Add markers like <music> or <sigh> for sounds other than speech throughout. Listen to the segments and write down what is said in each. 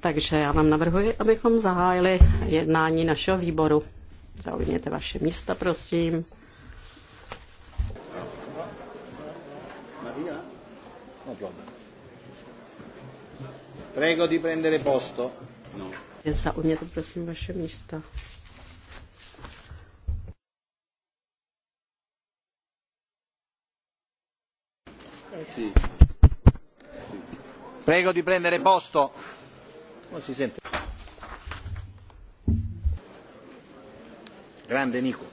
Takže já vám navrhuji, abychom zahájili jednání našeho výboru. Zaujměte vaše místa, prosím. No, Prego di prendere posto. No. Zaujměte prosím vaše místa. Sì. Prego di prendere posto. Ma oh, si sente. Grande Nico.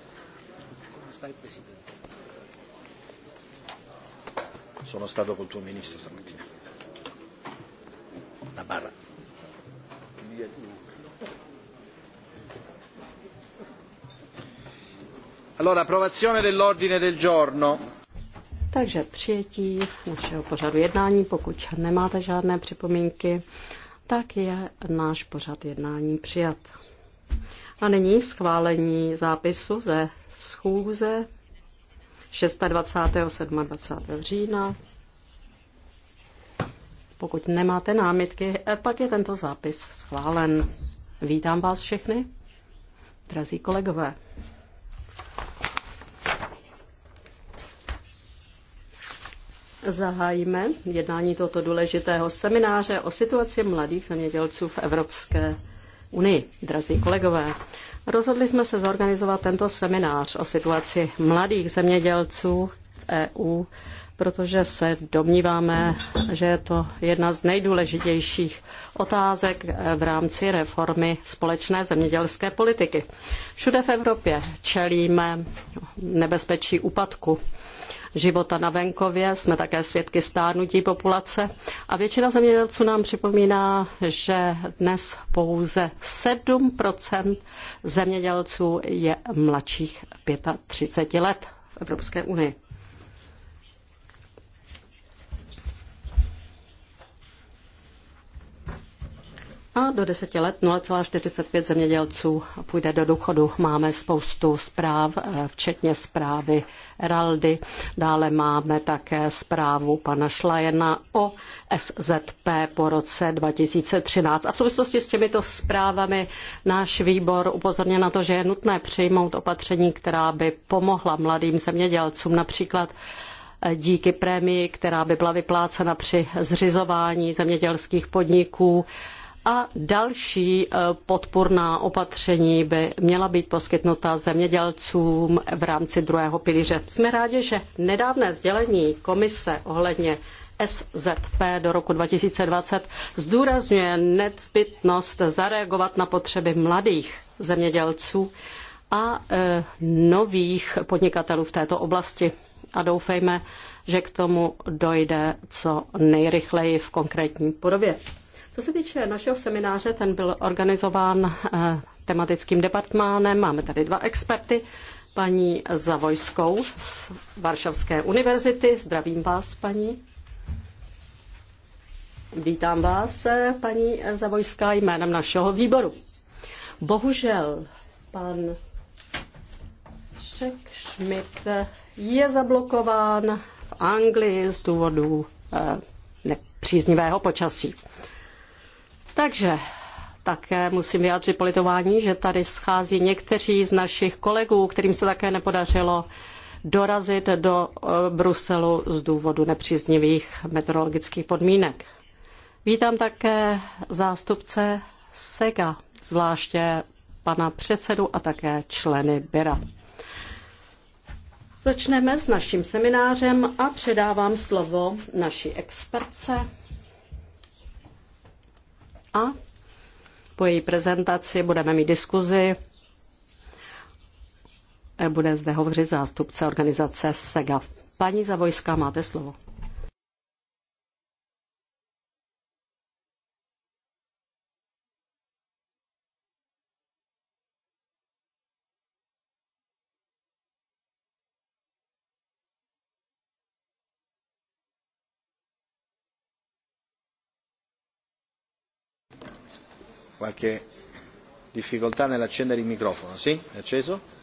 Come sta il Presidente? Sono stato col tuo ministro stamattina. La barra. Allora, approvazione dell'ordine del giorno takže přijetí našeho pořadu jednání, pokud nemáte žádné připomínky, tak je náš pořad jednání přijat. A nyní schválení zápisu ze schůze 26. 27. října. Pokud nemáte námitky, eh, pak je tento zápis schválen. Vítám vás všechny, drazí kolegové. zahájíme jednání tohoto důležitého semináře o situaci mladých zemědělců v Evropské unii. Drazí kolegové, rozhodli jsme se zorganizovat tento seminář o situaci mladých zemědělců v EU, protože se domníváme, že je to jedna z nejdůležitějších otázek v rámci reformy společné zemědělské politiky. Všude v Evropě čelíme nebezpečí úpadku života na venkově, jsme také svědky stárnutí populace a většina zemědělců nám připomíná, že dnes pouze 7 zemědělců je mladších 35 let v Evropské unii. A do deseti let 0,45 zemědělců půjde do důchodu. Máme spoustu zpráv, eh, včetně zprávy Heraldy. Dále máme také zprávu pana Šlajena o SZP po roce 2013. A v souvislosti s těmito zprávami náš výbor upozornil na to, že je nutné přijmout opatření, která by pomohla mladým zemědělcům, například díky prémii, která by byla vyplácena při zřizování zemědělských podniků a další e, podporná opatření by měla být poskytnuta zemědělcům v rámci druhého pilíře. Jsme rádi, že nedávné sdělení komise ohledně SZP do roku 2020 zdůrazňuje nezbytnost zareagovat na potřeby mladých zemědělců a e, nových podnikatelů v této oblasti. A doufejme, že k tomu dojde co nejrychleji v konkrétní podobě. Co se týče našeho semináře, ten byl organizován eh, tematickým departmánem. Máme tady dva experty, paní Zavojskou z Varšavské univerzity. Zdravím vás, paní. Vítám vás, eh, paní Zavojská, jménem našeho výboru. Bohužel, pan Šek Schmidt eh, je zablokován v Anglii z důvodu nepříznivého počasí. Takže také musím vyjádřit politování, že tady schází někteří z našich kolegů, kterým se také nepodařilo dorazit do eh, Bruselu z důvodu nepříznivých meteorologických podmínek. Vítám také zástupce SEGA, zvláště pana předsedu a také členy BIRA. Začneme s naším seminářem a předávám slovo naší expertce, a po její prezentaci budeme mít diskuzi. Bude zde hovořit zástupce organizace SEGAF. Paní Zavojská, máte slovo. qualche difficoltà nell'accendere il microfono. Sì? È acceso?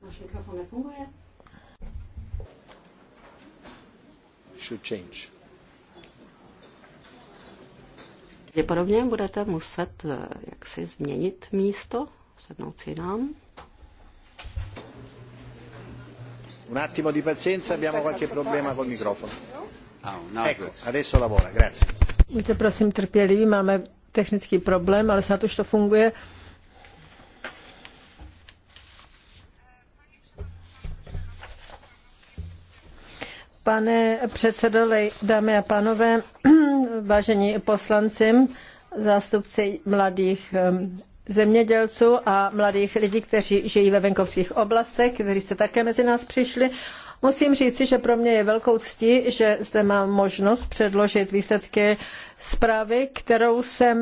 mikrofon nefunguje. Should change. Pravděpodobně budete muset eh, jaksi změnit místo, sednout si nám. Un attimo di pazienza, abbiamo qualche problema col microfono. Ah, no, ecco, adesso lavora, grazie. Buďte prosím trpěliví, máme technický problém, ale snad už to funguje. Pane předsedo, dámy a pánové, <clears throat> vážení poslanci, zástupci mladých zemědělců a mladých lidí, kteří žijí ve venkovských oblastech, kteří jste také mezi nás přišli Musím říci, že pro mě je velkou ctí, že zde mám možnost předložit výsledky zprávy, kterou jsem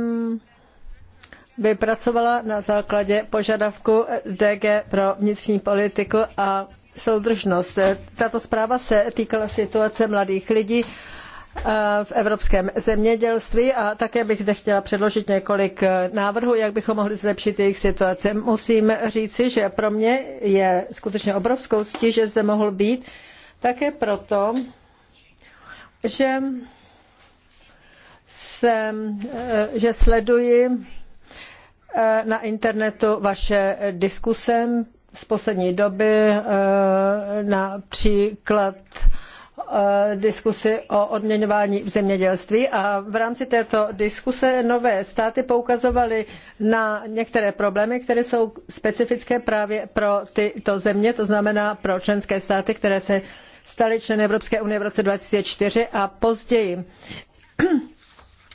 vypracovala na základě požadavku DG pro vnitřní politiku a soudržnost. Tato zpráva se týkala situace mladých lidí v evropském zemědělství a také bych zde chtěla předložit několik návrhů, jak bychom mohli zlepšit jejich situaci. Musím říci, že pro mě je skutečně obrovskou ctí, že zde mohl být, také proto, že jsem, že sleduji eh, na internetu vaše diskuse z poslední doby, eh, například Eh, diskusi o odměňování v zemědělství a v rámci této diskuse nové státy poukazovaly na některé problémy, které jsou specifické právě pro tyto země, to znamená pro členské státy, které se staly členy Evropské unie v roce 2004 a později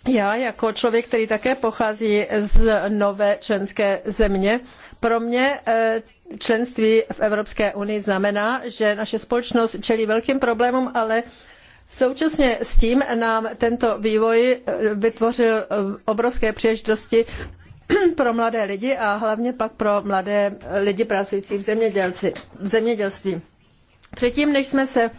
já jako člověk, který také pochází z nové členské země, pro mě eh, členství v Evropské unii znamená, že naše společnost čelí velkým problémům, ale Současně s tím nám tento vývoj eh, vytvořil eh, obrovské příležitosti <clears throat> pro mladé lidi a hlavně pak pro mladé lidi pracující v, v zemědělství. Předtím, než jsme se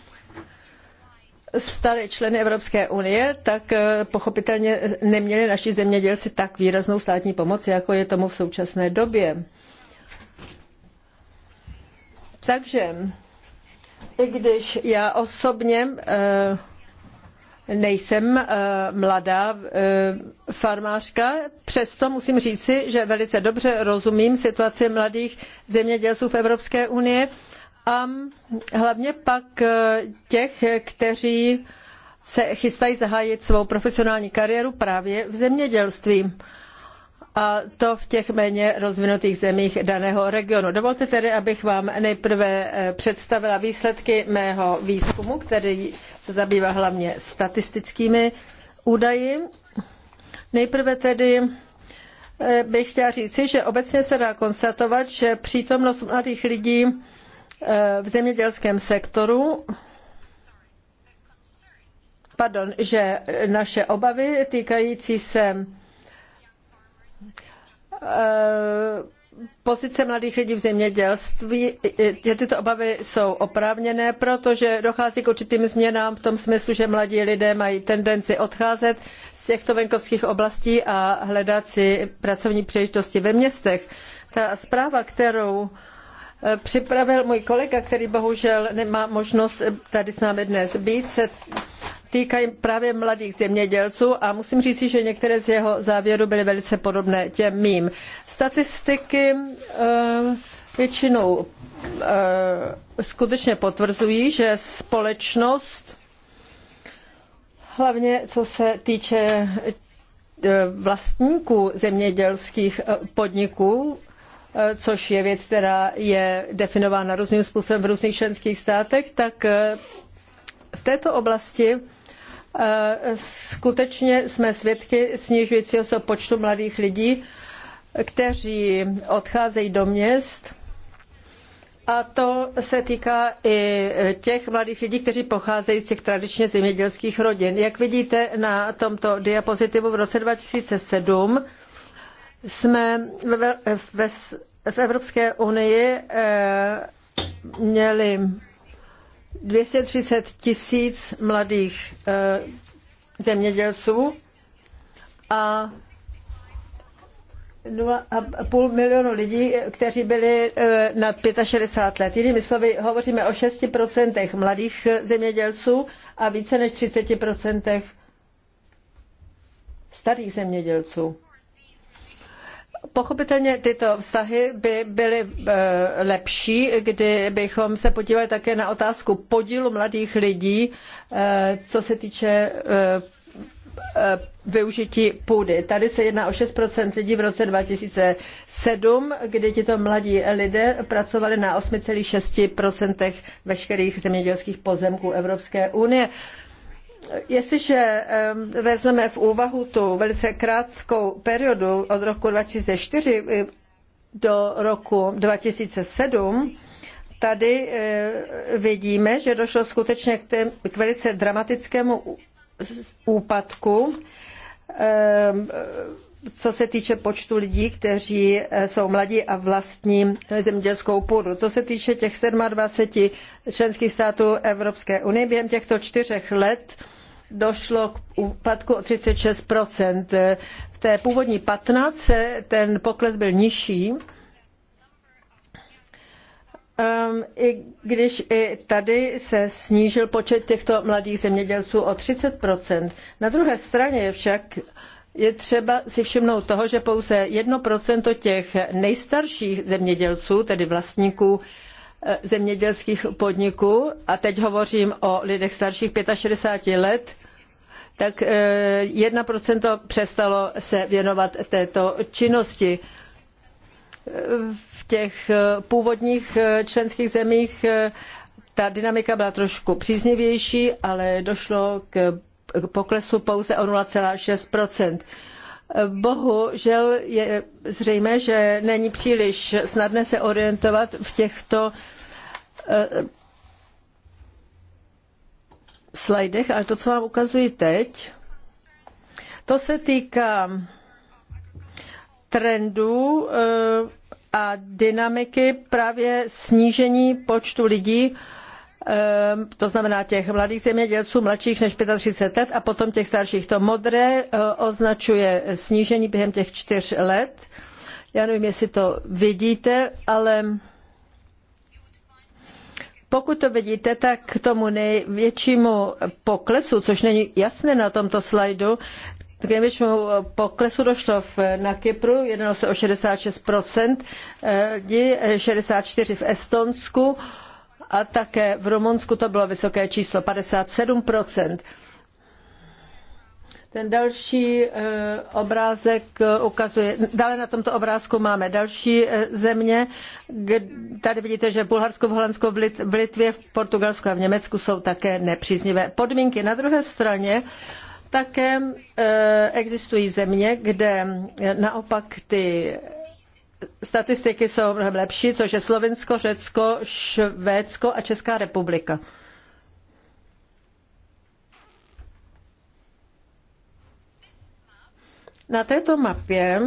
staly členy Evropské unie, tak eh, pochopitelně neměli naši zemědělci tak výraznou státní pomoc, jako je tomu v současné době. Takže i když já osobně eh, nejsem eh, mladá farmářka, přesto musím říci, že velice dobře rozumím situaci mladých zemědělců v Evropské unii a hlavně pak eh, těch, kteří se chystají zahájit svou profesionální kariéru právě v zemědělství a to v těch méně rozvinutých zemích daného regionu. Dovolte tedy, abych vám nejprve eh, představila výsledky mého výzkumu, který se zabývá hlavně statistickými údaji. Nejprve tedy eh, bych chtěla říci, že obecně se dá konstatovat, že přítomnost mladých lidí Eh, v zemědělském sektoru pardon, že naše obavy týkající se eh, pozice mladých lidí v zemědělství, že eh, tyto obavy jsou oprávněné, protože dochází k určitým změnám v tom smyslu, že mladí lidé mají tendenci odcházet z těchto venkovských oblastí a hledat si pracovní příležitosti ve městech. Ta zpráva, kterou Eh, připravil můj kolega, který bohužel nemá možnost eh, tady s námi dnes být, se týkají právě mladých zemědělců a musím říct, že některé z jeho závěrů byly velice podobné těm mým. Statistiky eh, většinou skutečně potvrzují, že společnost, hlavně co se týče vlastníků zemědělských podniků, což je věc, která je definována různým způsobem v různých členských státech, tak eh, v této oblasti eh, skutečně jsme svědky snižujícího se počtu mladých lidí, kteří odcházejí do měst. A to se týká i těch mladých lidí, kteří pocházejí z těch tradičně zemědělských rodin. Jak vidíte na tomto diapozitivu v roce 2007, jsme ve, ve, v Evropské unii eh, měli 230 tisíc mladých eh, zemědělců a a půl milionu lidí, kteří byli eh, nad 65 let. Jinými slovy, hovoříme o 6% mladých zemědělců a více než 30% starých zemědělců. Pochopitelně tyto vztahy by byly eh, lepší, kdybychom se podívali také na otázku podílu mladých lidí, eh, co se týče eh, využití půdy. Tady se jedná o 6% lidí v roce 2007, kdy tito mladí lidé pracovali na 8,6% veškerých zemědělských pozemků Evropské unie. Jestliže vezmeme v úvahu tu velice krátkou periodu od roku 2004 eh, do roku 2007, tady eh, vidíme, že došlo skutečně k, velice dramatickému úpadku co se týče počtu lidí, kteří eh, jsou mladí a vlastní zemědělskou půdu. Co se týče těch 27 členských států Evropské unie, během těchto čtyřech let došlo k úpadku o 36 V té původní 15 ten pokles byl nižší. Ehm, I když i tady se snížil počet těchto mladých zemědělců o 30 Na druhé straně však je třeba si všimnout toho, že pouze 1% těch nejstarších zemědělců, tedy vlastníků eh, zemědělských podniků, a teď hovořím o lidech starších 65 let, tak 1% eh, přestalo se věnovat této činnosti. V těch eh, původních členských zemích ta dynamika byla trošku příznivější, ale došlo k poklesu pouze o 0,6 Bohužel je zřejmé, že není příliš snadné se orientovat v těchto eh, slajdech, ale to, co vám ukazuji teď, to se týká trendů eh, a dynamiky právě snížení počtu lidí, Ehm, to znamená těch mladých zemědělců mladších než 35 let a potom těch starších. To modré eh, označuje snížení během těch čtyř let. Já nevím, jestli to vidíte, ale pokud to vidíte, tak k tomu největšímu poklesu, což není jasné na tomto slajdu, k největšímu poklesu došlo na Kypru, jednalo se o 66%, 64% eh, eh, v Estonsku, a také v Rumunsku to bylo vysoké číslo 57%. Ten další eh, obrázek eh, ukazuje, dále na tomto obrázku máme další eh, země. tady vidíte, že v Bulharsku, v Holandsku, v Litvě, v Portugalsku a v Německu jsou také nepříznivé podmínky. Na druhé straně také existují země, kde naopak ty statistiky jsou mnohem lepší, což je Slovinsko, Řecko, Švédsko a Česká republika. Na této mapě,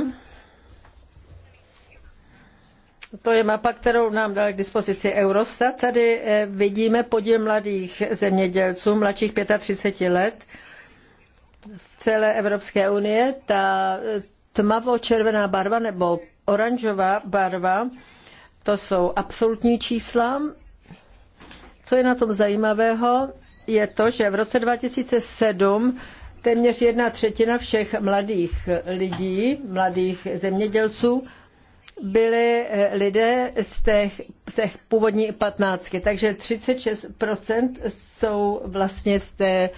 to je mapa, kterou nám dal k dispozici Eurostat, tady eh, vidíme podíl mladých zemědělců, mladších 35 let v celé Evropské unie. Ta eh, tmavo-červená barva nebo oranžová barva, to jsou absolutní čísla. Co je na tom zajímavého, je to, že v roce 2007 téměř jedna třetina všech mladých lidí, mladých zemědělců, byli eh, lidé z těch, z těch původní patnáctky. Takže 36% jsou vlastně z té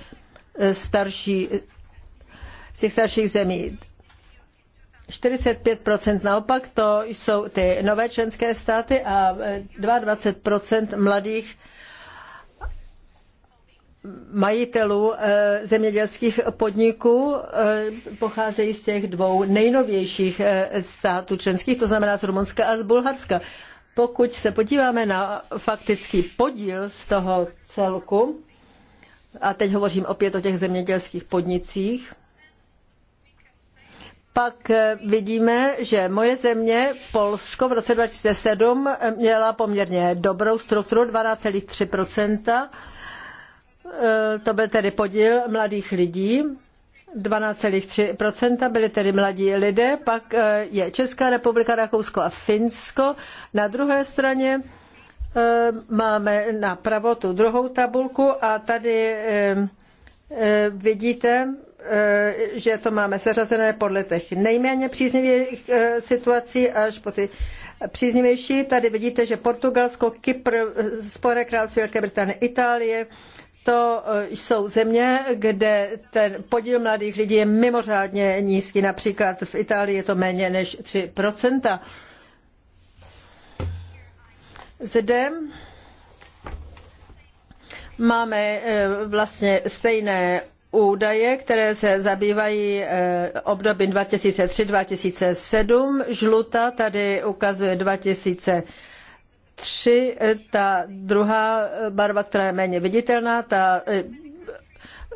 eh, starší, z těch starších zemí. 45% naopak, to jsou ty nové členské státy a 22% eh, mladých majitelů eh, zemědělských podniků eh, pocházejí z těch dvou nejnovějších států členských, to znamená z Rumunska a z Bulharska. Pokud se podíváme na faktický podíl z toho celku, a teď hovořím opět o těch zemědělských podnicích, pak eh, vidíme, že moje země, Polsko, v roce 2007 eh, měla poměrně dobrou strukturu, 12,3%. Eh, to byl tedy podíl mladých lidí. 12,3% byli tedy mladí lidé, pak je Česká republika, Rakousko a Finsko. Na druhé straně máme napravo tu druhou tabulku a tady vidíte, Eh, že to máme seřazené podle těch nejméně příznivých eh, situací až po ty příznivější. Tady vidíte, že Portugalsko, Kypr, Spojené království Velké Británie, Itálie, to eh, jsou země, kde ten podíl mladých lidí je mimořádně nízký. Například v Itálii je to méně než 3 Zde máme vlastně stejné údaje, které se zabývají eh, obdobím 2003-2007. Žluta tady ukazuje 2003, eh, ta druhá eh, barva, která je méně viditelná, ta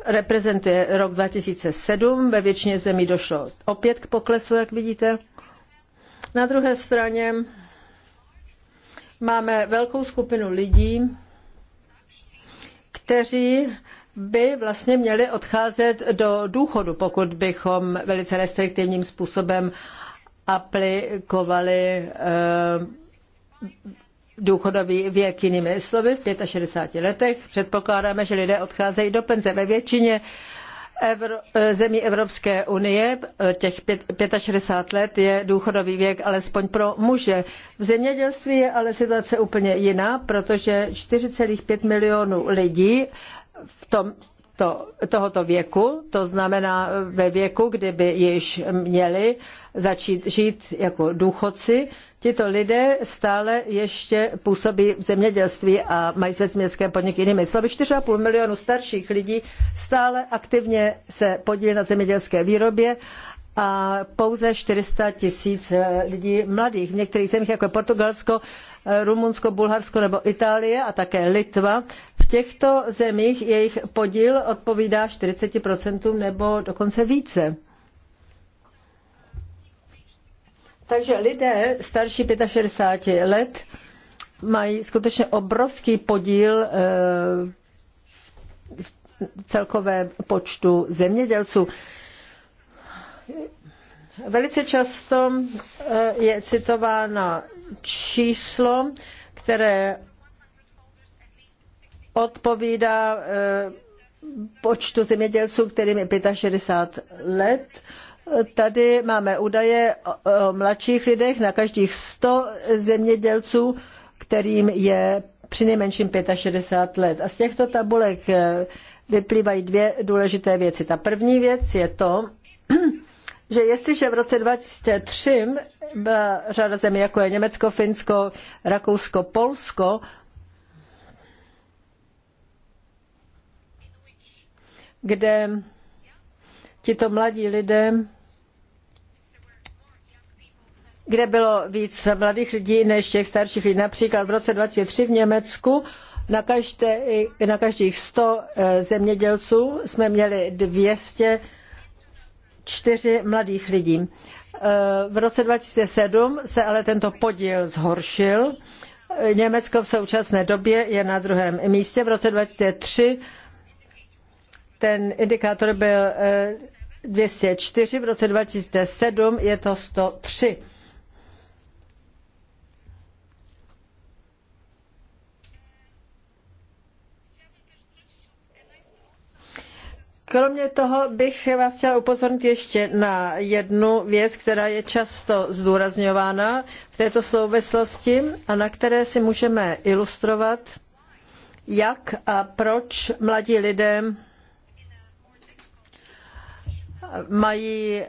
reprezentuje rok 2007. Ve většině zemí došlo opět k poklesu, jak vidíte. Na druhé straně máme velkou skupinu lidí, kteří by vlastně měli odcházet do důchodu, pokud bychom velice restriktivním způsobem aplikovali eh, důchodový věk. Jinými slovy, v 65 letech předpokládáme, že lidé odcházejí do penze. Ve většině eh, zemí Evropské unie, eh, těch 65 let je důchodový věk alespoň pro muže. V zemědělství je ale situace úplně jiná, protože 4,5 milionů lidí v tom, to, tohoto věku, to znamená ve věku, kdyby již měli začít žít jako důchodci. Tito lidé stále ještě působí v zemědělství a mají své městské podniky. Jinými slovy, 4,5 milionu starších lidí stále aktivně se podílí na zemědělské výrobě a pouze 400 tisíc eh, lidí mladých. V některých zemích, jako je Portugalsko, eh, Rumunsko, Bulharsko nebo Itálie a také Litva, v těchto zemích jejich podíl odpovídá 40% nebo dokonce více. Takže lidé starší 65 let mají skutečně obrovský podíl eh, v celkovém počtu zemědělců. Velice často eh, je citováno číslo, které odpovídá eh, počtu zemědělců, kterým je 65 let. Tady máme údaje o mladších lidech na každých 100 zemědělců, kterým je přinejmenším 65 let. A z těchto tabulek eh, vyplývají dvě důležité věci. Ta první věc je to, že jestliže v roce 2003 byla řada zemí, jako je Německo, Finsko, Rakousko, Polsko, kde tito mladí lidé, kde bylo víc mladých lidí než těch starších lidí. Například v roce 2003 v Německu na, každé, na každých 100 eh, zemědělců jsme měli 200 čtyři mladých lidí. Eh, v roce 2007 se ale tento podíl zhoršil. Německo v současné době je na druhém místě. V roce 2003 ten indikátor byl 204, eh, v roce 2007 je to 103. Kromě toho bych vás chtěla upozornit ještě na jednu věc, která je často zdůrazňována v této souvislosti a na které si můžeme ilustrovat, jak a proč mladí lidé mají eh,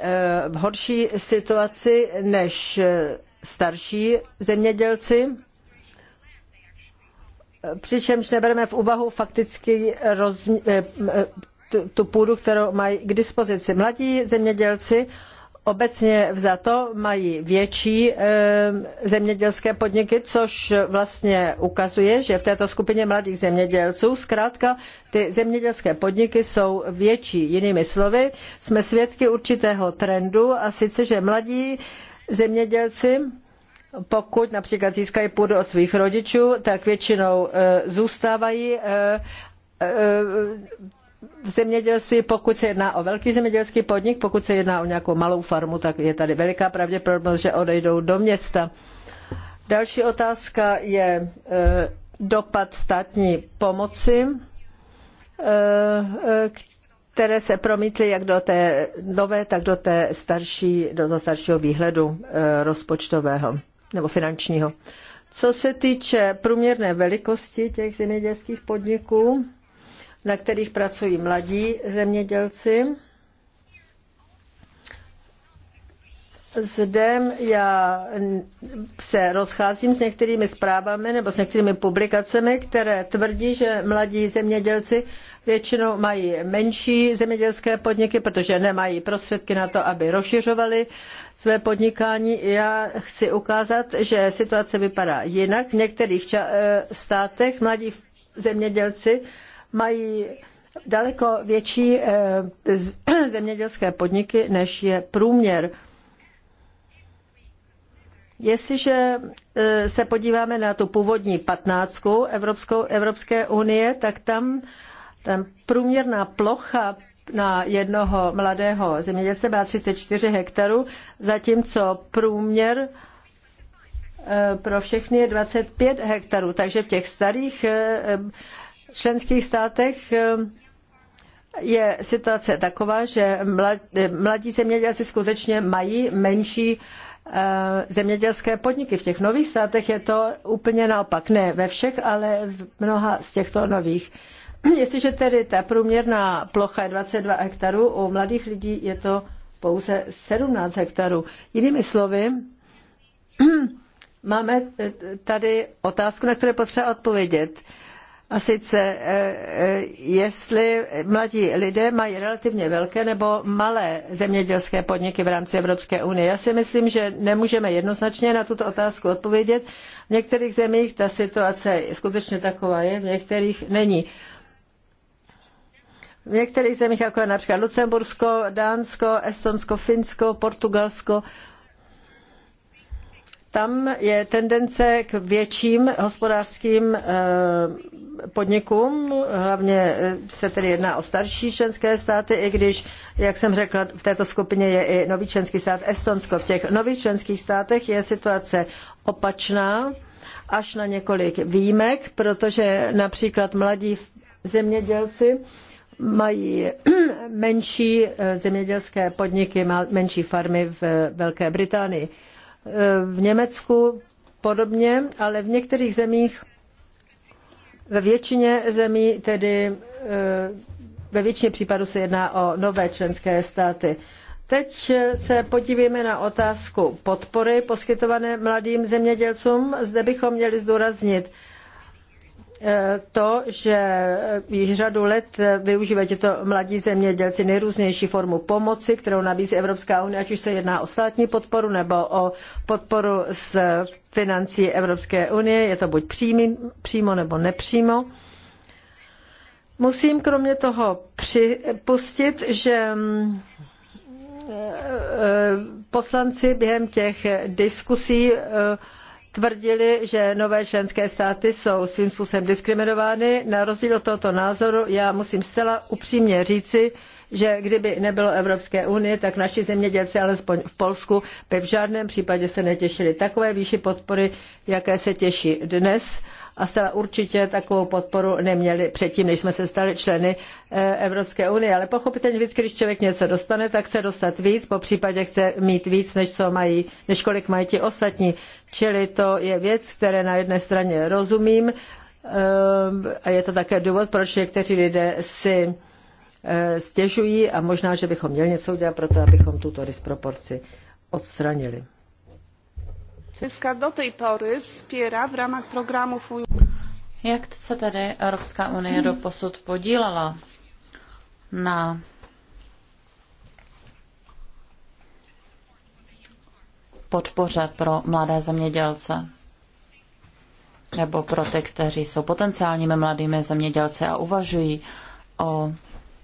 horší situaci než starší zemědělci přičemž nebereme v úvahu faktický rozměr. Eh, tu, půdu, kterou mají k dispozici. Mladí zemědělci obecně vzato mají větší zemědělské podniky, což vlastně ukazuje, že v této skupině mladých zemědělců zkrátka ty zemědělské podniky jsou větší. Jinými slovy, jsme svědky určitého trendu a sice, že mladí zemědělci pokud například získají půdu od svých rodičů, tak většinou e, zůstávají e, e, v zemědělství, pokud se jedná o velký zemědělský podnik, pokud se jedná o nějakou malou farmu, tak je tady veliká pravděpodobnost, že odejdou do města. Další otázka je e, dopad státní pomoci, e, e, které se promítly jak do té nové, tak do té starší, do toho staršího výhledu rozpočtového nebo finančního. Co se týče průměrné velikosti těch zemědělských podniků, na kterých pracují mladí zemědělci. Zde já se rozcházím s některými zprávami nebo s některými publikacemi, které tvrdí, že mladí zemědělci většinou mají menší zemědělské podniky, protože nemají prostředky na to, aby rozšiřovali své podnikání. Já chci ukázat, že situace vypadá jinak. V některých eh, státech mladí zemědělci mají daleko větší eh, <clears throat> zemědělské podniky, než je průměr. Jestliže eh, se podíváme na tu původní patnáctku Evropskou, Evropské unie, tak tam, tam průměrná plocha na jednoho mladého zemědělce byla 34 hektarů, zatímco průměr eh, pro všechny je 25 hektarů. Takže v těch starých členských státech eh, je situace taková, že mladí zemědělci skutečně mají menší eh, zemědělské podniky. V těch nových státech je to úplně naopak. Ne ve všech, ale v mnoha z těchto nových. <clears throat> Jestliže tedy ta průměrná plocha je 22 hektarů, u mladých lidí je to pouze 17 hektarů. Jinými slovy, <clears throat> máme eh, tady otázku, na které potřeba odpovědět. A sice, eh, eh, jestli mladí lidé mají relativně velké nebo malé zemědělské podniky v rámci Evropské unie. Já si myslím, že nemůžeme jednoznačně na tuto otázku odpovědět. V některých zemích ta situace skutečně taková je, v některých není. V některých zemích, jako je například Lucembursko, Dánsko, Estonsko, Finsko, Portugalsko, tam je tendence k větším hospodářským eh, podnikům, hlavně eh, se tedy jedná o starší členské státy, i když, jak jsem řekla, v této skupině je i nový členský stát Estonsko. V těch nových členských státech je situace opačná, až na několik výjimek, protože například mladí zemědělci mají <clears throat> menší eh, zemědělské podniky, menší farmy v Velké Británii v Německu podobně, ale v některých zemích, ve většině zemí, tedy eh, ve většině případů se jedná o nové členské státy. Teď se podívejme na otázku podpory poskytované mladým zemědělcům. Zde bychom měli zdůraznit Eh, to, že již řadu let využívají těto mladí zemědělci nejrůznější formu pomoci, kterou nabízí Evropská unie, ať už se jedná o státní podporu nebo o podporu z financí Evropské unie, je to buď přímý, přímo nebo nepřímo. Musím kromě toho připustit, že mm, eh, eh, poslanci během těch diskusí tvrdili, že nové členské státy jsou svým způsobem diskriminovány. Na rozdíl od tohoto názoru já musím zcela upřímně říci, že kdyby nebylo Evropské unie, tak naši zemědělci, alespoň v Polsku, by v žádném případě se netěšili takové výši podpory, jaké se těší dnes a zcela určitě takovou podporu neměli předtím, než jsme se stali členy eh, Evropské unie. Ale pochopitelně víc, když člověk něco dostane, tak chce dostat víc, po případě chce mít víc, než, co mají, než kolik mají ti ostatní. Čili to je věc, které na jedné straně rozumím eh, a je to také důvod, proč někteří lidé si eh, stěžují a možná, že bychom měli něco udělat pro to, abychom tuto disproporci odstranili. Česká do té pory vzpírá v rámci programů Jak se tedy Evropská unie do posud podílela na podpoře pro mladé zemědělce? nebo pro ty, kteří jsou potenciálními mladými zemědělci a uvažují o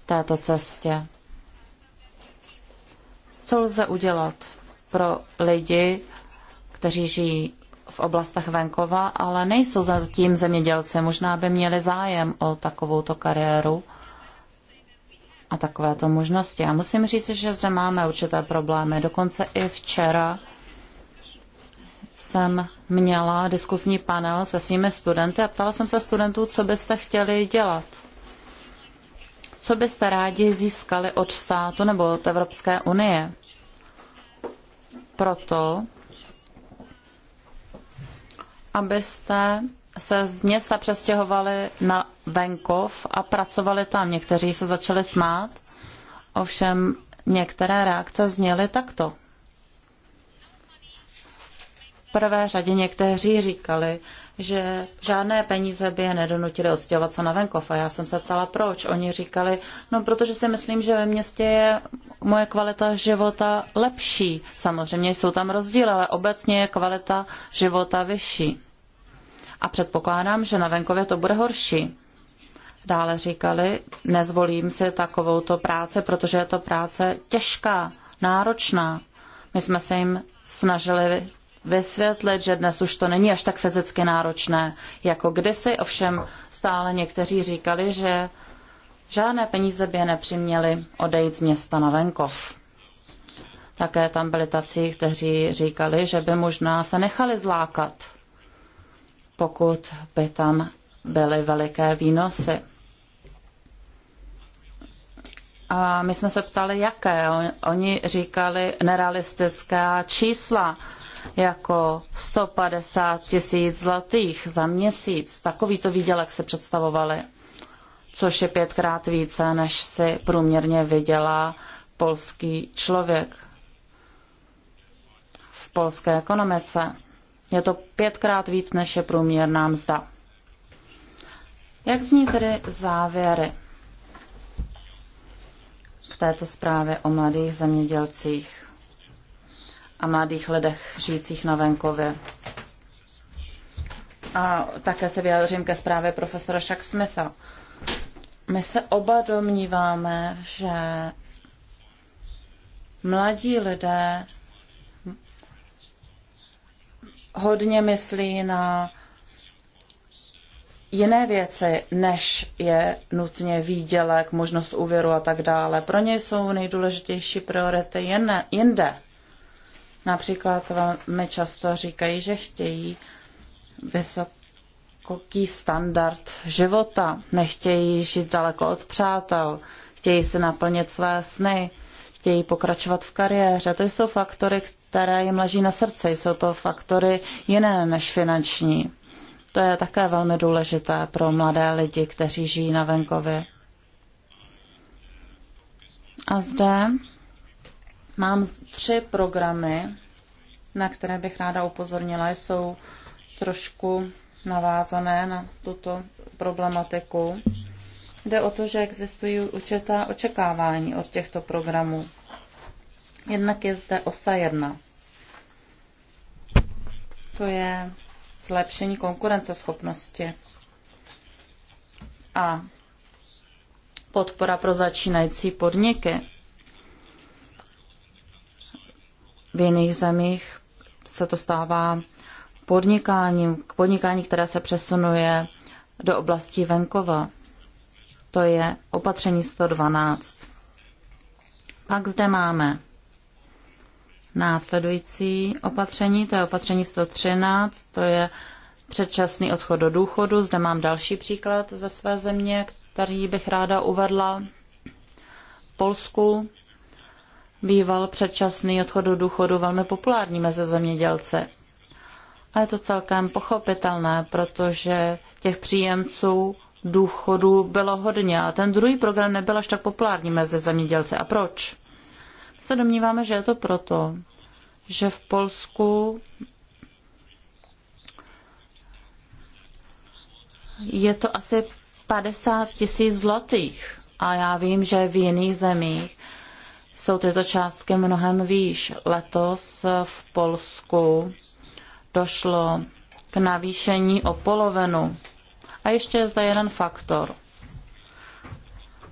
této cestě. Co lze udělat pro lidi, kteří žijí v oblastech venkova, ale nejsou zatím zemědělci. Možná by měli zájem o takovouto kariéru a takovéto možnosti. A musím říct, že zde máme určité problémy. Dokonce i včera jsem měla diskusní panel se svými studenty a ptala jsem se studentů, co byste chtěli dělat. Co byste rádi získali od státu nebo od Evropské unie? Proto, abyste se z města přestěhovali na venkov a pracovali tam. Někteří se začali smát, ovšem některé reakce zněly takto. V prvé řadě někteří říkali, že žádné peníze by je nedonutili odstěhovat se na venkov. A já jsem se ptala, proč. Oni říkali, no protože si myslím, že ve městě je moje kvalita života lepší. Samozřejmě jsou tam rozdíly, ale obecně je kvalita života vyšší a předpokládám, že na venkově to bude horší. Dále říkali, nezvolím si takovouto práci, protože je to práce těžká, náročná. My jsme se jim snažili vysvětlit, že dnes už to není až tak fyzicky náročné jako kdysi, ovšem stále někteří říkali, že žádné peníze by je nepřiměli odejít z města na venkov. Také tam byli tací, kteří říkali, že by možná se nechali zlákat pokud by tam byly veliké výnosy. A my jsme se ptali, jaké. Oni říkali nerealistická čísla, jako 150 tisíc zlatých za měsíc. Takovýto výdělek se představovali, což je pětkrát více, než si průměrně vydělá polský člověk v polské ekonomice. Je to pětkrát víc, než je průměrná mzda. Jak zní tedy závěry v této zprávě o mladých zemědělcích a mladých lidech žijících na venkově? A také se vyjádřím ke zprávě profesora Shack Smitha. My se oba domníváme, že mladí lidé hodně myslí na jiné věci, než je nutně výdělek, možnost úvěru a tak dále. Pro ně jsou nejdůležitější priority jen, jinde. Například mi často říkají, že chtějí vysoký standard života, nechtějí žít daleko od přátel, chtějí si naplnit své sny, chtějí pokračovat v kariéře. To jsou faktory, které jim leží na srdci. Jsou to faktory jiné než finanční. To je také velmi důležité pro mladé lidi, kteří žijí na venkově. A zde mám tři programy, na které bych ráda upozornila. Jsou trošku navázané na tuto problematiku. Jde o to, že existují určitá očekávání od těchto programů. Jednak je zde OSA jedna to je zlepšení konkurenceschopnosti a podpora pro začínající podniky. V jiných zemích se to stává podnikáním, k podnikání, které se přesunuje do oblastí venkova. To je opatření 112. Pak zde máme následující opatření, to je opatření 113, to je předčasný odchod do důchodu. Zde mám další příklad ze své země, který bych ráda uvedla. V Polsku býval předčasný odchod do důchodu velmi populární mezi zemědělce. A je to celkem pochopitelné, protože těch příjemců důchodu bylo hodně a ten druhý program nebyl až tak populární mezi zemědělci. A proč? se domníváme, že je to proto, že v Polsku je to asi 50 tisíc zlotých. A já vím, že v jiných zemích jsou tyto částky mnohem výš. Letos v Polsku došlo k navýšení o polovinu. A ještě je zde jeden faktor.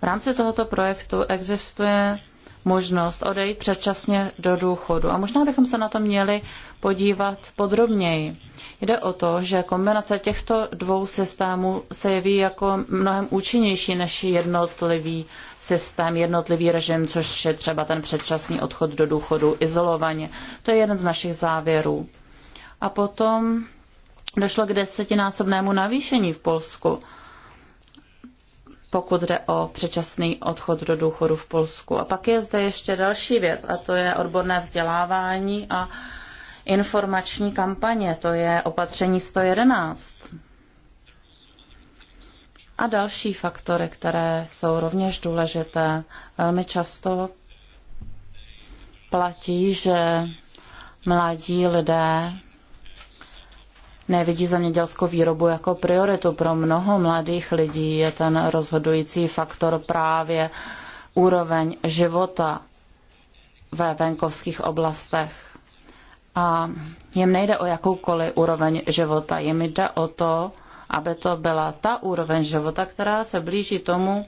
V rámci tohoto projektu existuje možnost odejít předčasně do důchodu. A možná bychom se na to měli podívat podrobněji. Jde o to, že kombinace těchto dvou systémů se jeví jako mnohem účinnější než jednotlivý systém, jednotlivý režim, což je třeba ten předčasný odchod do důchodu izolovaně. To je jeden z našich závěrů. A potom došlo k desetinásobnému navýšení v Polsku pokud jde o předčasný odchod do důchodu v Polsku. A pak je zde ještě další věc, a to je odborné vzdělávání a informační kampaně. To je opatření 111. A další faktory, které jsou rovněž důležité. Velmi často platí, že mladí lidé nevidí zemědělskou výrobu jako prioritu. Pro mnoho mladých lidí je ten rozhodující faktor právě úroveň života ve venkovských oblastech. A jim nejde o jakoukoliv úroveň života, jim jde o to, aby to byla ta úroveň života, která se blíží tomu,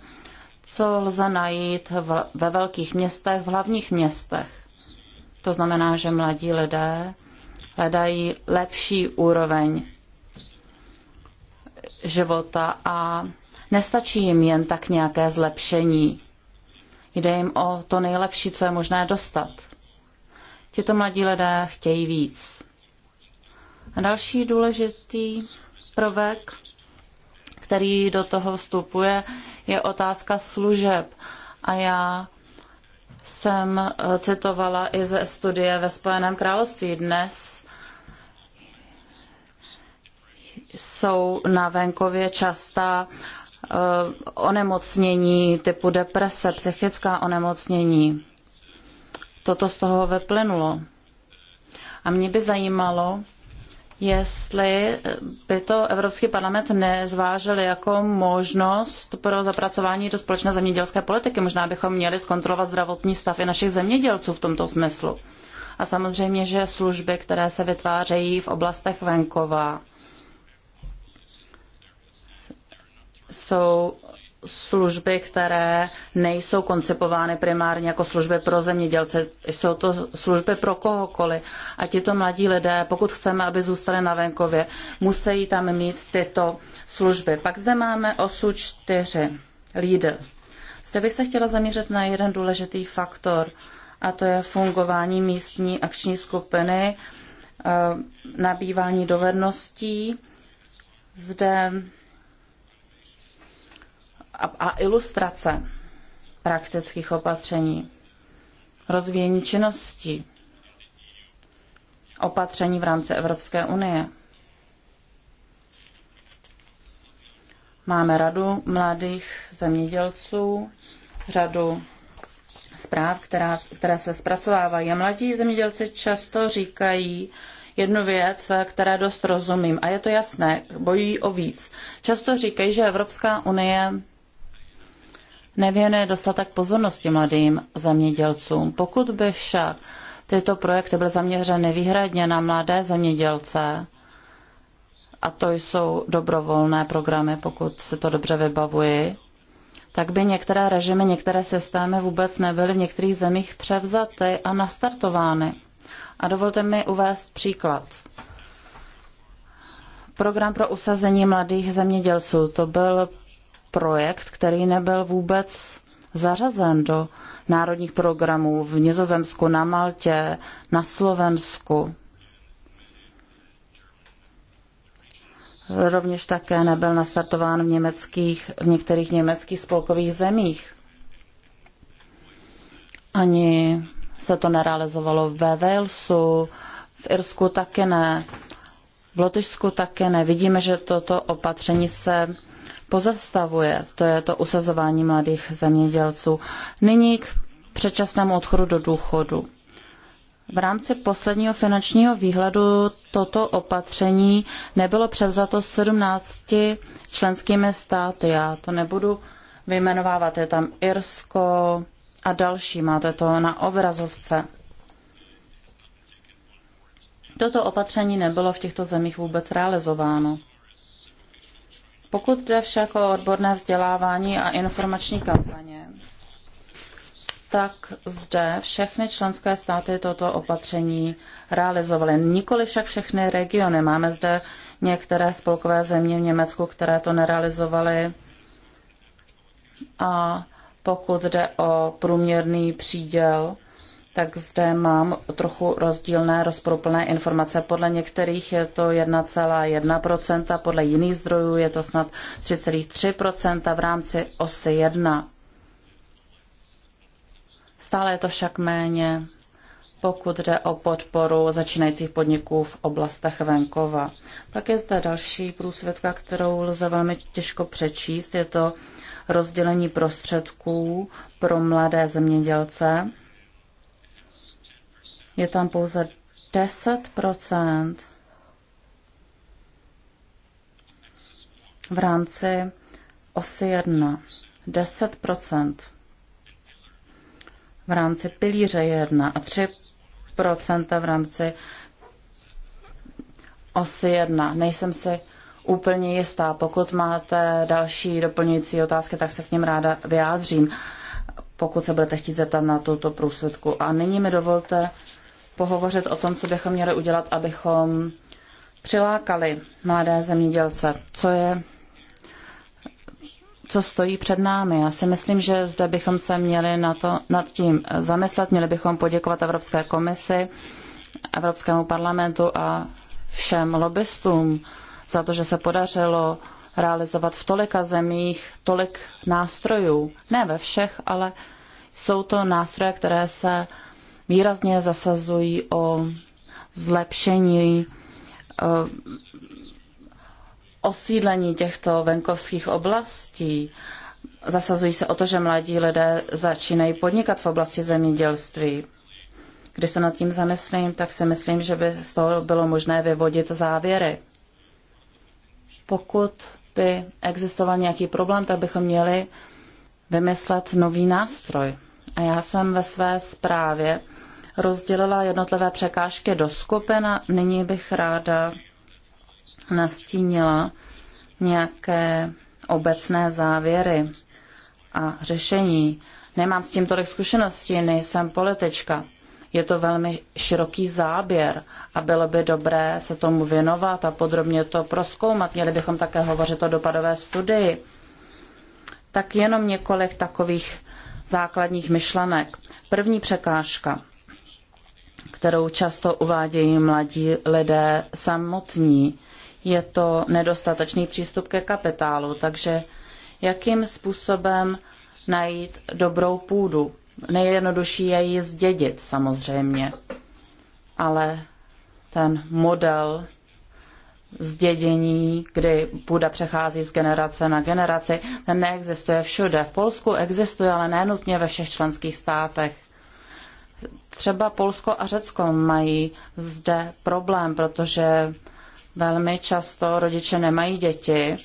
co lze najít v, ve velkých městech, v hlavních městech. To znamená, že mladí lidé hledají lepší úroveň života a nestačí jim jen tak nějaké zlepšení. Jde jim o to nejlepší, co je možné dostat. Tito mladí lidé chtějí víc. A další důležitý prvek, který do toho vstupuje, je otázka služeb. A já jsem citovala i ze studie ve Spojeném království. Dnes jsou na venkově častá eh, onemocnění typu deprese, psychická onemocnění. Toto z toho vyplynulo. A mě by zajímalo, jestli by to Evropský parlament nezvážil jako možnost pro zapracování do společné zemědělské politiky. Možná bychom měli zkontrolovat zdravotní stav i našich zemědělců v tomto smyslu. A samozřejmě, že služby, které se vytvářejí v oblastech venkova, jsou služby, které nejsou koncipovány primárně jako služby pro zemědělce. Jsou to služby pro kohokoliv. A tito mladí lidé, pokud chceme, aby zůstali na venkově, musí tam mít tyto služby. Pak zde máme osu čtyři. LEADER. Zde bych se chtěla zaměřit na jeden důležitý faktor, a to je fungování místní akční skupiny, eh, nabývání dovedností. Zde a, a ilustrace praktických opatření, rozvíjení činností, opatření v rámci Evropské unie. Máme radu mladých zemědělců, řadu zpráv, která, které se zpracovávají. A mladí zemědělci často říkají jednu věc, které dost rozumím, a je to jasné, bojí o víc. Často říkají, že Evropská unie nevěnuje dostatek pozornosti mladým zemědělcům. Pokud by však tyto projekty byly zaměřeny výhradně na mladé zemědělce, a to jsou dobrovolné programy, pokud si to dobře vybavuji, tak by některé režimy, některé systémy vůbec nebyly v některých zemích převzaty a nastartovány. A dovolte mi uvést příklad. Program pro usazení mladých zemědělců. To byl projekt, který nebyl vůbec zařazen do národních programů v Nizozemsku, na Maltě, na Slovensku. Rovněž také nebyl nastartován v, německých, v některých německých spolkových zemích. Ani se to nerealizovalo ve Walesu, v Irsku také ne, v Lotyšsku také ne. Vidíme, že toto opatření se pozastavuje, to je to usazování mladých zemědělců. Nyní k předčasnému odchodu do důchodu. V rámci posledního finančního výhledu toto opatření nebylo převzato 17 členskými státy. Já to nebudu vyjmenovávat, je tam Irsko a další, máte to na obrazovce. Toto opatření nebylo v těchto zemích vůbec realizováno. Pokud jde však o odborné vzdělávání a informační kampaně, tak zde všechny členské státy toto opatření realizovaly. Nikoli však všechny regiony. Máme zde některé spolkové země v Německu, které to nerealizovaly. A pokud jde o průměrný příděl, tak zde mám trochu rozdílné, rozproplné informace. Podle některých je to 1,1%, podle jiných zdrojů je to snad 3,3% v rámci osy 1. Stále je to však méně, pokud jde o podporu začínajících podniků v oblastech venkova. Pak je zde další průsvědka, kterou lze velmi těžko přečíst. Je to rozdělení prostředků pro mladé zemědělce je tam pouze 10 v rámci osy 1. 10 v rámci pilíře 1 a 3 v rámci osy 1. Nejsem si úplně jistá. Pokud máte další doplňující otázky, tak se k něm ráda vyjádřím, pokud se budete chtít zeptat na tuto průsvědku. A nyní mi dovolte pohovořit o tom, co bychom měli udělat, abychom přilákali mladé zemědělce. Co je co stojí před námi. Já si myslím, že zde bychom se měli na to, nad tím zamyslet, měli bychom poděkovat Evropské komisi, Evropskému parlamentu a všem lobbystům za to, že se podařilo realizovat v tolika zemích tolik nástrojů. Ne ve všech, ale jsou to nástroje, které se výrazně zasazují o zlepšení eh, osídlení těchto venkovských oblastí. Zasazují se o to, že mladí lidé začínají podnikat v oblasti zemědělství. Když se nad tím zamyslím, tak si myslím, že by z toho bylo možné vyvodit závěry. Pokud by existoval nějaký problém, tak bychom měli vymyslet nový nástroj. A já jsem ve své zprávě rozdělila jednotlivé překážky do skupin a nyní bych ráda nastínila nějaké obecné závěry a řešení. Nemám s tím tolik zkušeností, nejsem politička. Je to velmi široký záběr a bylo by dobré se tomu věnovat a podrobně to proskoumat. Měli bychom také hovořit o dopadové studii. Tak jenom několik takových základních myšlenek. První překážka kterou často uvádějí mladí lidé samotní. Je to nedostatečný přístup ke kapitálu, takže jakým způsobem najít dobrou půdu? Nejjednodušší je ji zdědit samozřejmě, ale ten model zdědění, kdy půda přechází z generace na generaci, ten neexistuje všude. V Polsku existuje, ale nenutně ve všech členských státech. Třeba Polsko a Řecko mají zde problém, protože velmi často rodiče nemají děti,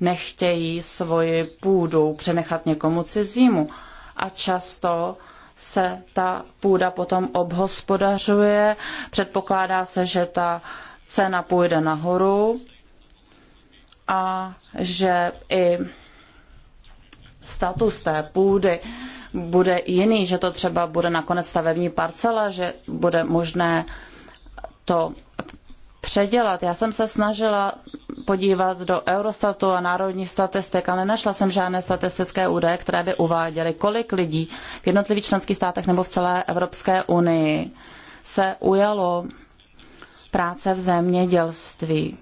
nechtějí svoji půdu přenechat někomu cizímu a často se ta půda potom obhospodařuje. Předpokládá se, že ta cena půjde nahoru a že i status té půdy bude jiný, že to třeba bude nakonec stavební parcela, že bude možné to předělat. Já jsem se snažila podívat do Eurostatu a národních statistik, ale nenašla jsem žádné statistické údaje, které by uváděly, kolik lidí v jednotlivých členských státech nebo v celé Evropské unii se ujalo práce v zemědělství.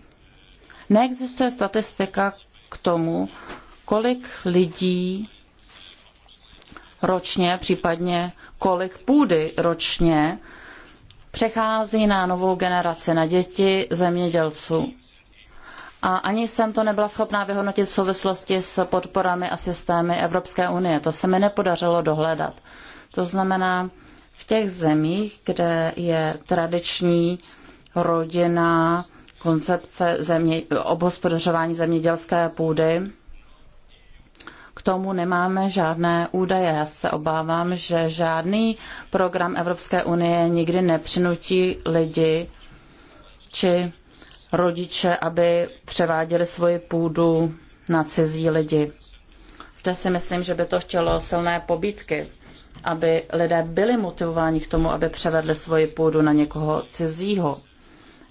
Neexistuje statistika k tomu, kolik lidí ročně, případně kolik půdy ročně přechází na novou generaci, na děti zemědělců. A ani jsem to nebyla schopná vyhodnotit v souvislosti s podporami a systémy Evropské unie. To se mi nepodařilo dohledat. To znamená, v těch zemích, kde je tradiční rodina, koncepce země, obhospodařování zemědělské půdy, k tomu nemáme žádné údaje. Já se obávám, že žádný program Evropské unie nikdy nepřinutí lidi či rodiče, aby převáděli svoji půdu na cizí lidi. Zde si myslím, že by to chtělo silné pobídky, aby lidé byli motivováni k tomu, aby převedli svoji půdu na někoho cizího.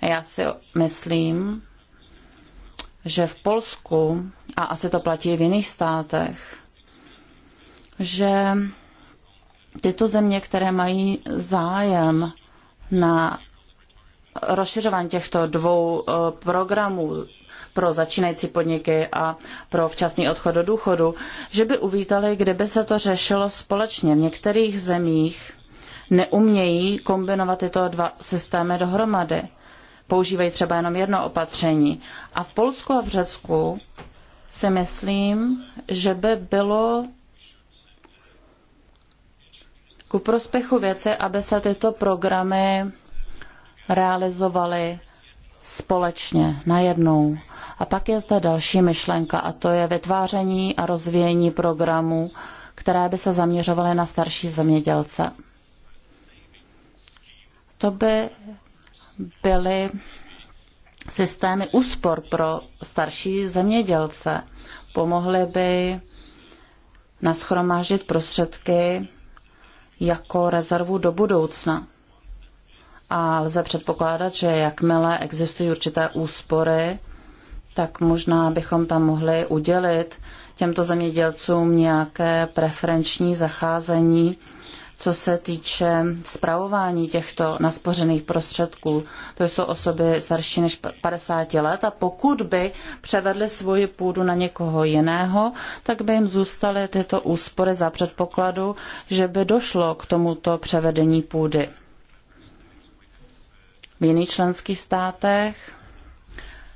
Já si myslím, že v Polsku, a asi to platí i v jiných státech, že tyto země, které mají zájem na rozšiřování těchto dvou eh, programů pro začínající podniky a pro včasný odchod do důchodu, že by uvítali, kdyby se to řešilo společně. V některých zemích neumějí kombinovat tyto dva systémy dohromady používají třeba jenom jedno opatření. A v Polsku a v Řecku si myslím, že by bylo ku prospěchu věci, aby se tyto programy realizovaly společně, najednou. A pak je zde další myšlenka a to je vytváření a rozvíjení programů, které by se zaměřovaly na starší zemědělce. To by byly systémy úspor pro starší zemědělce. Pomohly by naschromážit prostředky jako rezervu do budoucna. A lze předpokládat, že jakmile existují určité úspory, tak možná bychom tam mohli udělit těmto zemědělcům nějaké preferenční zacházení co se týče zpravování těchto naspořených prostředků. To jsou osoby starší než 50 let a pokud by převedli svoji půdu na někoho jiného, tak by jim zůstaly tyto úspory za předpokladu, že by došlo k tomuto převedení půdy. V jiných členských státech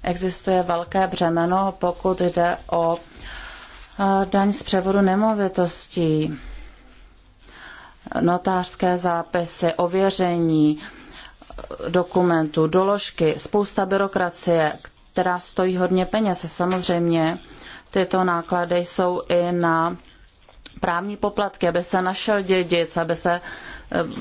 existuje velké břemeno, pokud jde o daň z převodu nemovitostí notářské zápisy, ověření dokumentů, doložky, spousta byrokracie, která stojí hodně peněz a samozřejmě tyto náklady jsou i na právní poplatky, aby se našel dědic, aby se eh,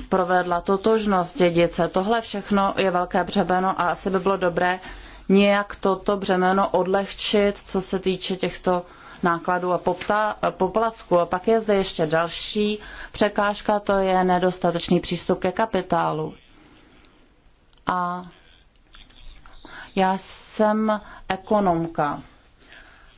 provedla totožnost dědice. Tohle všechno je velké břemeno a asi by bylo dobré nějak toto břemeno odlehčit, co se týče těchto nákladů a poplatku. A pak je zde ještě další překážka, to je nedostatečný přístup ke kapitálu. A já jsem ekonomka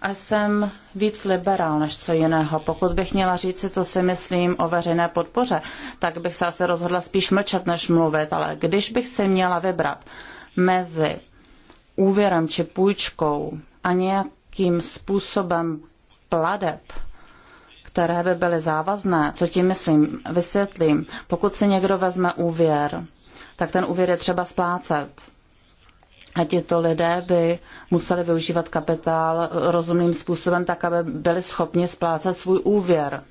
a jsem víc liberál než co jiného. Pokud bych měla říci, co si myslím o veřejné podpoře, tak bych se asi rozhodla spíš mlčet než mluvit, ale když bych si měla vybrat mezi úvěrem či půjčkou a nějakým způsobem pladeb, které by byly závazné, co tím myslím, vysvětlím. Pokud si někdo vezme úvěr, tak ten úvěr je třeba splácet. A tito lidé by museli využívat kapitál rozumným způsobem, tak aby byli schopni splácet svůj úvěr.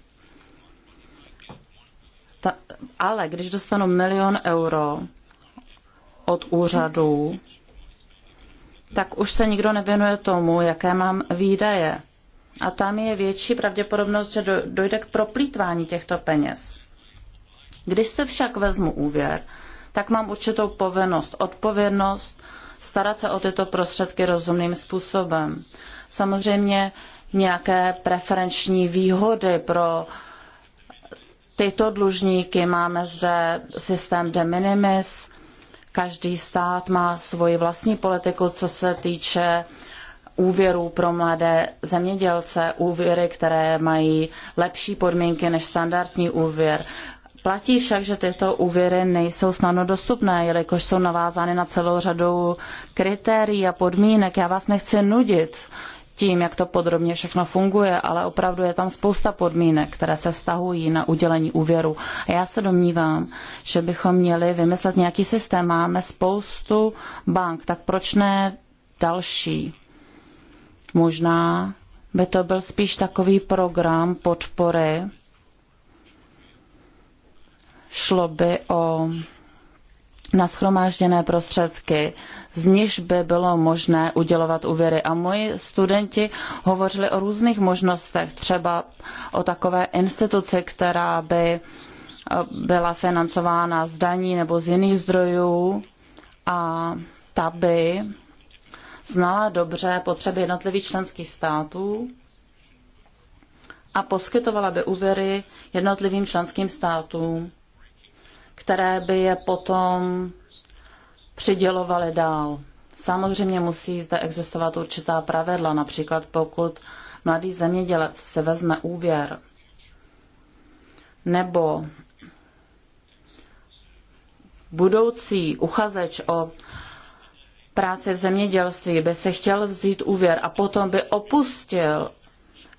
Ta, ale když dostanu milion euro od úřadu, tak už se nikdo nevěnuje tomu, jaké mám výdaje a tam je větší pravděpodobnost, že dojde k proplítvání těchto peněz. Když se však vezmu úvěr, tak mám určitou povinnost, odpovědnost starat se o tyto prostředky rozumným způsobem. Samozřejmě nějaké preferenční výhody pro tyto dlužníky. Máme zde systém de minimis. Každý stát má svoji vlastní politiku, co se týče úvěrů pro mladé zemědělce, úvěry, které mají lepší podmínky než standardní úvěr. Platí však, že tyto úvěry nejsou snadno dostupné, jelikož jsou navázány na celou řadu kritérií a podmínek. Já vás nechci nudit tím, jak to podrobně všechno funguje, ale opravdu je tam spousta podmínek, které se vztahují na udělení úvěru. A já se domnívám, že bychom měli vymyslet nějaký systém. Máme spoustu bank, tak proč ne další? Možná by to byl spíš takový program podpory. Šlo by o naschromážděné prostředky, z nich by bylo možné udělovat úvěry. A moji studenti hovořili o různých možnostech, třeba o takové instituci, která by eh, byla financována z daní nebo z jiných zdrojů a ta by znala dobře potřeby jednotlivých členských států a poskytovala by úvěry jednotlivým členským státům, které by je potom přidělovaly dál. Samozřejmě musí zde existovat určitá pravidla, například pokud mladý zemědělec se vezme úvěr nebo budoucí uchazeč o Práce v zemědělství, by se chtěl vzít úvěr a potom by opustil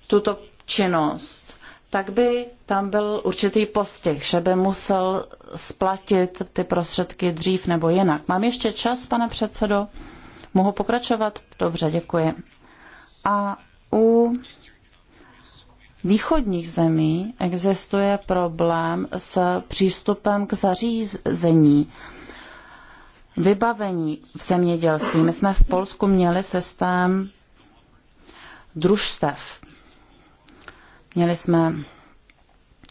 tuto činnost, tak by tam byl určitý postih, že by musel splatit ty prostředky dřív nebo jinak. Mám ještě čas, pane předsedo? Mohu pokračovat? Dobře, děkuji. A u východních zemí existuje problém s přístupem k zařízení vybavení v zemědělství. My jsme v Polsku měli systém družstev. Měli jsme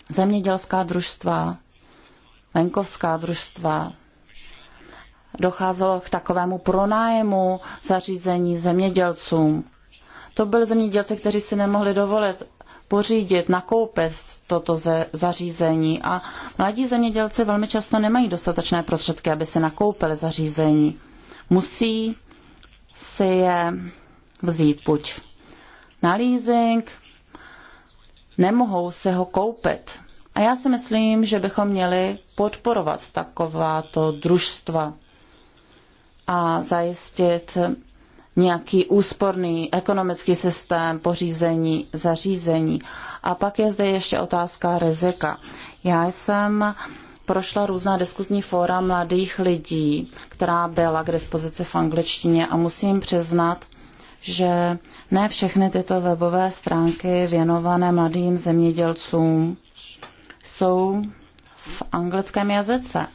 zemědělská družstva, venkovská družstva. Docházelo k takovému pronájmu zařízení zemědělcům. To byly zemědělci, kteří si nemohli dovolit pořídit, nakoupit toto zařízení a mladí zemědělci velmi často nemají dostatečné prostředky, aby si nakoupili zařízení. Musí si je vzít buď na leasing, nemohou se ho koupit. A já si myslím, že bychom měli podporovat takováto družstva a zajistit nějaký úsporný ekonomický systém pořízení zařízení. A pak je zde ještě otázka rizika. Já jsem prošla různá diskuzní fóra mladých lidí, která byla k dispozici v angličtině a musím přiznat, že ne všechny tyto webové stránky věnované mladým zemědělcům jsou v anglickém jazyce.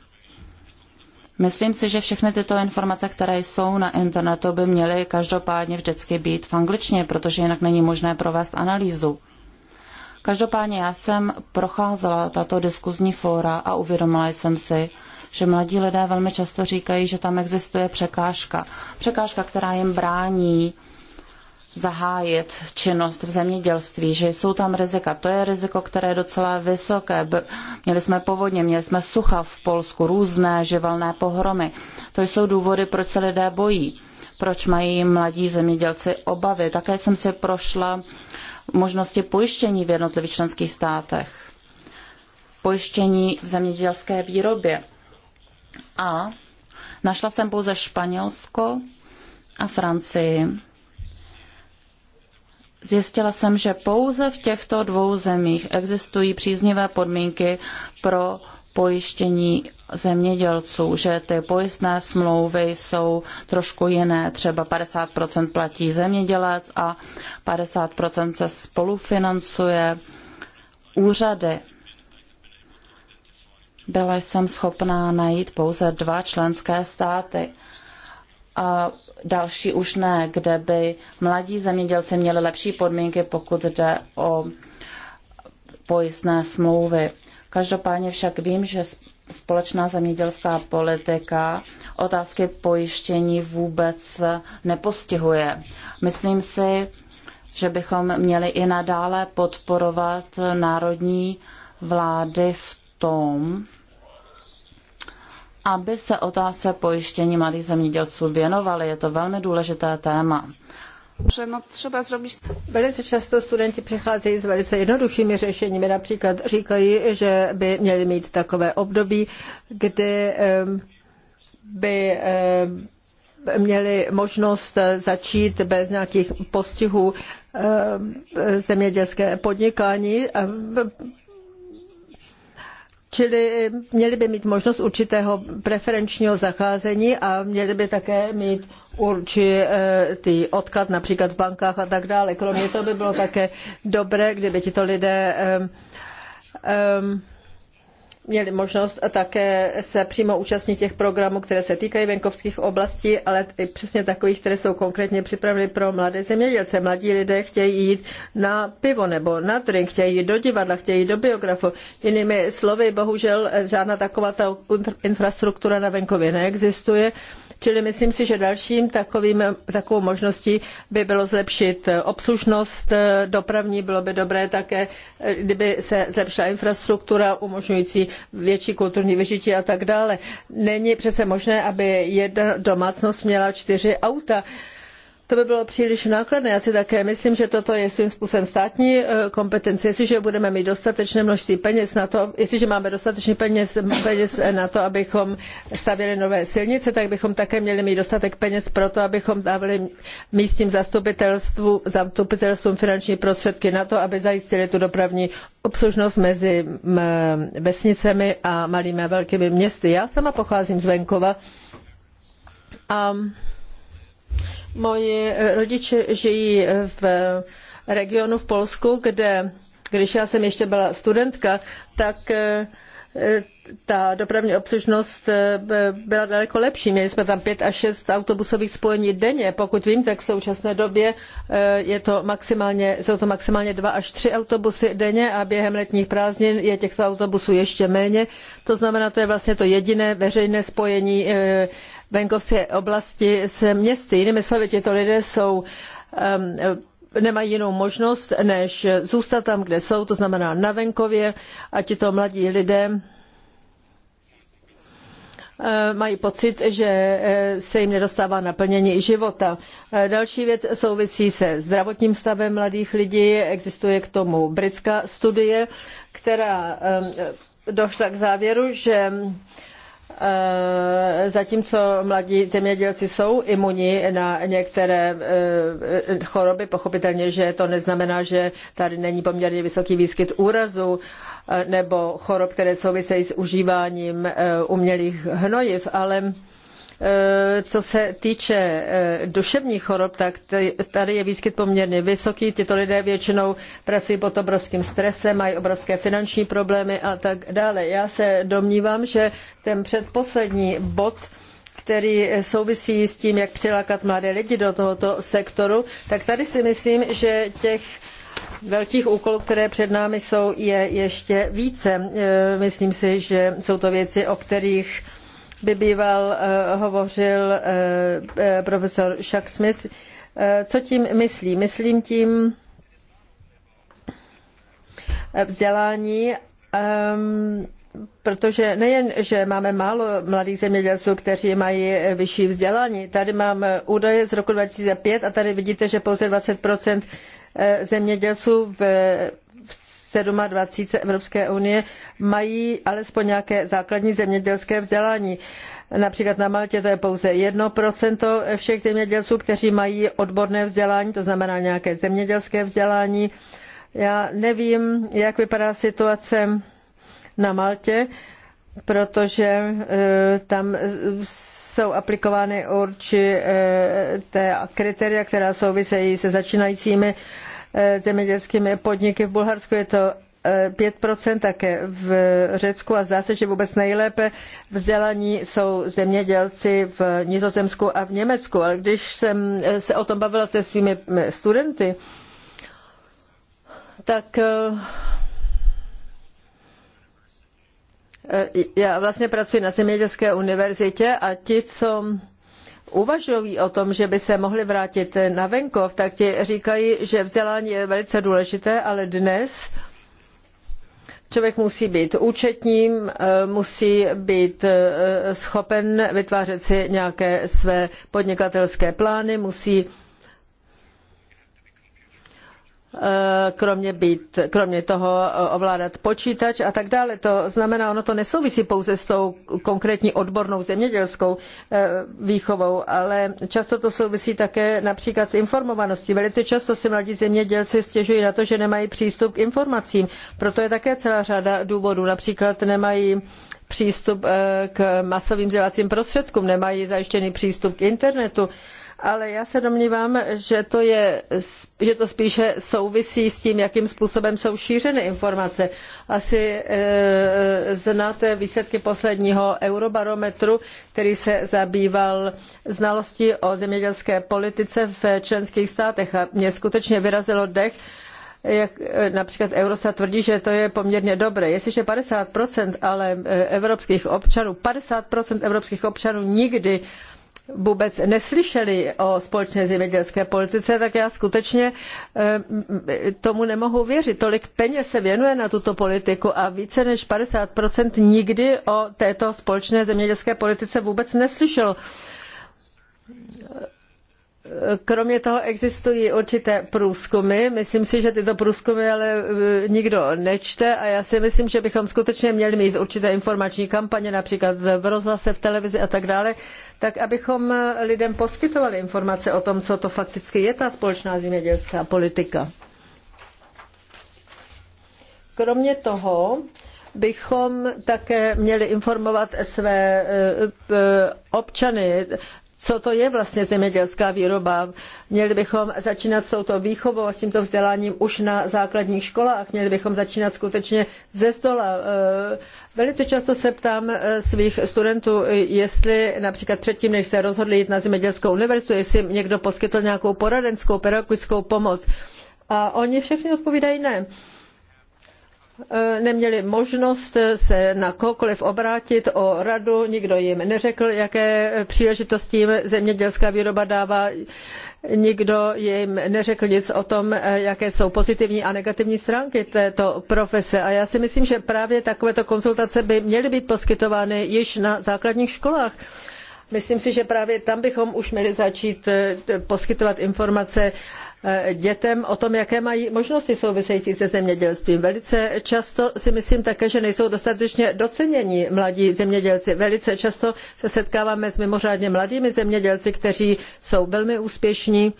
Myslím si, že všechny tyto informace, které jsou na internetu, by měly každopádně vždycky být v angličtině, protože jinak není možné provést analýzu. Každopádně já jsem procházela tato diskuzní fóra a uvědomila jsem si, že mladí lidé velmi často říkají, že tam existuje překážka. Překážka, která jim brání zahájit činnost v zemědělství, že jsou tam rizika. To je riziko, které je docela vysoké. Měli jsme povodně, měli jsme sucha v Polsku, různé živelné pohromy. To jsou důvody, proč se lidé bojí, proč mají mladí zemědělci obavy. Také jsem si prošla možnosti pojištění v jednotlivých členských státech, pojištění v zemědělské výrobě. A našla jsem pouze Španělsko a Francii Zjistila jsem, že pouze v těchto dvou zemích existují příznivé podmínky pro pojištění zemědělců, že ty pojistné smlouvy jsou trošku jiné. Třeba 50% platí zemědělec a 50% se spolufinancuje úřady. Byla jsem schopná najít pouze dva členské státy, a další už ne, kde by mladí zemědělci měli lepší podmínky, pokud jde o pojistné smlouvy. Každopádně však vím, že společná zemědělská politika otázky pojištění vůbec nepostihuje. Myslím si, že bychom měli i nadále podporovat národní vlády v tom, aby se otázce pojištění malých zemědělců věnovali. Je to velmi důležité téma. No, třeba zrobiť... Velice často studenti přicházejí s velice jednoduchými řešeními. Například říkají, že by měli mít takové období, kde by měli možnost začít bez nějakých postihů zemědělské podnikání čili měli by mít možnost určitého preferenčního zacházení a měli by také mít určitý eh, odklad například v bankách a tak dále. Kromě toho by bylo také dobré, kdyby tito lidé um, měli možnost také se přímo účastnit těch programů, které se týkají venkovských oblastí, ale i přesně takových, které jsou konkrétně připraveny pro mladé zemědělce. Mladí lidé chtějí jít na pivo nebo na drink, chtějí jít do divadla, chtějí jít do biografu. Jinými slovy, bohužel žádná taková ta infrastruktura na venkově neexistuje. Čili myslím si, že dalším takovým, takovou možností by bylo zlepšit eh, obslužnost eh, dopravní, bylo by dobré také, eh, kdyby se zlepšila infrastruktura umožňující větší kulturní vyžití a tak dále. Není přece možné, aby jedna domácnost měla čtyři auta. To by bylo příliš nákladné. Já si také myslím, že toto je svým způsobem státní eh, kompetence. Jestliže budeme mít dostatečné množství peněz na to, jestliže máme dostatečně peněz, peněz eh, na to, abychom stavěli nové silnice, tak bychom také měli mít dostatek peněz pro to, abychom dávali místním zastupitelstvu, zastupitelstvům finanční prostředky na to, aby zajistili tu dopravní obslužnost mezi mm, eh, vesnicemi a malými a velkými městy. Já sama pocházím z venkova a Moji eh, rodiče žijí eh, v regionu v Polsku, kde, když já jsem ještě byla studentka, tak eh, ta dopravní obslužnost eh, byla daleko lepší. Měli jsme tam pět až šest autobusových spojení denně. Pokud vím, tak v současné době eh, je to maximálně, jsou to maximálně dva až tři autobusy denně a během letních prázdnin je těchto autobusů ještě méně. To znamená, to je vlastně to jediné veřejné spojení eh, venkovské oblasti s městy. Jinými slovy, těto lidé jsou ehm, nemají jinou možnost, než zůstat tam, kde jsou, to znamená na venkově a tito mladí lidé Eh, mají pocit, že eh, se jim nedostává naplnění života. Eh, další věc souvisí se zdravotním stavem mladých lidí. Existuje k tomu britská studie, která ehm, došla k závěru, že Eh, zatímco mladí zemědělci jsou imunní na některé eh, choroby, pochopitelně, že to neznamená, že tady není poměrně vysoký výskyt úrazu eh, nebo chorob, které souvisejí s užíváním umělých hnojiv, ale Eh, co se týče eh, duševních chorob, tak tady je výskyt poměrně vysoký. Tyto lidé většinou pracují pod obrovským stresem, mají obrovské finanční problémy a tak dále. Já se domnívám, že ten předposlední bod který souvisí s tím, jak přilákat mladé lidi do tohoto sektoru, tak tady si myslím, že těch velkých úkolů, které před námi jsou, je ještě více. Eh, myslím si, že jsou to věci, o kterých by býval eh, hovořil eh, eh, profesor Chuck Smith. Co tím myslí? Myslím tím vzdělání ehm, protože nejen, že máme málo mladých zemědělců, kteří mají vyšší vzdělání, tady mám údaje z roku 2005 a tady vidíte, že pouze 20 zemědělců v 27 Evropské unie mají alespoň nějaké základní zemědělské vzdělání. Například na Maltě to je pouze 1% všech zemědělců, kteří mají odborné vzdělání, to znamená nějaké zemědělské vzdělání. Já nevím, jak vypadá situace na Maltě, protože e, tam jsou aplikovány určité kritéria, která souvisejí se začínajícími Eh, zemědělskými podniky. V Bulharsku je to 5% eh, také v Řecku a zdá se, že vůbec nejlépe vzdělaní jsou zemědělci v Nizozemsku a v Německu. Ale když jsem eh, se o tom bavila se svými studenty, tak já vlastně pracuji na zemědělské univerzitě a ti, co uvažují o tom, že by se mohli vrátit na venkov, tak ti říkají, že vzdělání je velice důležité, ale dnes člověk musí být účetním, eh, musí být eh, schopen vytvářet si nějaké své podnikatelské plány, musí Eh, kromě, být, kromě toho eh, ovládat počítač a tak dále. To znamená, ono to nesouvisí pouze s tou konkrétní odbornou zemědělskou eh, výchovou, ale často to souvisí také například s informovaností. Velice často si mladí zemědělci stěžují na to, že nemají přístup k informacím. Proto je také celá řada důvodů. Například nemají přístup k masovým vzdělávacím prostředkům, nemají zajištěný přístup k internetu ale já se domnívám, že to, je, že to spíše souvisí s tím, jakým způsobem jsou šířeny informace. Asi e, znáte výsledky posledního eurobarometru, který se zabýval znalostí o zemědělské politice v členských státech a mě skutečně vyrazilo dech, jak e, například Eurostat tvrdí, že to je poměrně dobré. Jestliže 50% ale e, evropských občanů, 50% evropských občanů nikdy vůbec neslyšeli o společné zemědělské politice, tak já skutečně eh, tomu nemohu věřit. Tolik peněz se věnuje na tuto politiku a více než 50% nikdy o této společné zemědělské politice vůbec neslyšelo. Kromě toho existují určité průzkumy. Myslím si, že tyto průzkumy ale e, nikdo nečte a já si myslím, že bychom skutečně měli mít určité informační kampaně, například v rozhlase, v televizi a tak dále, tak abychom lidem poskytovali informace o tom, co to fakticky je ta společná zemědělská politika. Kromě toho bychom také měli informovat své e, e, občany co to je vlastně zemědělská výroba. Měli bychom začínat s touto výchovou a s tímto vzděláním už na základních školách. Měli bychom začínat skutečně ze stola. Eh, velice často se ptám eh, svých studentů, jestli například předtím, než se rozhodli jít na zemědělskou univerzitu, jestli jim někdo poskytl nějakou poradenskou pedagogickou pomoc. A oni všechny odpovídají ne. Eh, neměli možnost eh, se na kohokoliv obrátit o radu, nikdo jim neřekl, jaké příležitosti jim zemědělská výroba dává, nikdo jim neřekl nic o tom, eh, jaké jsou pozitivní a negativní stránky této profese. A já si myslím, že právě takovéto konzultace by měly být poskytovány již na základních školách. Myslím si, že právě tam bychom už měli začít poskytovat informace Eh, dětem o tom, jaké mají možnosti související se zemědělstvím. Velice často si myslím také, že nejsou dostatečně doceněni mladí zemědělci. Velice často se setkáváme s mimořádně mladými zemědělci, kteří jsou velmi úspěšní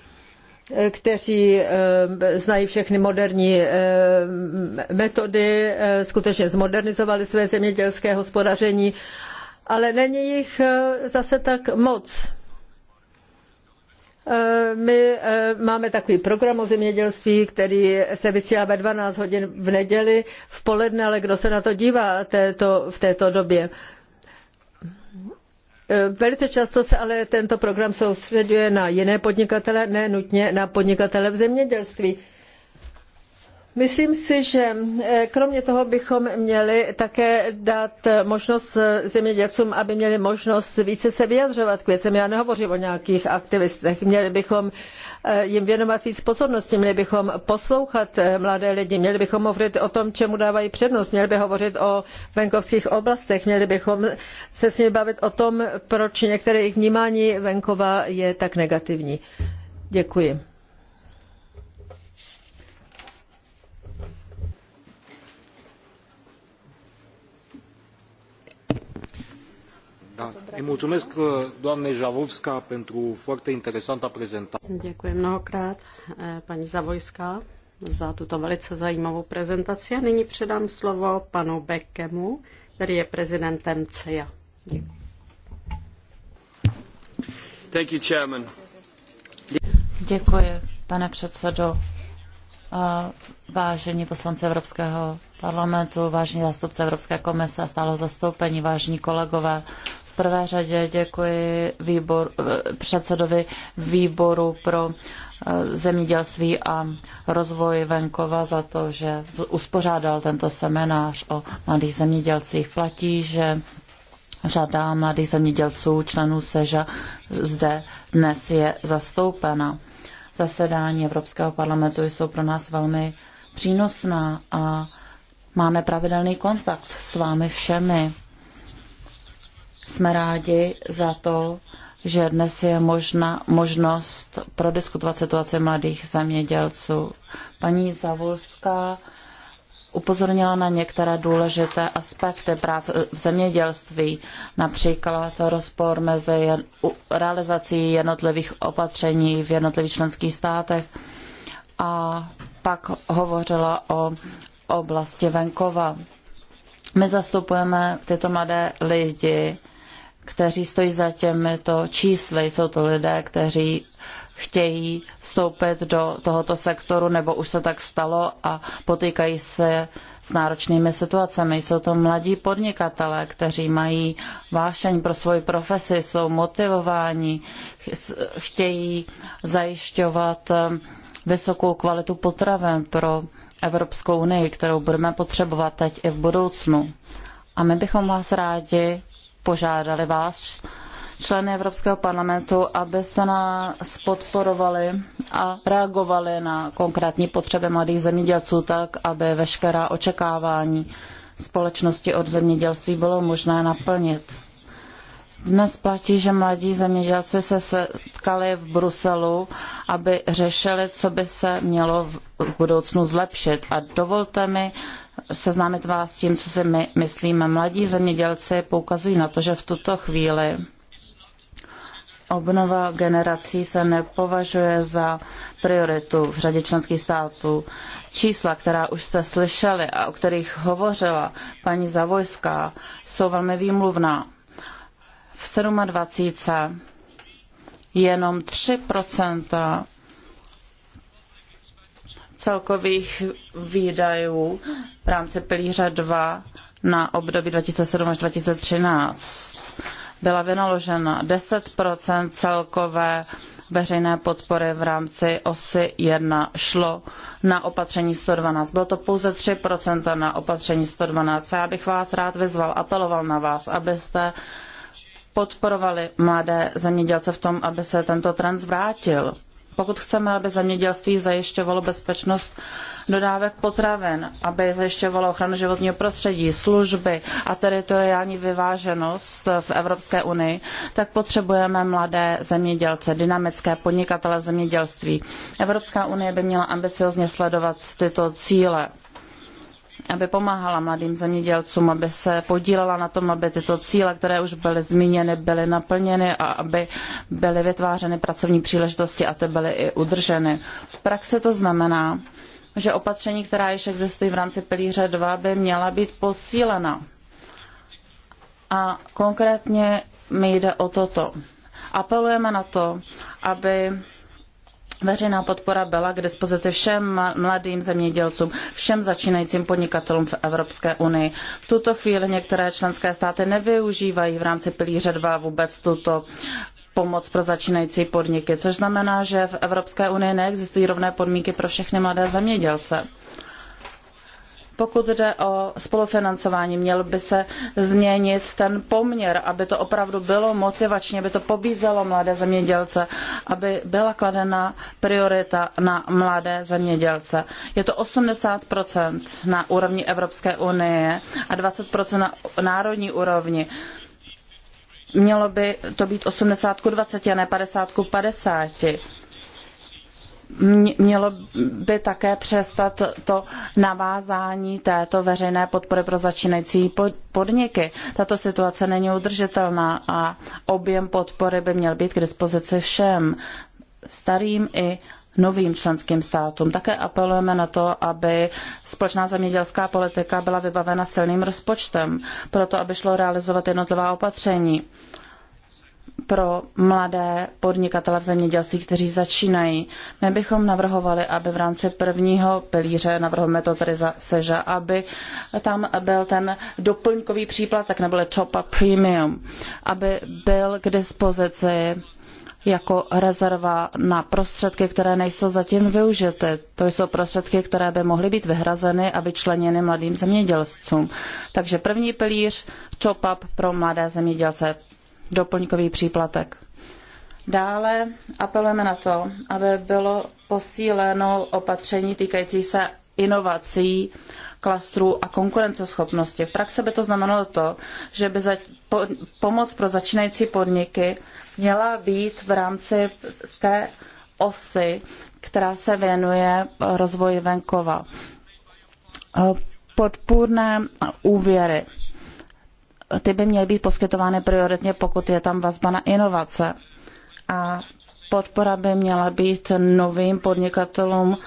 eh, kteří eh, znají všechny moderní metody, skutečně zmodernizovali své zemědělské hospodaření, ale není jich zase tak moc Eh, my eh, máme takový program o zemědělství, který se vysílá ve 12 hodin v neděli v poledne, ale kdo se na to dívá této, v této době? Eh, velice často se ale tento program soustředuje na jiné podnikatele, ne nutně na podnikatele v zemědělství. Myslím si, že eh, kromě toho bychom měli také dát možnost eh, zemědělcům, aby měli možnost více se vyjadřovat k věcem. Já nehovořím o nějakých aktivistech. Měli bychom eh, jim věnovat víc pozornosti, měli bychom poslouchat mladé lidi, měli bychom hovořit o tom, čemu dávají přednost, měli bychom hovořit o venkovských oblastech, měli bychom se s nimi bavit o tom, proč některé jejich vnímání venkova je tak negativní. Děkuji. Da. Îi mulțumesc uh, doamnei Javovská pentru foarte interesanta prezentare. Děkuji mnohokrát, eh, paní Zavojská, za tuto velice zajímavou prezentaci. A nyní předám slovo panu Beckemu, který je prezidentem CIA. E Děkuji. Thank you, chairman. Děkuji, pane předsedo. Vážení poslanci Evropského parlamentu, vážení zástupce Evropské komise a stálo zastoupení, vážení kolegové, prvé řadě děkuji výbor, eh, předsedovi výboru pro eh, zemědělství a rozvoj venkova za to, že uspořádal tento seminář o mladých zemědělcích. Platí, že řada mladých zemědělců, členů SEŽA zde dnes je zastoupena. Zasedání Evropského parlamentu jsou pro nás velmi přínosná a máme pravidelný kontakt s vámi všemi jsme rádi za to, že dnes je možná možnost prodiskutovat situaci mladých zemědělců. Paní Zavolská upozornila na některé důležité aspekty práce eh, v zemědělství, například rozpor mezi realizací jednotlivých opatření v jednotlivých členských státech a pak hovořila o oblasti venkova. My zastupujeme tyto mladé lidi kteří stojí za těmito čísly. Jsou to lidé, kteří chtějí vstoupit do tohoto sektoru, nebo už se tak stalo a potýkají se s náročnými situacemi. Jsou to mladí podnikatelé, kteří mají vášeň pro svoji profesi, jsou motivováni, chtějí zajišťovat eh, vysokou kvalitu potravin pro Evropskou unii, kterou budeme potřebovat teď i v budoucnu. A my bychom vás rádi požádali vás, členy Evropského parlamentu, abyste nás podporovali a reagovali na konkrétní potřeby mladých zemědělců tak, aby veškerá očekávání společnosti od zemědělství bylo možné naplnit. Dnes platí, že mladí zemědělci se setkali v Bruselu, aby řešili, co by se mělo v budoucnu zlepšit. A dovolte mi seznámit vás s tím, co si my myslíme. Mladí zemědělci poukazují na to, že v tuto chvíli obnova generací se nepovažuje za prioritu v řadě členských států. Čísla, která už jste slyšeli a o kterých hovořila paní Zavojská, jsou velmi výmluvná. V 27. jenom 3 celkových výdajů v rámci pilíře 2 na období 2007 až 2013 byla vynaložena 10 celkové veřejné podpory v rámci osy 1 šlo na opatření 112. Bylo to pouze 3 na opatření 112. Já bych vás rád vyzval, apeloval na vás, abyste podporovali mladé zemědělce v tom, aby se tento trend zvrátil. Pokud chceme, aby zemědělství zajišťovalo bezpečnost dodávek potravin, aby zajišťovalo ochranu životního prostředí, služby a teritoriální vyváženost v Evropské unii, tak potřebujeme mladé zemědělce, dynamické podnikatele v zemědělství. Evropská unie by měla ambiciozně sledovat tyto cíle aby pomáhala mladým zemědělcům, aby se podílela na tom, aby tyto cíle, které už byly zmíněny, byly naplněny a aby byly vytvářeny pracovní příležitosti a ty byly i udrženy. V praxi to znamená, že opatření, která již existují v rámci pilíře 2, by měla být posílena. A konkrétně mi jde o toto. Apelujeme na to, aby Veřejná podpora byla k dispozici všem mladým zemědělcům, všem začínajícím podnikatelům v Evropské unii. V tuto chvíli některé členské státy nevyužívají v rámci pilíře 2 vůbec tuto pomoc pro začínající podniky, což znamená, že v Evropské unii neexistují rovné podmínky pro všechny mladé zemědělce. Pokud jde o spolufinancování, měl by se změnit ten poměr, aby to opravdu bylo motivačně, aby to pobízelo mladé zemědělce, aby byla kladena priorita na mladé zemědělce. Je to 80% na úrovni Evropské unie a 20% na národní úrovni mělo by to být 80 ku 20 a ne 50 ku 50 mělo by také přestat to navázání této veřejné podpory pro začínající podniky. Tato situace není udržitelná a objem podpory by měl být k dispozici všem, starým i novým členským státům. Také apelujeme na to, aby společná zemědělská politika byla vybavena silným rozpočtem, proto aby šlo realizovat jednotlivá opatření pro mladé podnikatele v zemědělství, kteří začínají. My bychom navrhovali, aby v rámci prvního pilíře, navrhujeme to tedy za seža, aby tam byl ten doplňkový příplatek neboli top-up premium, aby byl k dispozici jako rezerva na prostředky, které nejsou zatím využity. To jsou prostředky, které by mohly být vyhrazeny a vyčleněny mladým zemědělcům. Takže první pilíř, top-up pro mladé zemědělce doplňkový příplatek. Dále apelujeme na to, aby bylo posíleno opatření týkající se inovací, klastrů a konkurenceschopnosti. V praxi by to znamenalo to, že by za, po, pomoc pro začínající podniky měla být v rámci té osy, která se věnuje rozvoji venkova. Podpůrné úvěry ty by měly být poskytovány prioritně, pokud je tam vazba na inovace. A podpora by měla být novým podnikatelům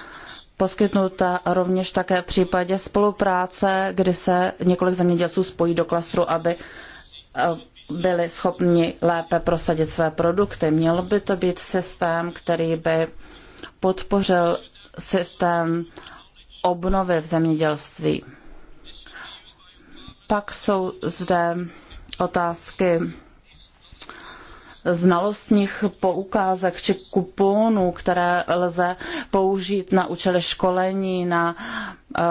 poskytnuta rovněž také v případě spolupráce, kdy se několik zemědělců spojí do klastru, aby eh, byli schopni lépe prosadit své produkty. Měl by to být systém, který by podpořil systém obnovy v zemědělství. Pak jsou zde otázky znalostních poukázek či kuponů, které lze použít na účely školení, na, eh,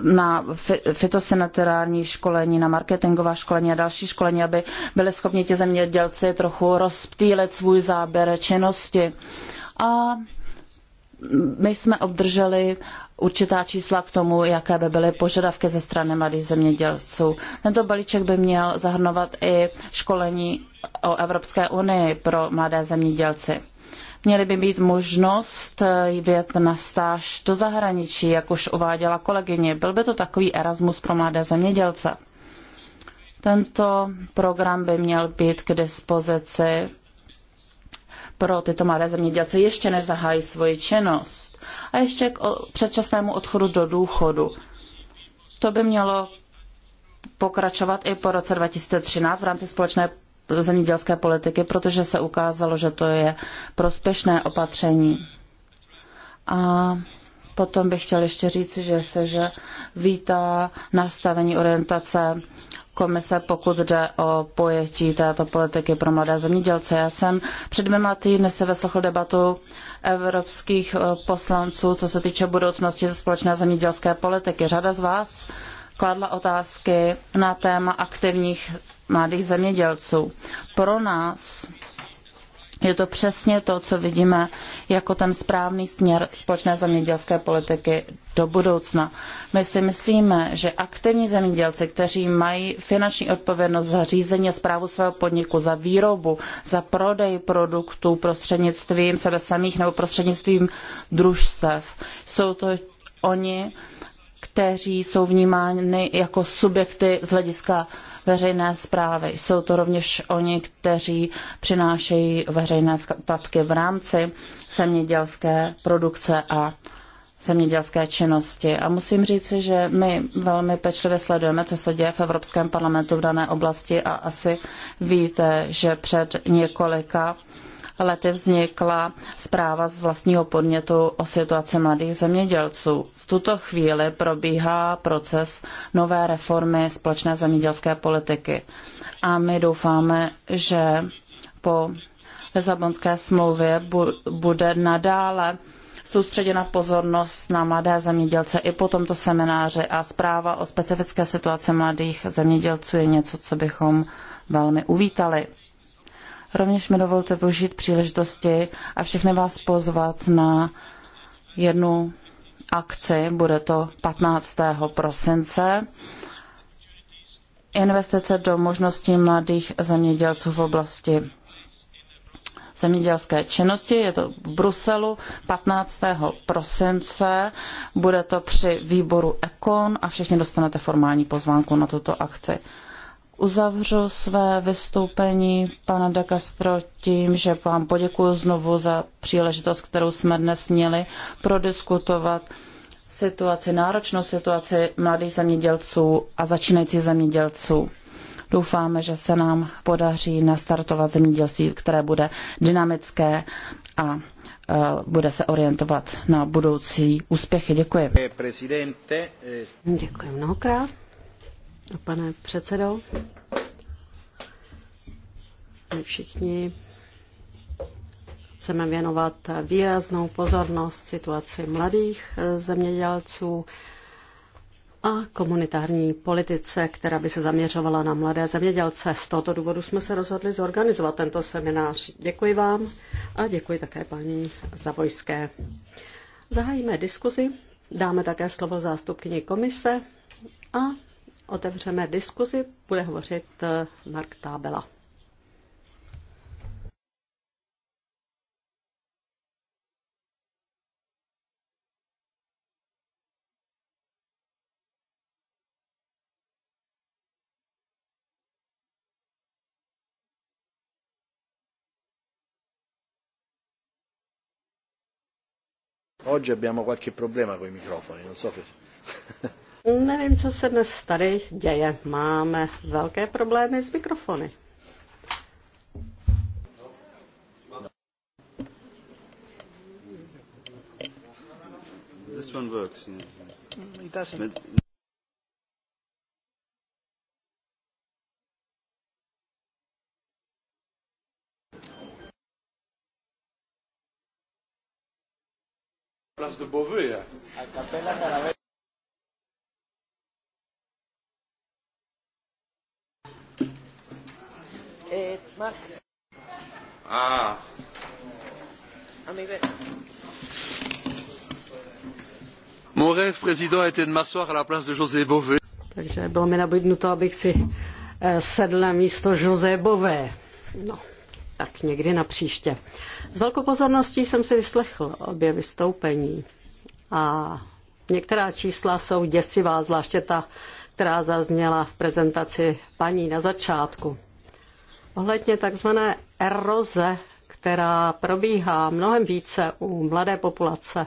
na fitosanitární školení, na marketingová školení a další školení, aby byli schopni ti zemědělci trochu rozptýlit svůj záběr činnosti. A my jsme obdrželi určitá čísla k tomu, jaké by byly požadavky ze strany mladých zemědělců. Tento balíček by měl zahrnovat i školení o Evropské unii pro mladé zemědělce. Měly by být možnost jít na stáž do zahraničí, jak už uváděla kolegyně. Byl by to takový Erasmus pro mladé zemědělce. Tento program by měl být k dispozici pro tyto mladé zemědělce ještě než zahájí svoji činnost a ještě k předčasnému odchodu do důchodu. To by mělo pokračovat i po roce 2013 v rámci společné zemědělské politiky, protože se ukázalo, že to je prospěšné opatření. A potom bych chtěl ještě říct, že se, že vítá nastavení orientace komise, pokud jde o pojetí této politiky pro mladé zemědělce. Já jsem před dvěma týdny si vyslechl debatu evropských eh, poslanců, co se týče budoucnosti společné zemědělské politiky. Řada z vás kladla otázky na téma aktivních mladých zemědělců. Pro nás je to přesně to, co vidíme jako ten správný směr společné zemědělské politiky do budoucna. My si myslíme, že aktivní zemědělci, kteří mají finanční odpovědnost za řízení a zprávu svého podniku, za výrobu, za prodej produktů prostřednictvím sebe samých nebo prostřednictvím družstev, jsou to oni, kteří jsou vnímáni jako subjekty z hlediska veřejné zprávy. Jsou to rovněž oni, kteří přinášejí veřejné statky v rámci zemědělské produkce a zemědělské činnosti. A musím říct, že my velmi pečlivě sledujeme, co se děje v Evropském parlamentu v dané oblasti a asi víte, že před několika lety vznikla zpráva z vlastního podnětu o situaci mladých zemědělců v tuto chvíli probíhá proces nové reformy společné zemědělské politiky a my doufáme, že po Lisabonské smlouvě bude nadále soustředěna pozornost na mladé zemědělce i po tomto semináři a zpráva o specifické situaci mladých zemědělců je něco, co bychom velmi uvítali. Rovněž mi dovolte využít příležitosti a všechny vás pozvat na jednu akci, bude to 15. prosince. Investice do možností mladých zemědělců v oblasti zemědělské činnosti. Je to v Bruselu 15. prosince. Bude to při výboru Ekon a všichni dostanete formální pozvánku na tuto akci. Uzavřu své vystoupení, pana de Castro, tím, že vám poděkuji znovu za příležitost, kterou jsme dnes měli prodiskutovat situaci, náročnou situaci mladých zemědělců a začínajících zemědělců. Doufáme, že se nám podaří nastartovat zemědělství, které bude dynamické a e, bude se orientovat na budoucí úspěchy. Děkuji. E- Děkuji mnohokrát. Pane předsedo, my všichni chceme věnovat výraznou pozornost situaci mladých zemědělců a komunitární politice, která by se zaměřovala na mladé zemědělce. Z tohoto důvodu jsme se rozhodli zorganizovat tento seminář. Děkuji vám a děkuji také paní Zavojské. Zahájíme diskuzi, dáme také slovo zástupkyni komise a otevřeme diskuzi, bude hovořit eh, Mark Tábela. Oggi abbiamo qualche problema con i microfoni, non so che... <laughs> Nevím, co se dnes tady děje. Máme velké problémy s mikrofony. This one works. No? It doesn't. But place de Beauvais. Eh? A capella cada Eh, Mark. Ah. Mon rêve président était de m'asseoir à la place de José Bové. Takže bylo mi nabídnuto, abych si eh, sedl na místo José Bové. No, tak někdy na příště. S velkou pozorností jsem si vyslechl obě vystoupení a některá čísla jsou děsivá, zvláště ta, která zazněla v prezentaci paní na začátku ohledně takzvané eroze, která probíhá mnohem více u mladé populace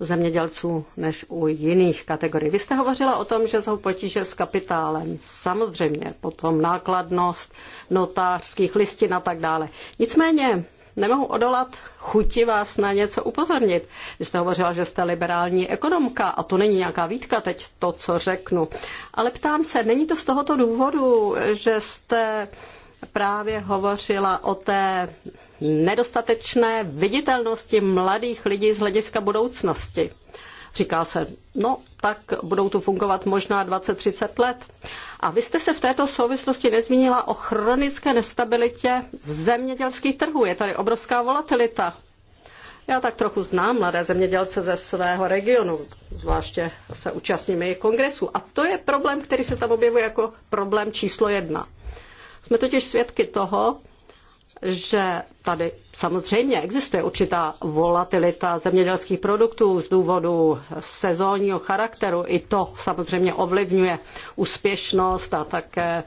zemědělců než u jiných kategorií. Vy jste hovořila o tom, že jsou potíže s kapitálem. Samozřejmě, potom nákladnost notářských listin a tak dále. Nicméně nemohu odolat chuti vás na něco upozornit. Vy jste hovořila, že jste liberální ekonomka a to není nějaká výtka teď to, co řeknu. Ale ptám se, není to z tohoto důvodu, že jste právě hovořila o té nedostatečné viditelnosti mladých lidí z hlediska budoucnosti. Říká se, no tak budou tu fungovat možná 20-30 let. A vy jste se v této souvislosti nezmínila o chronické nestabilitě zemědělských trhů. Je tady obrovská volatilita. Já tak trochu znám mladé zemědělce ze svého regionu, zvláště se účastním jejich kongresu. A to je problém, který se tam objevuje jako problém číslo jedna. Jsme totiž svědky toho, že tady samozřejmě existuje určitá volatilita zemědělských produktů z důvodu sezónního charakteru. I to samozřejmě ovlivňuje úspěšnost a také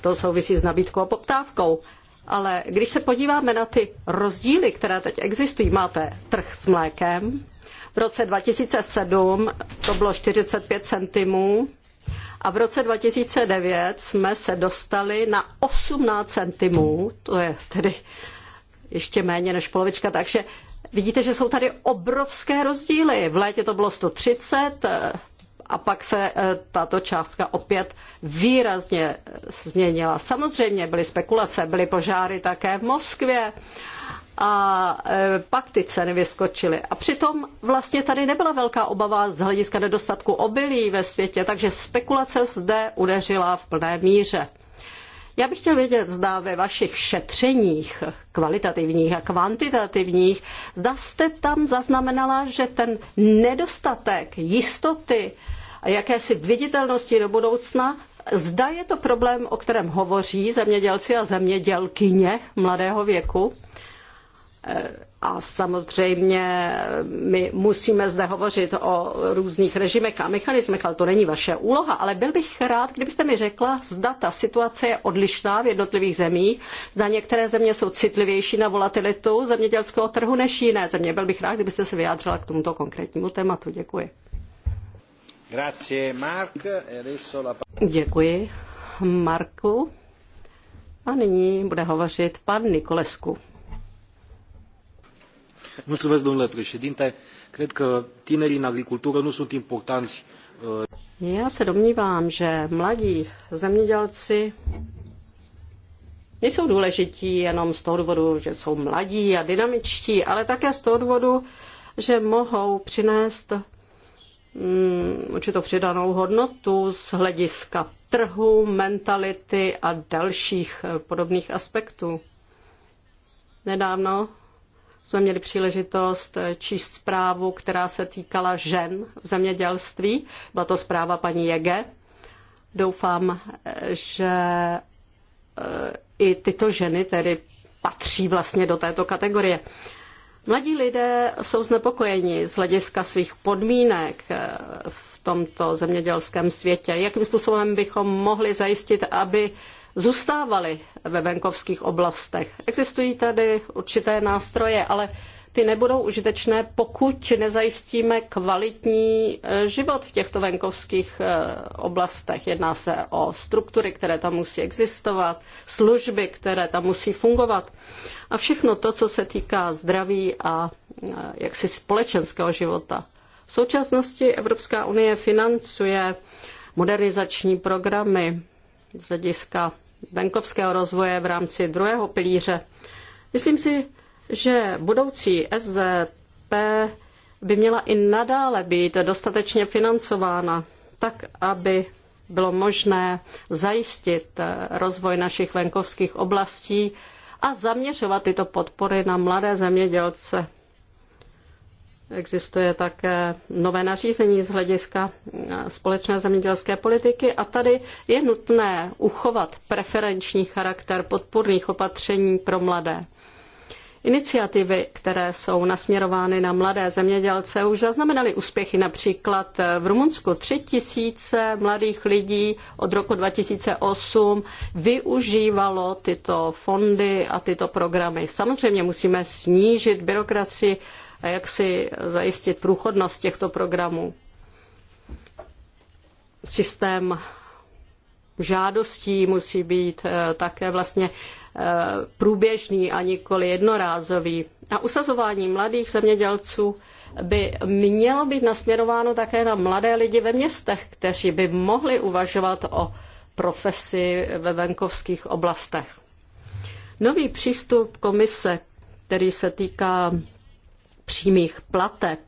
to souvisí s nabídkou a poptávkou. Ale když se podíváme na ty rozdíly, které teď existují, máte trh s mlékem. V roce 2007 to bylo 45 centimů a v roce 2009 jsme se dostali na 18 centimů, to je tedy ještě méně než polovička, takže vidíte, že jsou tady obrovské rozdíly. V létě to bylo 130 eh, a pak se eh, tato částka opět výrazně eh, změnila. Samozřejmě byly spekulace, byly požáry také v Moskvě a e, ty ceny vyskočily. A přitom vlastně tady nebyla velká obava z hlediska nedostatku obilí ve světě, takže spekulace zde udeřila v plné míře. Já bych chtěl vědět, zda ve vašich šetřeních, kvalitativních a kvantitativních, zda jste tam zaznamenala, že ten nedostatek jistoty a jakési viditelnosti do budoucna Zda je to problém, o kterém hovoří zemědělci a zemědělkyně mladého věku? a samozřejmě my musíme zde hovořit o různých režimech a mechanismech, ale to není vaše úloha. Ale byl bych rád, kdybyste mi řekla, zda ta situace je odlišná v jednotlivých zemích, zda některé země jsou citlivější na volatilitu zemědělského trhu než jiné země. Byl bych rád, kdybyste se vyjádřila k tomuto konkrétnímu tématu. Děkuji. E Děkuji, Marku. A nyní bude hovořit pan Nikolesku. <laughs> Cred că tinerii în agricultură nu sunt importanți. Uh, Já se domnívám, že mladí zemědělci nejsou důležití jenom z toho důvodu, že jsou mladí a dynamičtí, ale také z toho důvodu, že mohou přinést mm, určitou přidanou hodnotu z hlediska trhu, mentality a dalších eh, podobných aspektů. Nedávno jsme měli příležitost číst zprávu, která se týkala žen v zemědělství. Byla to zpráva paní Jege. Doufám, že eh, i tyto ženy tedy patří vlastně do této kategorie. Mladí lidé jsou znepokojeni z hlediska svých podmínek eh, v tomto zemědělském světě. Jakým způsobem bychom mohli zajistit, aby zůstávali ve venkovských oblastech. Existují tady určité nástroje, ale ty nebudou užitečné, pokud nezajistíme kvalitní e, život v těchto venkovských e, oblastech. Jedná se o struktury, které tam musí existovat, služby, které tam musí fungovat a všechno to, co se týká zdraví a e, jaksi společenského života. V současnosti Evropská unie financuje modernizační programy z hlediska venkovského rozvoje v rámci druhého pilíře. Myslím si, že budoucí SZP by měla i nadále být dostatečně financována, tak aby bylo možné zajistit rozvoj našich venkovských oblastí a zaměřovat tyto podpory na mladé zemědělce. Existuje také nové nařízení z hlediska eh, společné zemědělské politiky a tady je nutné uchovat preferenční charakter podpůrných opatření pro mladé. Iniciativy, které jsou nasměrovány na mladé zemědělce, už zaznamenaly úspěchy. Například eh, v Rumunsku 3 tisíce mladých lidí od roku 2008 využívalo tyto fondy a tyto programy. Samozřejmě musíme snížit byrokracii a jak si zajistit průchodnost těchto programů. Systém žádostí musí být eh, také vlastně eh, průběžný a nikoli jednorázový. A usazování mladých zemědělců by mělo být nasměrováno také na mladé lidi ve městech, kteří by mohli uvažovat o profesi ve venkovských oblastech. Nový přístup komise, který se týká přímých plateb.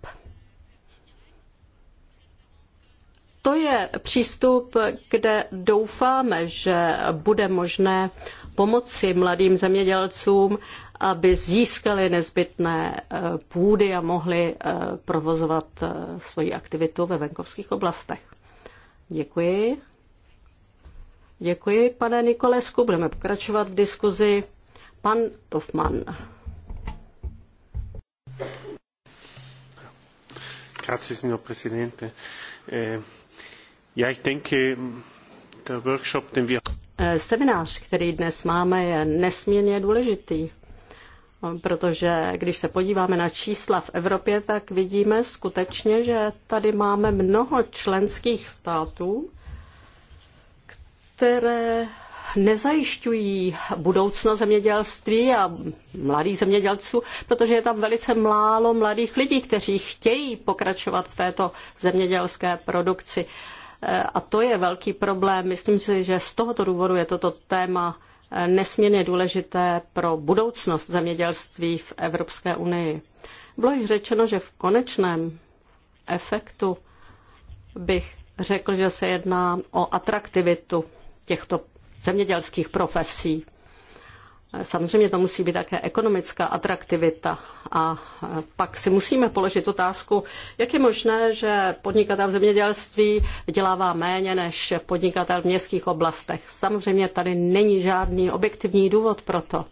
To je přístup, kde doufáme, že bude možné pomoci mladým zemědělcům, aby získali nezbytné eh, půdy a mohli eh, provozovat eh, svoji aktivitu ve venkovských oblastech. Děkuji. Děkuji, pane Nikolesku. Budeme pokračovat v diskuzi. Pan Dofman. Grazie, signor Presidente. Eh, ja, ich denke, der Workshop, den wir... Eh, seminář, který dnes máme, je nesmírně důležitý, protože když se podíváme na čísla v Evropě, tak vidíme skutečně, že tady máme mnoho členských států, které nezajišťují budoucnost zemědělství a mladých zemědělců, protože je tam velice málo mladých lidí, kteří chtějí pokračovat v této zemědělské produkci. E, a to je velký problém. Myslím si, že z tohoto důvodu je toto téma e, nesmírně důležité pro budoucnost zemědělství v Evropské unii. Bylo již řečeno, že v konečném efektu bych řekl, že se jedná o atraktivitu těchto zemědělských profesí. Samozřejmě to musí být také ekonomická atraktivita. A e, pak si musíme položit otázku, jak je možné, že podnikatel v zemědělství vydělává méně než podnikatel v městských oblastech. Samozřejmě tady není žádný objektivní důvod pro to.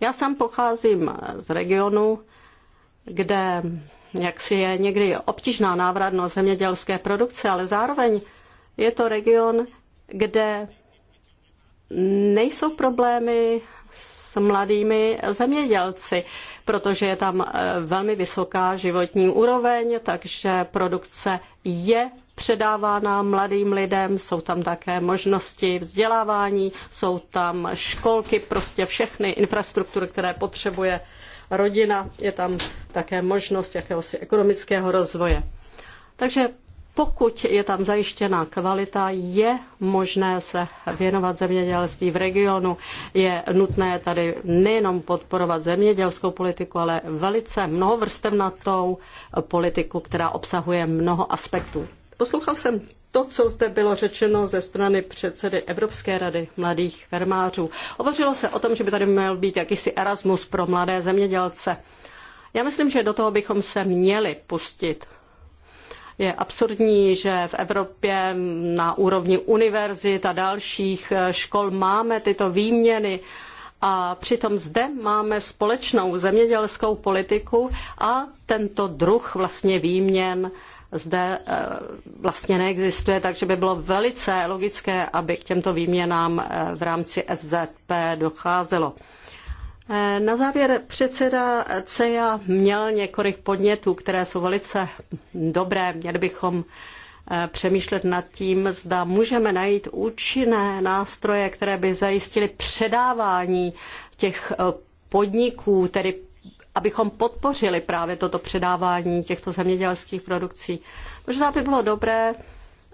Já sám pocházím z regionu, kde jaksi je někdy obtížná návratnost zemědělské produkce, ale zároveň je to region, kde nejsou problémy s mladými zemědělci, protože je tam eh, velmi vysoká životní úroveň, takže produkce je předávána mladým lidem, jsou tam také možnosti vzdělávání, jsou tam školky, prostě všechny infrastruktury, které potřebuje rodina, je tam také možnost jakéhosi ekonomického rozvoje. Takže pokud je tam zajištěná kvalita, je možné se věnovat zemědělství v regionu. Je nutné tady nejenom podporovat zemědělskou politiku, ale velice mnohovrstevnatou politiku, která obsahuje mnoho aspektů. Poslouchal jsem to, co zde bylo řečeno ze strany předsedy Evropské rady mladých fermářů. Hovořilo se o tom, že by tady měl být jakýsi Erasmus pro mladé zemědělce. Já myslím, že do toho bychom se měli pustit. Je absurdní, že v Evropě na úrovni univerzit a dalších eh, škol máme tyto výměny a přitom zde máme společnou zemědělskou politiku a tento druh vlastně výměn zde eh, vlastně neexistuje, takže by bylo velice logické, aby k těmto výměnám eh, v rámci SZP docházelo. Na závěr předseda CEA měl několik podnětů, které jsou velice dobré. Měli bychom eh, přemýšlet nad tím, zda můžeme najít účinné nástroje, které by zajistily předávání těch eh, podniků, tedy abychom podpořili právě toto předávání těchto zemědělských produkcí. Možná by bylo dobré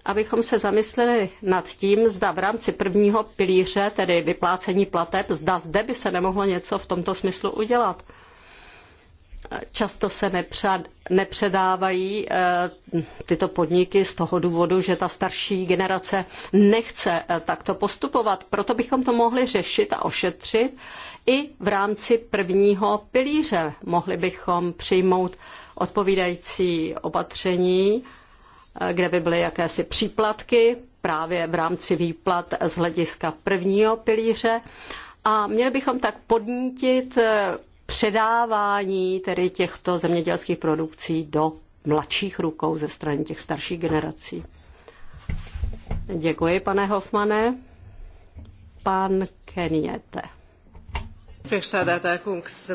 abychom se zamysleli nad tím, zda v rámci prvního pilíře, tedy vyplácení plateb, zda zde by se nemohlo něco v tomto smyslu udělat. Často se nepředávají eh, tyto podniky z toho důvodu, že ta starší generace nechce eh, takto postupovat. Proto bychom to mohli řešit a ošetřit i v rámci prvního pilíře. Mohli bychom přijmout odpovídající opatření Eh, kde by byly jakési příplatky právě v rámci výplat z hlediska prvního pilíře. A měli bychom tak podnítit eh, předávání tedy těchto zemědělských produkcí do mladších rukou ze strany těch starších generací. Děkuji, pane Hofmane. Pan Keniete. Předsedatel Kungs,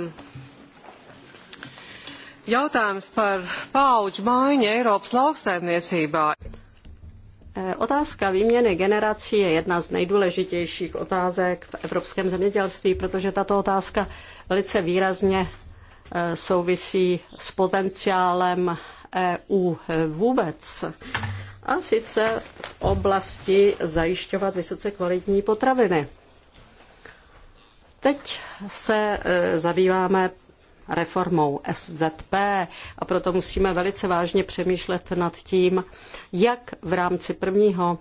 Jautājums par pauģu mājiņu Eiropas lauksaimniecībā. E, otázka výměny generací je jedna z nejdůležitějších otázek v evropském zemědělství, protože tato otázka velice výrazně e, souvisí s potenciálem EU e, vůbec. A sice v oblasti zajišťovat vysoce kvalitní potraviny. Teď se zabýváme reformou SZP a proto musíme velice vážně přemýšlet nad tím, jak v rámci prvního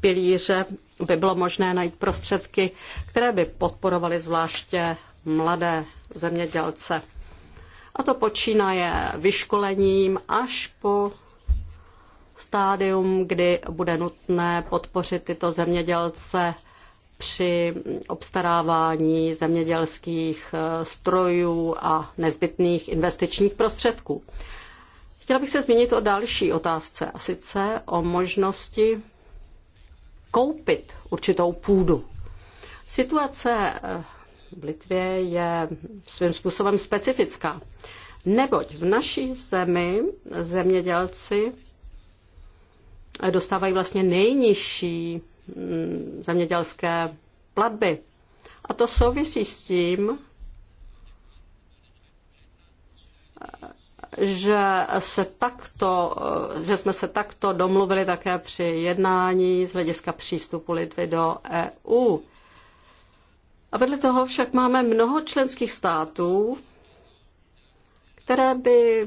pilíře by bylo možné najít prostředky, které by podporovaly zvláště mladé zemědělce. A to počínaje vyškolením až po stádium, kdy bude nutné podpořit tyto zemědělce při obstarávání zemědělských eh, strojů a nezbytných investičních prostředků. Chtěla bych se zmínit o další otázce, a sice o možnosti koupit určitou půdu. Situace eh, v Litvě je svým způsobem specifická, neboť v naší zemi zemědělci dostávají vlastně nejnižší mm, zemědělské platby. A to souvisí s tím, že, se takto, že jsme se takto domluvili také při jednání z hlediska přístupu Litvy do EU. A vedle toho však máme mnoho členských států, které by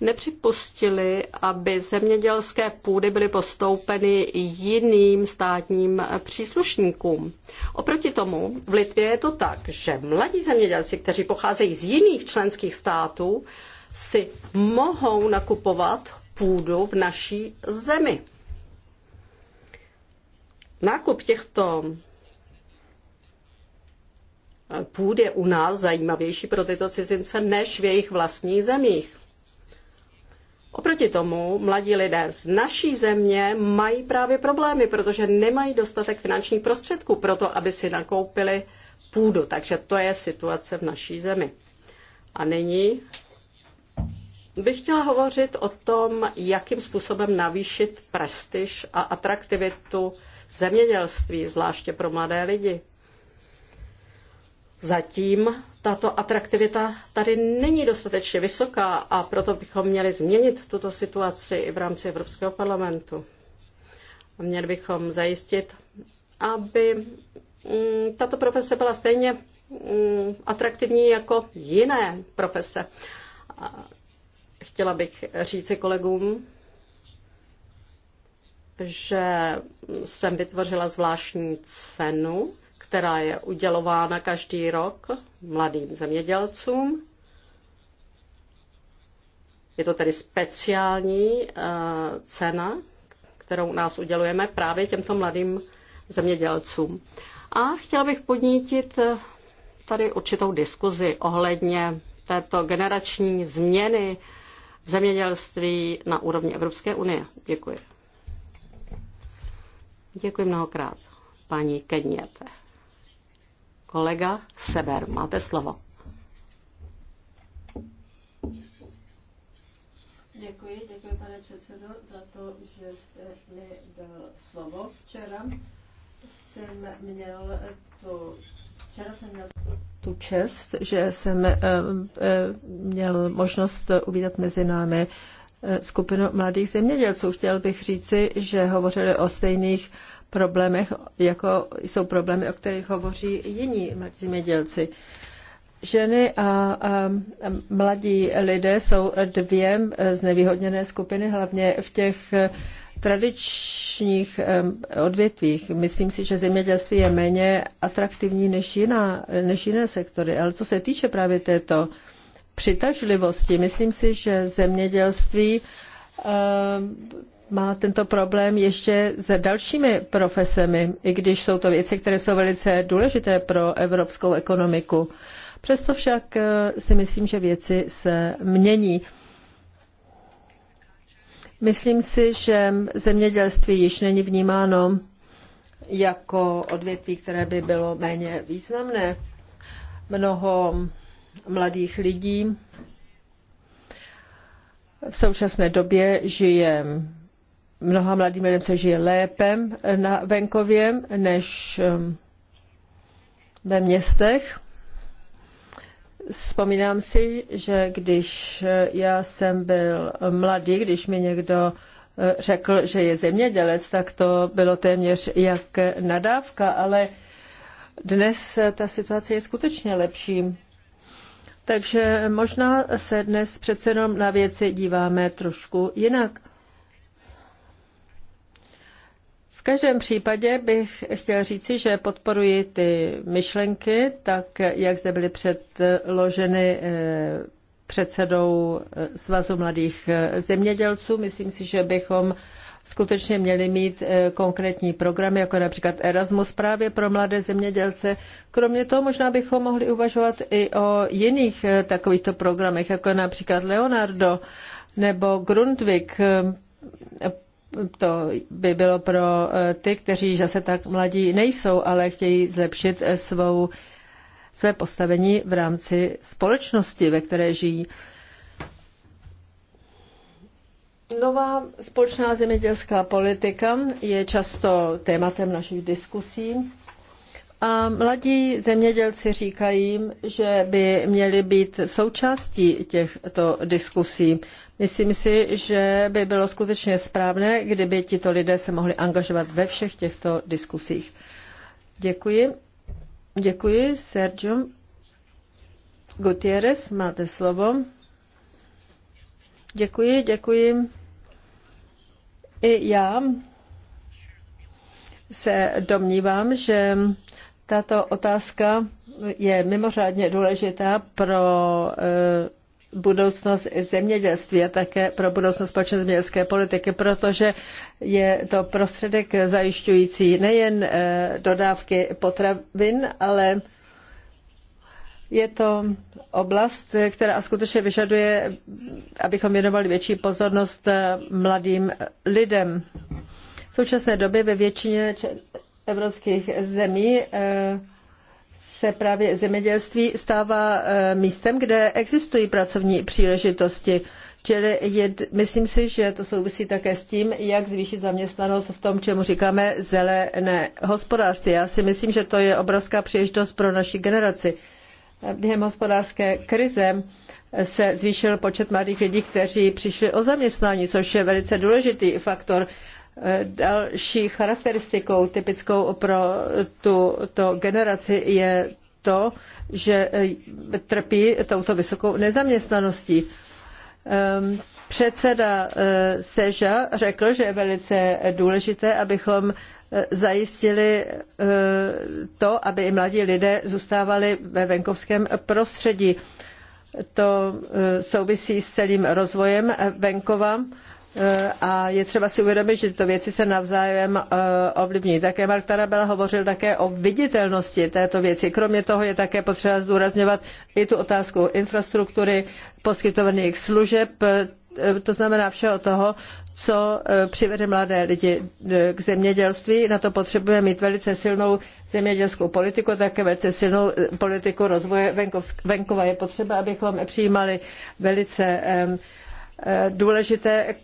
nepřipustili, aby zemědělské půdy byly postoupeny jiným státním příslušníkům. Oproti tomu v Litvě je to tak, že mladí zemědělci, kteří pocházejí z jiných členských států, si mohou nakupovat půdu v naší zemi. Nákup těchto půd je u nás zajímavější pro tyto cizince než v jejich vlastních zemích. Oproti tomu mladí lidé z naší země mají právě problémy, protože nemají dostatek finančních prostředků pro to, aby si nakoupili půdu. Takže to je situace v naší zemi. A nyní bych chtěla hovořit o tom, jakým způsobem navýšit prestiž a atraktivitu zemědělství, zvláště pro mladé lidi. Zatím tato atraktivita tady není dostatečně vysoká a proto bychom měli změnit tuto situaci i v rámci Evropského parlamentu. A měli bychom zajistit, aby mm, tato profese byla stejně mm, atraktivní jako jiné profese. Chtěla bych říci kolegům, že jsem vytvořila zvláštní cenu která je udělována každý rok mladým zemědělcům. Je to tedy speciální eh, cena, kterou nás udělujeme právě těmto mladým zemědělcům. A chtěla bych podnítit eh, tady určitou diskuzi ohledně této generační změny v zemědělství na úrovni Evropské unie. Děkuji. Děkuji mnohokrát, paní Kedněte. Kolega Sever, máte slovo. Děkuji, děkuji pane předsedo za to, že jste mi dal slovo. Včera jsem měl tu, včera jsem měl tu čest, že jsem eh, eh, měl možnost uvídat mezi námi eh, skupinu mladých zemědělců. Chtěl bych říci, že hovořili o stejných problémech, jako jsou problémy, o kterých hovoří jiní zemědělci. Ženy a, a mladí lidé jsou dvě znevýhodněné skupiny, hlavně v těch tradičních odvětvích. Myslím si, že zemědělství je méně atraktivní než, jiná, než jiné sektory. Ale co se týče právě této přitažlivosti, myslím si, že zemědělství má tento problém ještě s dalšími profesemi, i když jsou to věci, které jsou velice důležité pro evropskou ekonomiku. Přesto však eh, si myslím, že věci se mění. Myslím si, že zemědělství již není vnímáno jako odvětví, které by bylo méně významné. Mnoho mladých lidí v současné době žije mnoha mladým lidem se žije lépe na venkově než ehm, ve městech. Vzpomínám si, že když eh, já jsem byl mladý, když mi někdo eh, řekl, že je zemědělec, tak to bylo téměř jak nadávka, ale dnes eh, ta situace je skutečně lepší. Takže možná se dnes přece jenom na věci díváme trošku jinak. každém případě bych chtěla říci, že podporuji ty myšlenky, tak jak zde byly předloženy eh, předsedou eh, Svazu mladých eh, zemědělců. Myslím si, že bychom skutečně měli mít konkrétní programy, jako například Erasmus právě pro mladé zemědělce. Kromě toho možná bychom mohli uvažovat i o jiných takovýchto programech, jako například Leonardo nebo Grundvik to by bylo pro eh, ty, kteří zase tak mladí nejsou, ale chtějí zlepšit eh, svou, své postavení v rámci společnosti, ve které žijí. Nová společná zemědělská politika je často tématem našich diskusí. A mladí zemědělci říkají, že by měli být součástí těchto diskusí. Myslím si, že by bylo skutečně správné, kdyby tito lidé se mohli angažovat ve všech těchto diskusích. Děkuji. Děkuji, Sergio. Gutierrez, máte slovo. Děkuji, děkuji. I já se domnívám, že tato otázka je mimořádně důležitá pro eh, budoucnost zemědělství a také pro budoucnost společné zemědělské politiky, protože je to prostředek zajišťující nejen eh, dodávky potravin, ale je to oblast, která skutečně vyžaduje, abychom věnovali větší pozornost eh, mladým lidem. V současné době ve většině evropských zemí eh, se právě zemědělství stává eh, místem, kde existují pracovní příležitosti. Čili je, myslím si, že to souvisí také s tím, jak zvýšit zaměstnanost v tom, čemu říkáme zelené hospodářství. Já si myslím, že to je obrovská příležitost pro naši generaci. Během hospodářské krize se zvýšil počet mladých lidí, kteří přišli o zaměstnání, což je velice důležitý faktor. Eh, další charakteristikou typickou pro tuto generaci je to, že eh, trpí touto vysokou nezaměstnaností. Ehm, předseda eh, Seža řekl, že je velice důležité, abychom zajistili to, aby i mladí lidé zůstávali ve venkovském prostředí. To souvisí s celým rozvojem venkova Eh, a je třeba si uvědomit, že tyto věci se navzájem eh, ovlivňují. Také Mark Tarabella hovořil také o viditelnosti této věci. Kromě toho je také potřeba zdůrazňovat i tu otázku infrastruktury, poskytovaných služeb, eh, to znamená všeho toho, co přivede mladé lidi k zemědělství. Na to potřebujeme mít velice silnou zemědělskou politiku, také velice silnou politiku rozvoje venkova. Je potřeba, abychom přijímali velice důležité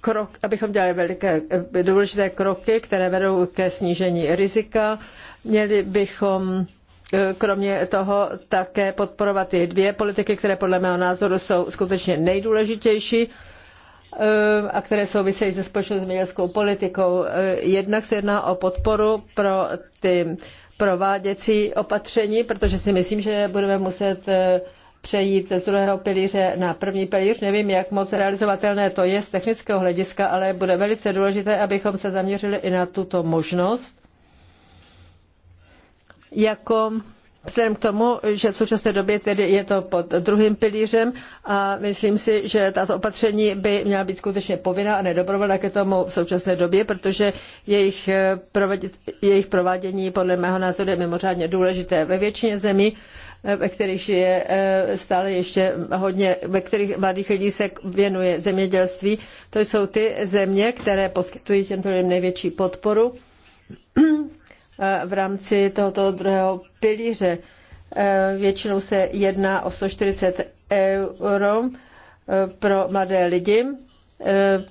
krok, abychom dělali veliké, eh, důležité kroky, které vedou ke snížení rizika. Měli bychom eh, kromě toho také podporovat ty dvě politiky, které podle mého názoru jsou skutečně nejdůležitější eh, a které souvisejí se společnou zemědělskou politikou. Jednak se jedná o podporu pro ty prováděcí opatření, protože si myslím, že budeme muset přejít z druhého pilíře na první pilíř. Nevím, jak moc realizovatelné to je z technického hlediska, ale bude velice důležité, abychom se zaměřili i na tuto možnost. Jako Vzhledem k tomu, že v současné době tedy je to pod druhým pilířem a myslím si, že tato opatření by měla být skutečně povinná a nedobrovolná k tomu v současné době, protože jejich, eh, jejich provádění podle mého názoru je mimořádně důležité. Ve většině zemí Eh, ve kterých je eh, stále ještě hodně, ve kterých mladých lidí se věnuje zemědělství. To jsou ty země, které poskytují těmto lidem největší podporu eh, v rámci tohoto druhého pilíře. Většinou se jedná o 140 euro pro mladé lidi.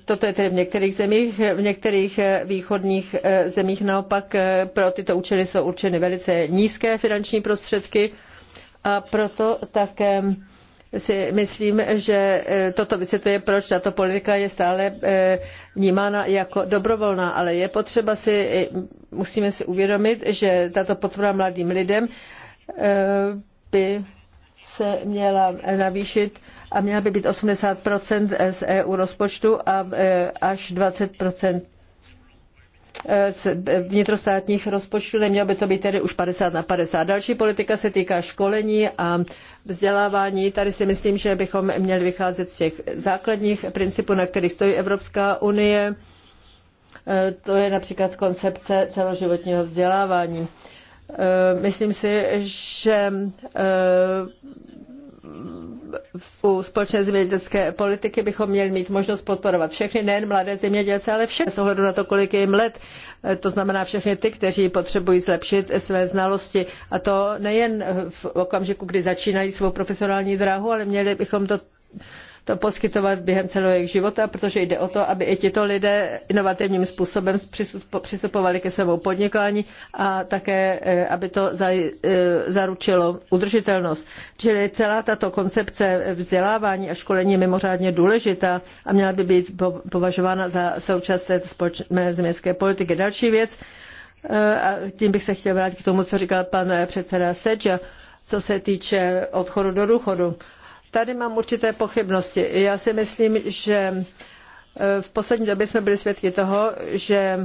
Toto je tedy v některých zemích, v některých východních zemích naopak pro tyto účely jsou určeny velice nízké finanční prostředky a proto také si myslím, že e, toto vysvětluje, proč tato politika je stále e, vnímána jako dobrovolná, ale je potřeba si, musíme si uvědomit, že tato podpora mladým lidem e, by se měla navýšit a měla by být 80 z EU rozpočtu a až 20 Eh, z eh, vnitrostátních rozpočtů, nemělo by to být tedy už 50 na 50. Další politika se týká školení a vzdělávání. Tady si myslím, že bychom měli vycházet z těch základních principů, na kterých stojí Evropská unie. Eh, to je například koncepce celoživotního vzdělávání. Myslím si, že u společné zemědělské politiky bychom měli mít možnost podporovat všechny, nejen mladé zemědělce, ale všechny, s ohledu na to, kolik je jim let. E, to znamená všechny ty, kteří potřebují zlepšit své znalosti. A to nejen v okamžiku, kdy začínají svou profesionální dráhu, ale měli bychom to to poskytovat během celého jejich života, protože jde o to, aby i tito lidé inovativním způsobem přistupovali ke svému podnikání a také, eh, aby to eh, zaručilo udržitelnost. Čili celá tato koncepce vzdělávání a školení je mimořádně důležitá a měla by být považována za součást té společné zeměstské politiky. Další věc, eh, a tím bych se chtěl vrátit k tomu, co říkal pan předseda Sedža, co se týče odchodu do důchodu. Tady mám určité pochybnosti. Já si myslím, že eh, v poslední době jsme byli svědky toho, že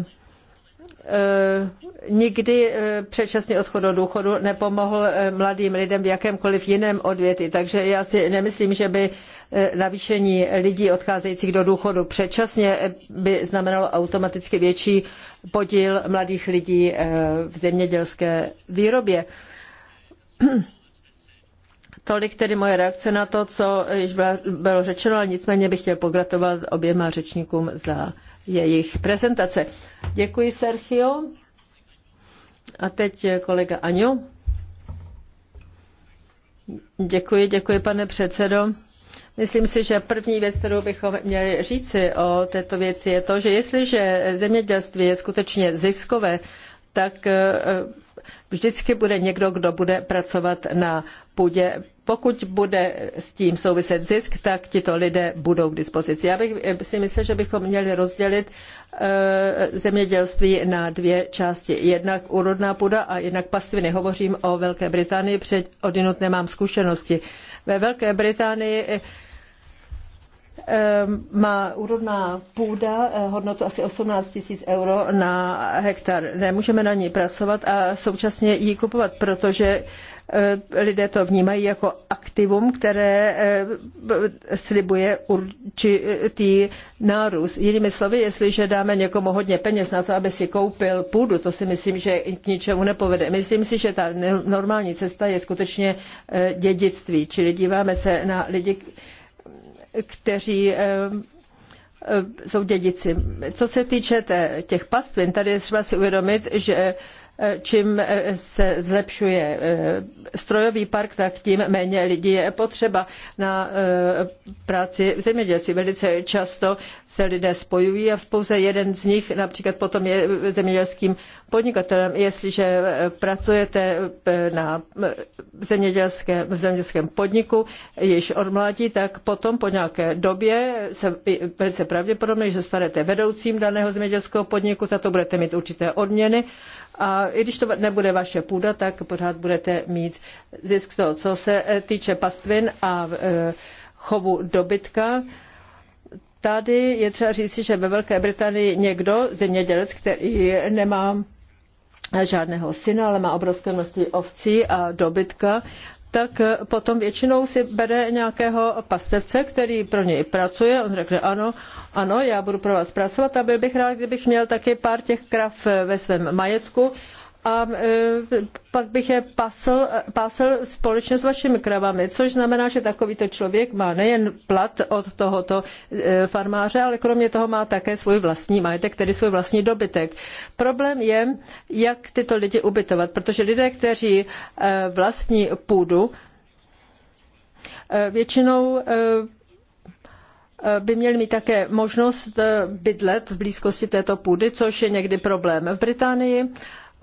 eh, nikdy eh, předčasný odchod do důchodu nepomohl mladým lidem v jakémkoliv jiném odvětví. Takže já si nemyslím, že by navýšení lidí odcházejících do důchodu předčasně by znamenalo automaticky větší podíl mladých lidí v zemědělské výrobě. <clears throat> Tolik tedy moje reakce na to, co již bylo řečeno, ale nicméně bych chtěl pogratulovat oběma řečníkům za jejich prezentace. Děkuji, Sergio. A teď kolega Aňo. Děkuji, děkuji, pane předsedo. Myslím si, že první věc, kterou bychom měli říci o této věci, je to, že jestliže zemědělství je skutečně ziskové, tak eh, vždycky bude někdo, kdo bude pracovat na půdě pokud bude s tím souviset zisk, tak tito lidé budou k dispozici. Já bych eh, si myslel, že bychom měli rozdělit eh, zemědělství na dvě části. Jednak úrodná půda a jednak pastviny. Hovořím o Velké Británii, před odinut nemám zkušenosti. Ve Velké Británii eh, má úrodná půda hodnotu asi 18 tisíc euro na hektar. Nemůžeme na ní pracovat a současně ji kupovat, protože Eh, lidé to vnímají jako aktivum, které eh, slibuje určitý nárůst. Jinými slovy, jestliže dáme někomu hodně peněz na to, aby si koupil půdu, to si myslím, že k ničemu nepovede. Myslím si, že ta normální cesta je skutečně eh, dědictví, čili díváme se na lidi, kteří jsou dědici. Co se týče těch pastvin, tady je třeba si uvědomit, že čím eh, se zlepšuje eh, strojový park, tak tím méně lidí je potřeba na eh, práci v zemědělství. Velice často se lidé spojují a pouze jeden z nich například potom je zemědělským podnikatelem. Jestliže pracujete na zemědělském, v zemědělském podniku již od mládí, tak potom po nějaké době se velice pravděpodobně, že stanete vedoucím daného zemědělského podniku, za to budete mít určité odměny a i když to nebude vaše půda, tak pořád budete mít zisk toho. Co se e, týče pastvin a e, chovu dobytka, tady je třeba říct, že ve Velké Británii někdo, zemědělec, který nemá žádného syna, ale má obrovské množství ovcí a dobytka, tak eh, potom většinou si bere nějakého pastevce, který pro něj pracuje. On řekne ano, ano, já budu pro vás pracovat a byl bych rád, kdybych měl taky pár těch krav eh, ve svém majetku a e, pak bych je pasl, pasl společně s vašimi kravami, což znamená, že takovýto člověk má nejen plat od tohoto e, farmáře, ale kromě toho má také svůj vlastní majetek, tedy svůj vlastní dobytek. Problém je, jak tyto lidi ubytovat, protože lidé, kteří e, vlastní půdu, většinou by měli mít také možnost bydlet v blízkosti této půdy, což je někdy problém. V Británii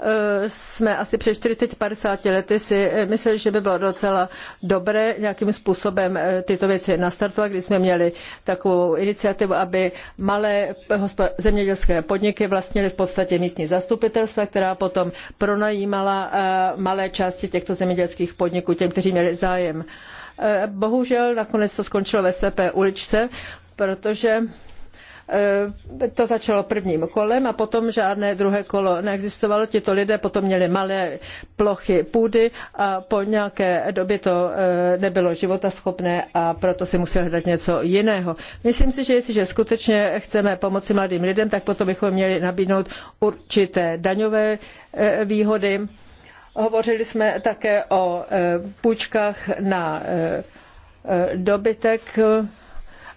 Eh, jsme asi před 40-50 lety si eh, mysleli, že by bylo docela dobré nějakým způsobem eh, tyto věci nastartovat, když jsme měli takovou iniciativu, aby malé zemědělské podniky vlastnily v podstatě místní zastupitelstva, která potom pronajímala malé části těchto zemědělských podniků těm, kteří měli zájem. Bohužel nakonec to skončilo ve slepé uličce, protože Eh, to začalo prvním kolem a potom žádné druhé kolo neexistovalo. Tito lidé potom měli malé plochy půdy a po nějaké době to eh, nebylo životaschopné a proto si museli hledat něco jiného. Myslím si, že jestliže skutečně chceme pomoci mladým lidem, tak potom bychom měli nabídnout určité daňové eh, výhody. Hovořili jsme také o půjčkách na dobytek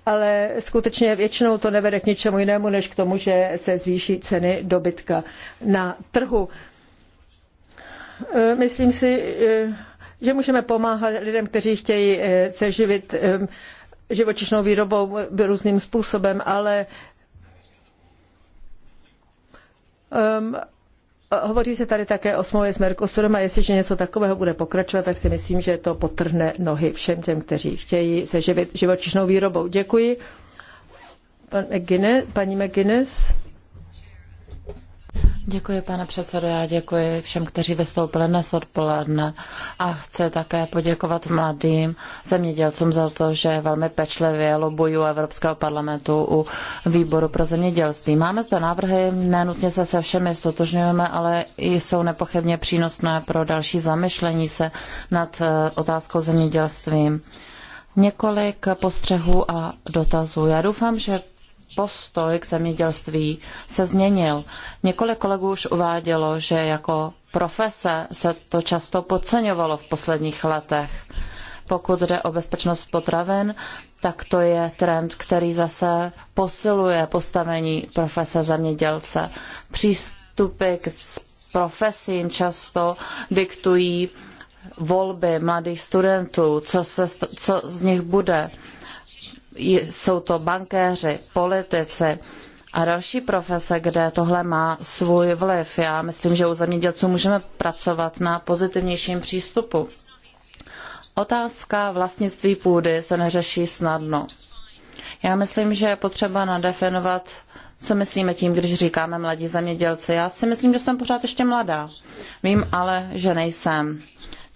ale skutečně většinou to nevede k ničemu jinému, než k tomu, že se zvýší ceny dobytka na trhu. E, myslím si, e, že můžeme pomáhat lidem, kteří chtějí e, se živit živočišnou výrobou různým způsobem, ale Hovoří se tady také o smlouvě s Mercosurem a jestliže něco takového bude pokračovat, tak si myslím, že to potrhne nohy všem těm, kteří chtějí se živit živočišnou výrobou. Děkuji. Pan McGuinness, paní McGuinness. Děkuji, pane předsedo. Já děkuji všem, kteří vystoupili dnes odpoledne a chci také poděkovat mladým zemědělcům za to, že velmi pečlivě lobují Evropského parlamentu u výboru pro zemědělství. Máme zde návrhy, nenutně se se všemi stotožňujeme, ale jsou nepochybně přínosné pro další zamyšlení se nad eh, otázkou zemědělství. Několik postřehů a dotazů. Já doufám, že postoj k zemědělství se změnil. Několik kolegů už uvádělo, že jako profese se to často podceňovalo v posledních letech. Pokud jde o bezpečnost potravin, tak to je trend, který zase posiluje postavení profese zemědělce. Přístupy k profesím často diktují volby mladých studentů, co, se, co z nich bude jsou to bankéři, politici a další profese, kde tohle má svůj vliv. Já myslím, že u zemědělců můžeme pracovat na pozitivnějším přístupu. Otázka vlastnictví půdy se neřeší snadno. Já myslím, že je potřeba nadefinovat, co myslíme tím, když říkáme mladí zemědělci. Já si myslím, že jsem pořád ještě mladá. Vím ale, že nejsem.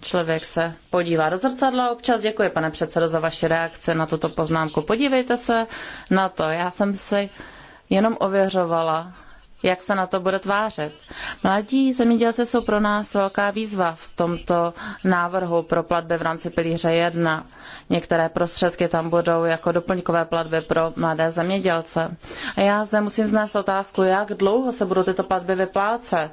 Člověk se podívá do zrcadla občas. Děkuji, pane předsedo, za vaši reakce na tuto poznámku. Podívejte se na to. Já jsem si jenom ověřovala, jak se na to bude tvářet. Mladí zemědělci jsou pro nás velká výzva v tomto návrhu pro platby v rámci pilíře 1. Některé prostředky tam budou jako doplňkové platby pro mladé zemědělce. A já zde musím znést otázku, jak dlouho se budou tyto platby vyplácet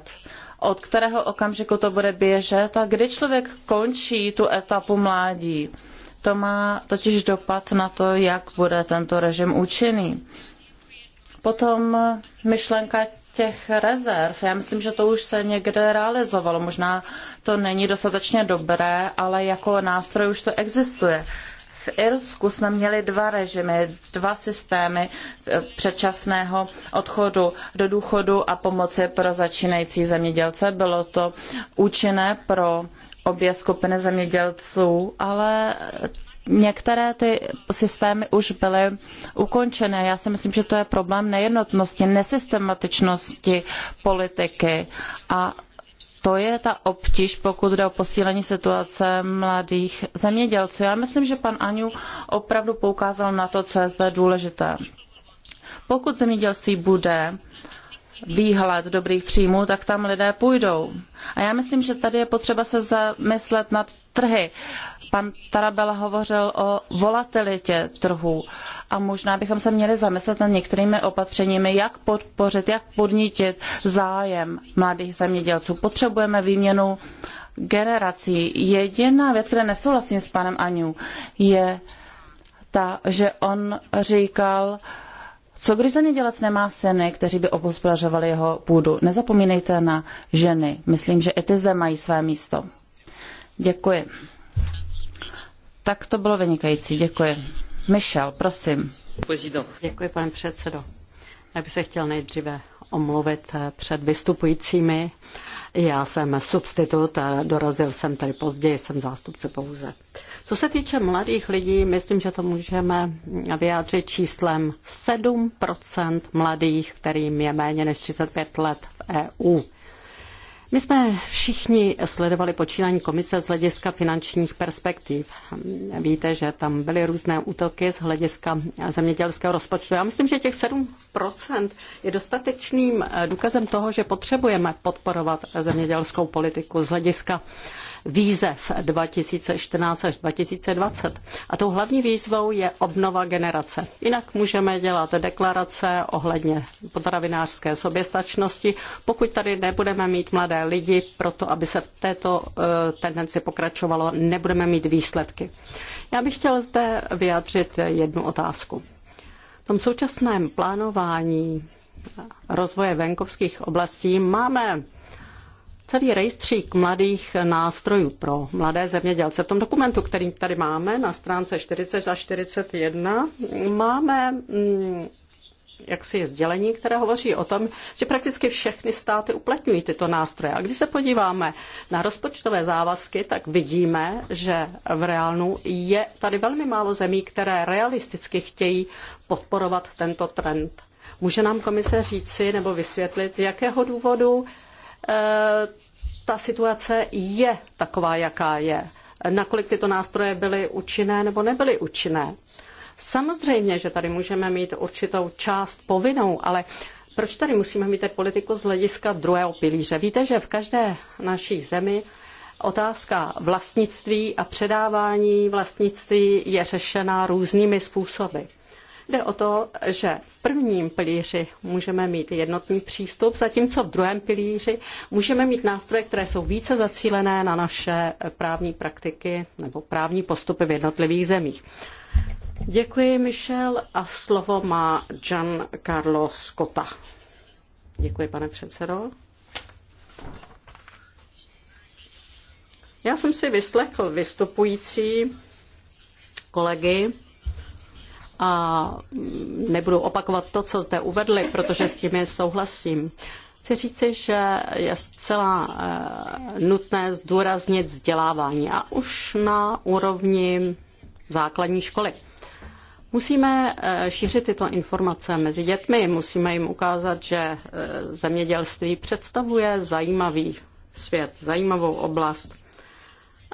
od kterého okamžiku to bude běžet a kdy člověk končí tu etapu mládí. To má totiž dopad na to, jak bude tento režim účinný. Potom myšlenka těch rezerv, já myslím, že to už se někde realizovalo. Možná to není dostatečně dobré, ale jako nástroj už to existuje. V Irsku jsme měli dva režimy, dva systémy eh, předčasného odchodu do důchodu a pomoci pro začínající zemědělce. Bylo to účinné pro obě skupiny zemědělců, ale některé ty systémy už byly ukončené. Já si myslím, že to je problém nejednotnosti, nesystematičnosti politiky a to je ta obtíž, pokud jde o posílení situace mladých zemědělců. Já myslím, že pan Aňu opravdu poukázal na to, co je zde důležité. Pokud zemědělství bude výhled dobrých příjmů, tak tam lidé půjdou. A já myslím, že tady je potřeba se zamyslet nad trhy. Pan Tarabela hovořil o volatilitě trhů a možná bychom se měli zamyslet nad některými opatřeními, jak podpořit, jak podnítit zájem mladých zemědělců. Potřebujeme výměnu generací. Jediná věc, kterou nesouhlasím s panem Aňu, je ta, že on říkal, co když zemědělec nemá syny, kteří by obhospodařovali jeho půdu? Nezapomínejte na ženy. Myslím, že i ty zde mají své místo. Děkuji. Tak to bylo vynikající, děkuji. Michel, prosím. Děkuji, pane předsedo. Já bych se chtěl nejdříve omluvit eh, před vystupujícími. Já jsem substitut, dorazil jsem tady později, jsem zástupce pouze. Co se týče mladých lidí, myslím, že to můžeme vyjádřit číslem 7% mladých, kterým je méně než 35 let v EU. My jsme všichni sledovali počínání komise z hlediska finančních perspektiv. Víte, že tam byly různé útoky z hlediska zemědělského rozpočtu. Já myslím, že těch 7% je dostatečným důkazem toho, že potřebujeme podporovat zemědělskou politiku z hlediska výzev 2014 až 2020. A tou hlavní výzvou je obnova generace. Jinak můžeme dělat deklarace ohledně potravinářské soběstačnosti, pokud tady nebudeme mít mladé lidi, proto aby se v této eh, tendenci pokračovalo, nebudeme mít výsledky. Já bych chtěl zde vyjádřit jednu otázku. V tom současném plánování rozvoje venkovských oblastí máme celý rejstřík mladých nástrojů pro mladé zemědělce. V tom dokumentu, který tady máme na stránce 40 a 41, máme mm, jaksi sdělení, které hovoří o tom, že prakticky všechny státy uplatňují tyto nástroje. A když se podíváme na rozpočtové závazky, tak vidíme, že v reálnu je tady velmi málo zemí, které realisticky chtějí podporovat tento trend. Může nám komise říci nebo vysvětlit, z jakého důvodu Eh, ta situace je taková, jaká je. Nakolik tyto nástroje byly účinné nebo nebyly účinné. Samozřejmě, že tady můžeme mít určitou část povinnou, ale proč tady musíme mít teď politiku z hlediska druhého pilíře? Víte, že v každé naší zemi otázka vlastnictví a předávání vlastnictví je řešena různými způsoby. Jde o to, že v prvním pilíři můžeme mít jednotný přístup, zatímco v druhém pilíři můžeme mít nástroje, které jsou více zacílené na naše právní praktiky nebo právní postupy v jednotlivých zemích. Děkuji, Michel, a slovo má Gian Carlo Scotta. Děkuji, pane předsedo. Já jsem si vyslechl vystupující kolegy a nebudu opakovat to, co zde uvedli, protože s tím souhlasím. Chci říci, že je zcela eh, nutné zdůraznit vzdělávání a už na úrovni základní školy. Musíme eh, šířit tyto informace mezi dětmi, musíme jim ukázat, že eh, zemědělství představuje zajímavý svět, zajímavou oblast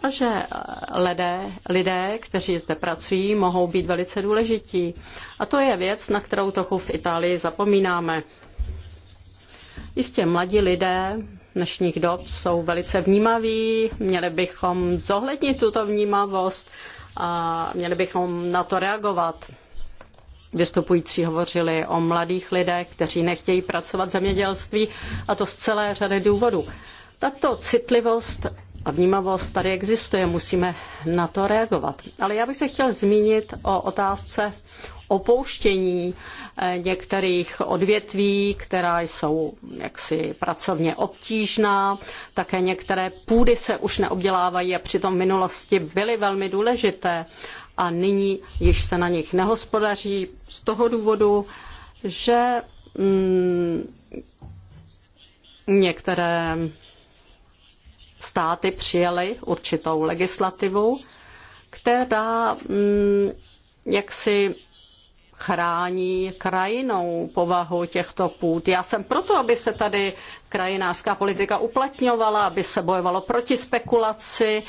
a že eh, lidé, lidé, kteří zde pracují, mohou být velice důležití. A to je věc, na kterou trochu v Itálii zapomínáme. Jistě mladí lidé dnešních dob jsou velice vnímaví, měli bychom zohlednit tuto vnímavost a měli bychom na to reagovat. Vystupující hovořili o mladých lidech, kteří nechtějí pracovat v zemědělství a to z celé řady důvodů. Tato citlivost a vnímavost tady existuje, musíme na to reagovat. Ale já bych se chtěl zmínit o otázce opouštění eh, některých odvětví, která jsou jaksi pracovně obtížná. Také některé půdy se už neobdělávají a přitom v minulosti byly velmi důležité a nyní již se na nich nehospodaří z toho důvodu, že mm, některé státy přijaly určitou legislativu, která mm, jaksi chrání krajinou povahu těchto půd. Já jsem proto, aby se tady krajinářská politika uplatňovala, aby se bojovalo proti spekulaci.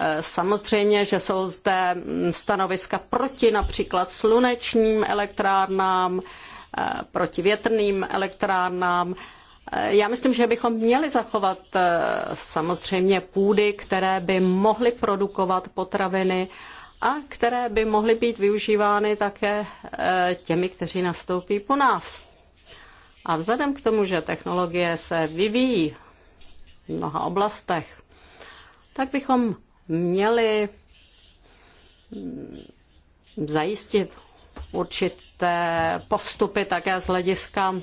E, samozřejmě, že jsou zde mm, stanoviska proti například slunečním elektrárnám, e, proti větrným elektrárnám. Eh, já myslím, že bychom měli zachovat eh, samozřejmě půdy, které by mohly produkovat potraviny a které by mohly být využívány také eh, těmi, kteří nastoupí po nás. A vzhledem k tomu, že technologie se vyvíjí v mnoha oblastech, tak bychom měli mm, zajistit určité postupy také z hlediska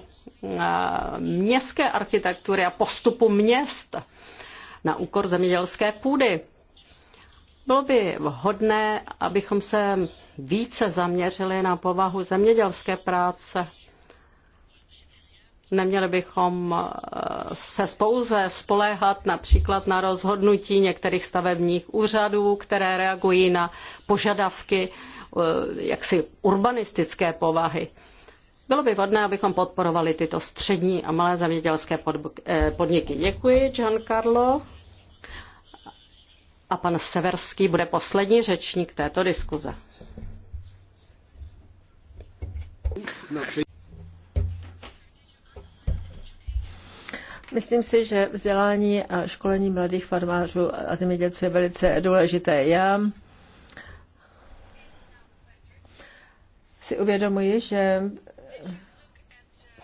městské architektury a postupu měst na úkor zemědělské půdy. Bylo by vhodné, abychom se více zaměřili na povahu zemědělské práce. Neměli bychom se pouze spoléhat například na rozhodnutí některých stavebních úřadů, které reagují na požadavky jaksi urbanistické povahy. Bylo by vhodné, abychom podporovali tyto střední a malé zemědělské eh, podniky. Děkuji, Giancarlo. A pan Severský bude poslední řečník této diskuze. Myslím si, že vzdělání a školení mladých farmářů a zemědělců je velice důležité. Já si uvědomuji, že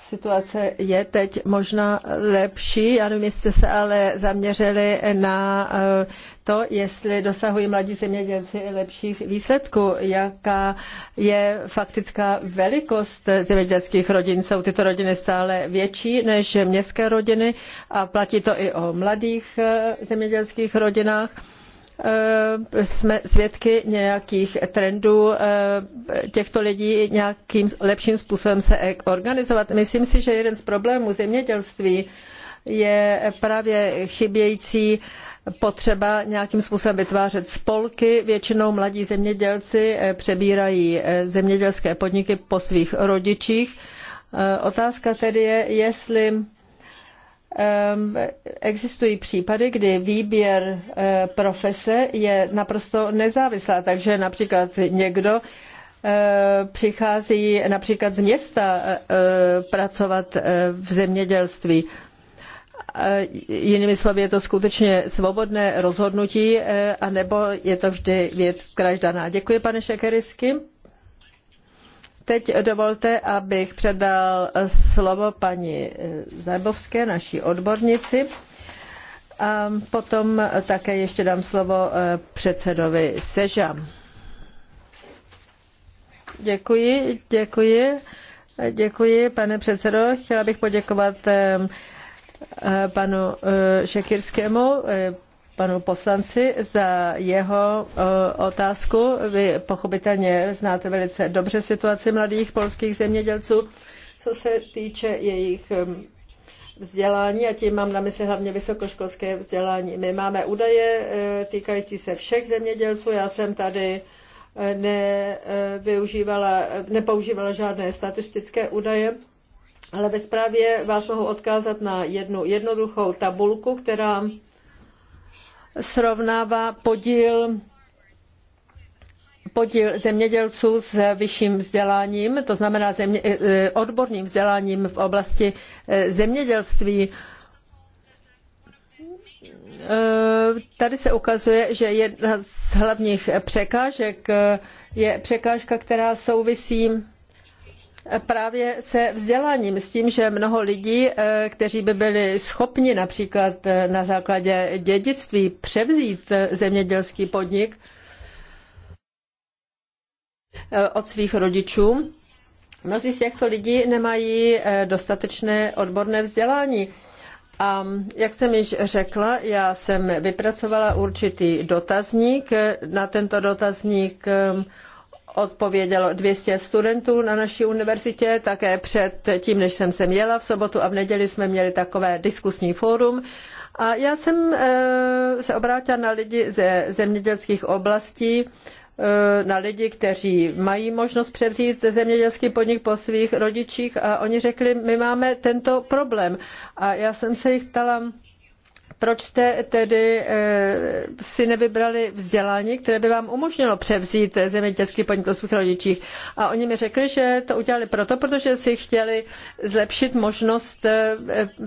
situace je teď možná lepší. Já nevím, jestli se ale zaměřili na eh, to, jestli dosahují mladí zemědělci lepších výsledků. Jaká je faktická velikost zemědělských rodin? Jsou tyto rodiny stále větší než městské rodiny a platí to i o mladých eh, zemědělských rodinách Eh, jsme svědky nějakých trendů eh, těchto lidí nějakým lepším způsobem se e- organizovat. Myslím si, že jeden z problémů zemědělství je právě chybějící potřeba nějakým způsobem vytvářet spolky. Většinou mladí zemědělci eh, přebírají zemědělské podniky po svých rodičích. Otázka tedy je, jestli Ehm, existují případy, kdy výběr eh, profese je naprosto nezávislá, takže například někdo eh, přichází například z města eh, pracovat v zemědělství. Jinými slovy, je to skutečně svobodné rozhodnutí, anebo je to vždy věc, která daná. Děkuji, pane Šekerisky. Teď dovolte, abych předal slovo paní Zajbovské, naší odbornici. A potom také ještě dám slovo eh, předsedovi Seža. Děkuji, děkuji, děkuji, pane předsedo. Chtěla bych poděkovat eh, panu eh, Šekirskému, panu poslanci za jeho eh, otázku. Vy pochopitelně znáte velice dobře situaci mladých polských zemědělců, co se týče jejich eh, vzdělání a tím mám na mysli hlavně vysokoškolské vzdělání. My máme údaje eh, týkající se všech zemědělců. Já jsem tady nevyužívala, nepoužívala žádné statistické údaje, ale ve zprávě vás mohu odkázat na jednu jednoduchou tabulku, která srovnává podíl podíl zemědělců s vyšším vzděláním, to znamená země, eh, eh, odborným vzděláním v oblasti eh, zemědělství. Tady se ukazuje, že jedna z hlavních překážek je překážka, která souvisí právě se vzděláním, s tím, že mnoho lidí, eh, kteří by byli schopni například eh, na základě dědictví převzít eh, zemědělský podnik od svých rodičů, mnozí z těchto lidí nemají dostatečné odborné vzdělání. A jak jsem již řekla, já jsem vypracovala určitý dotazník. Na tento dotazník odpovědělo 200 studentů na naší univerzitě, také před tím, než jsem sem jela v sobotu a v neděli jsme měli takové diskusní fórum. A já jsem eh, se obrátila na lidi ze zemědělských oblastí, eh, na lidi, kteří mají možnost převzít zemědělský podnik po svých rodičích a oni řekli, my máme tento problém. A já jsem se jich ptala, proč jste tedy eh, si nevybrali vzdělání, které by vám umožnilo převzít zemědělský podnik od svých rodičích? A oni mi řekli, že to udělali proto, protože si chtěli zlepšit možnost eh,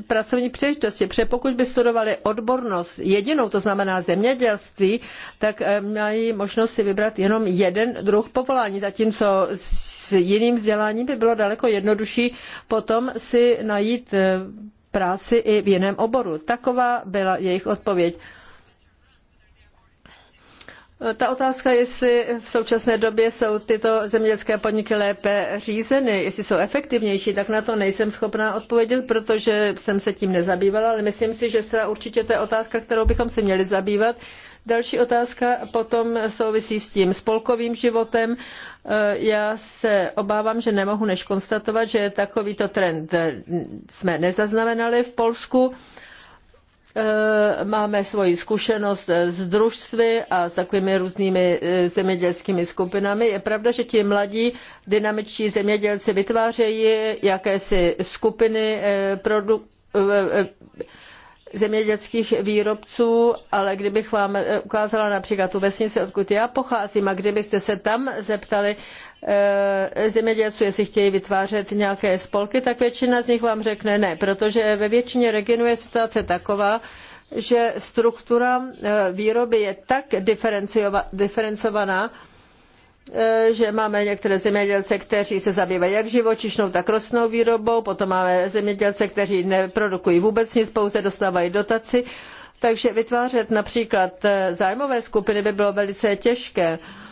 pracovní příležitosti. Protože pokud by studovali odbornost jedinou, to znamená zemědělství, tak eh, mají možnost si vybrat jenom jeden druh povolání, zatímco s jiným vzděláním by bylo daleko jednodušší potom si najít práci i v jiném oboru. Taková byla jejich odpověď. Ta otázka, jestli v současné době jsou tyto zemědělské podniky lépe řízeny, jestli jsou efektivnější, tak na to nejsem schopná odpovědět, protože jsem se tím nezabývala, ale myslím si, že se určitě to je otázka, kterou bychom se měli zabývat. Další otázka potom souvisí s tím spolkovým životem Eh, já se obávám, že nemohu než konstatovat, že takovýto trend eh, jsme nezaznamenali v Polsku. Eh, máme svoji zkušenost s družstvy a s takovými různými zemědělskými skupinami. Je pravda, že ti mladí dynamičtí zemědělci vytvářejí jakési skupiny produktů zemědělských výrobců, ale kdybych vám eh, ukázala například tu vesnici, odkud já pocházím, a kdybyste se tam zeptali eh, zemědělců, jestli chtějí vytvářet nějaké spolky, tak většina z nich vám řekne ne, protože ve většině regionů je situace taková, že struktura eh, výroby je tak diferencovaná, Eh, že máme některé zemědělce, kteří se zabývají jak živočišnou, tak rostnou výrobou, potom máme zemědělce, kteří neprodukují vůbec nic, pouze dostávají dotaci. Takže vytvářet například eh, zájmové skupiny by bylo velice těžké. Uh,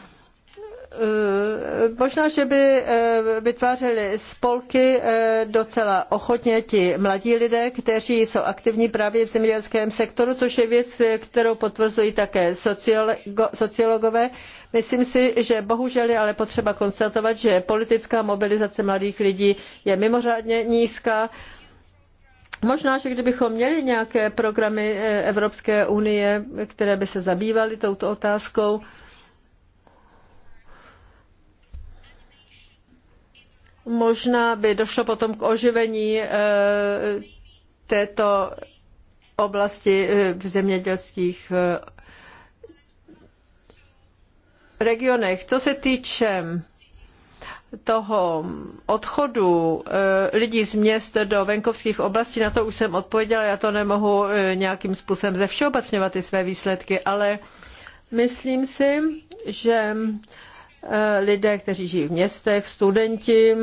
Eh, možná, že by eh, vytvářeli spolky eh, docela ochotně ti mladí lidé, kteří jsou aktivní právě v zemědělském sektoru, což je věc, kterou potvrzují také sociologové. Myslím si, že bohužel je ale potřeba konstatovat, že politická mobilizace mladých lidí je mimořádně nízká. Možná, že kdybychom měli nějaké programy Evropské unie, které by se zabývaly touto otázkou, Možná by došlo potom k oživení eh, této oblasti eh, v zemědělských eh, regionech. Co se týče toho odchodu lidí z měst do venkovských oblastí, na to už jsem odpověděla, já to nemohu nějakým způsobem zevšeobecňovat ty své výsledky, ale myslím si, že Eh, lidé, kteří žijí v městech, studenti,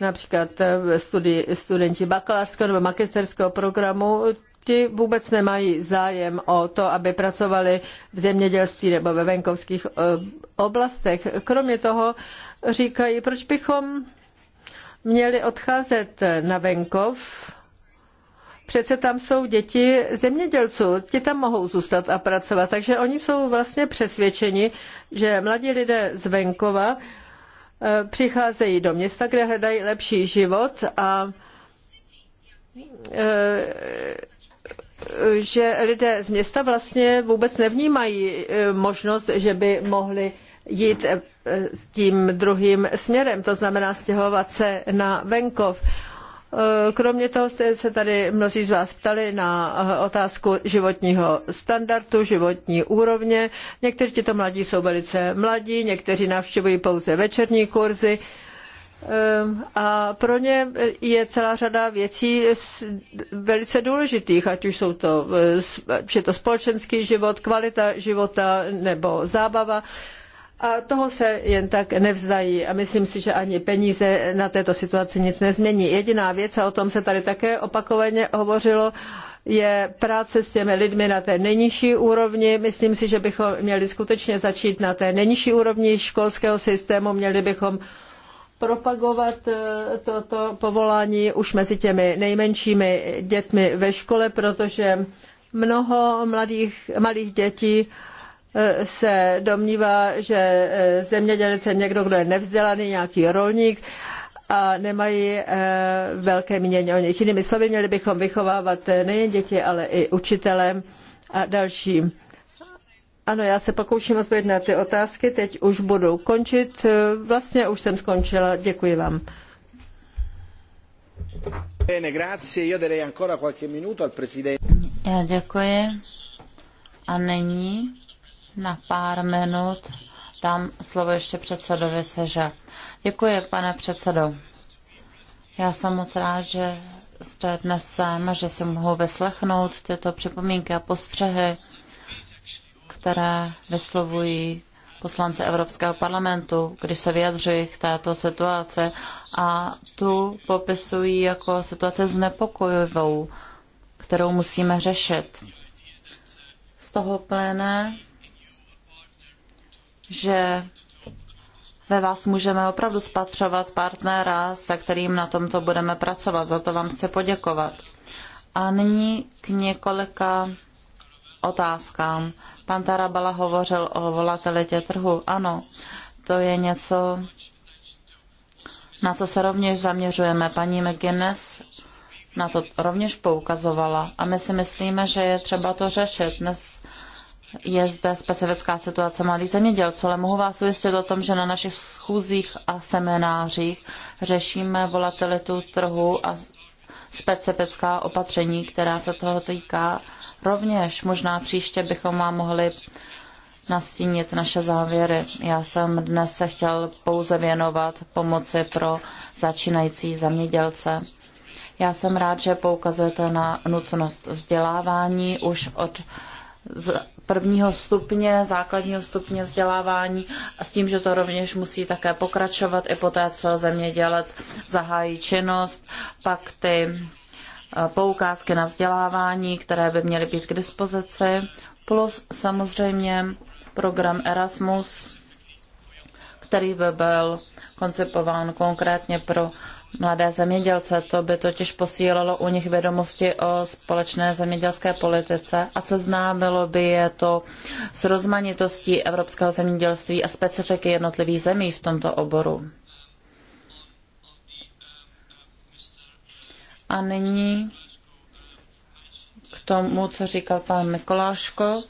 například eh, studi, studenti bakalářského nebo magisterského programu, ti vůbec nemají zájem o to, aby pracovali v zemědělství nebo ve venkovských eh, oblastech. Kromě toho říkají, proč bychom měli odcházet na venkov, Přece tam jsou děti zemědělců, ti tam mohou zůstat a pracovat, takže oni jsou vlastně přesvědčeni, že mladí lidé z venkova eh, přicházejí do města, kde hledají lepší život a eh, že lidé z města vlastně vůbec nevnímají eh, možnost, že by mohli jít s tím druhým směrem, to znamená stěhovat se na venkov. Eh, kromě toho jste se tady mnozí z vás ptali na eh, otázku životního standardu, životní úrovně. Někteří tito mladí jsou velice mladí, někteří navštěvují pouze večerní kurzy. Eh, a pro ně je celá řada věcí velice důležitých, ať už jsou to, je to společenský život, kvalita života nebo zábava. A toho se jen tak nevzdají a myslím si, že ani peníze na této situaci nic nezmění. Jediná věc, a o tom se tady také opakovaně hovořilo, je práce s těmi lidmi na té nejnižší úrovni. Myslím si, že bychom měli skutečně začít na té nejnižší úrovni školského systému, měli bychom propagovat eh, toto povolání už mezi těmi nejmenšími dětmi ve škole, protože mnoho mladých, malých dětí Eh, se domnívá, že eh, zemědělec je někdo, kdo je nevzdělaný, nějaký rolník a nemají eh, velké mínění o nich. Jinými slovy, měli bychom vychovávat nejen děti, ale i učitele a další. Ano, já se pokouším odpovědět na ty otázky. Teď už budu končit. Vlastně už jsem skončila. Děkuji vám. Já děkuji. A nyní na pár minut. Dám slovo ještě předsedovi Seže. Děkuji, pane předsedo. Já jsem moc rád, že jste dnes sem, že si mohu vyslechnout tyto připomínky a postřehy, které vyslovují poslance Evropského parlamentu, když se vyjadřují k této situaci a tu popisují jako situaci znepokojivou, kterou musíme řešit. Z toho plyne, že ve vás můžeme opravdu spatřovat partnera, se kterým na tomto budeme pracovat. Za to vám chci poděkovat. A nyní k několika otázkám. Pan Tarabala hovořil o volatilitě trhu. Ano, to je něco, na co se rovněž zaměřujeme. Paní McGuinness na to rovněž poukazovala a my si myslíme, že je třeba to řešit. Dnes je zde specifická situace malých zemědělců, ale mohu vás ujistit o tom, že na našich schůzích a seminářích řešíme volatilitu trhu a specifická opatření, která se toho týká. Rovněž možná příště bychom vám mohli nastínit naše závěry. Já jsem dnes se chtěl pouze věnovat pomoci pro začínající zemědělce. Já jsem rád, že poukazujete na nutnost vzdělávání už od z prvního stupně, základního stupně vzdělávání a s tím, že to rovněž musí také pokračovat i poté, co zemědělec zahájí činnost, pak ty e, poukázky na vzdělávání, které by měly být k dispozici, plus samozřejmě program Erasmus, který by byl koncipován konkrétně pro mladé zemědělce. To by totiž posílalo u nich vědomosti o společné zemědělské politice a seznámilo by je to s rozmanitostí evropského zemědělství a specifiky jednotlivých zemí v tomto oboru. A nyní k tomu, co říkal pan Mikoláško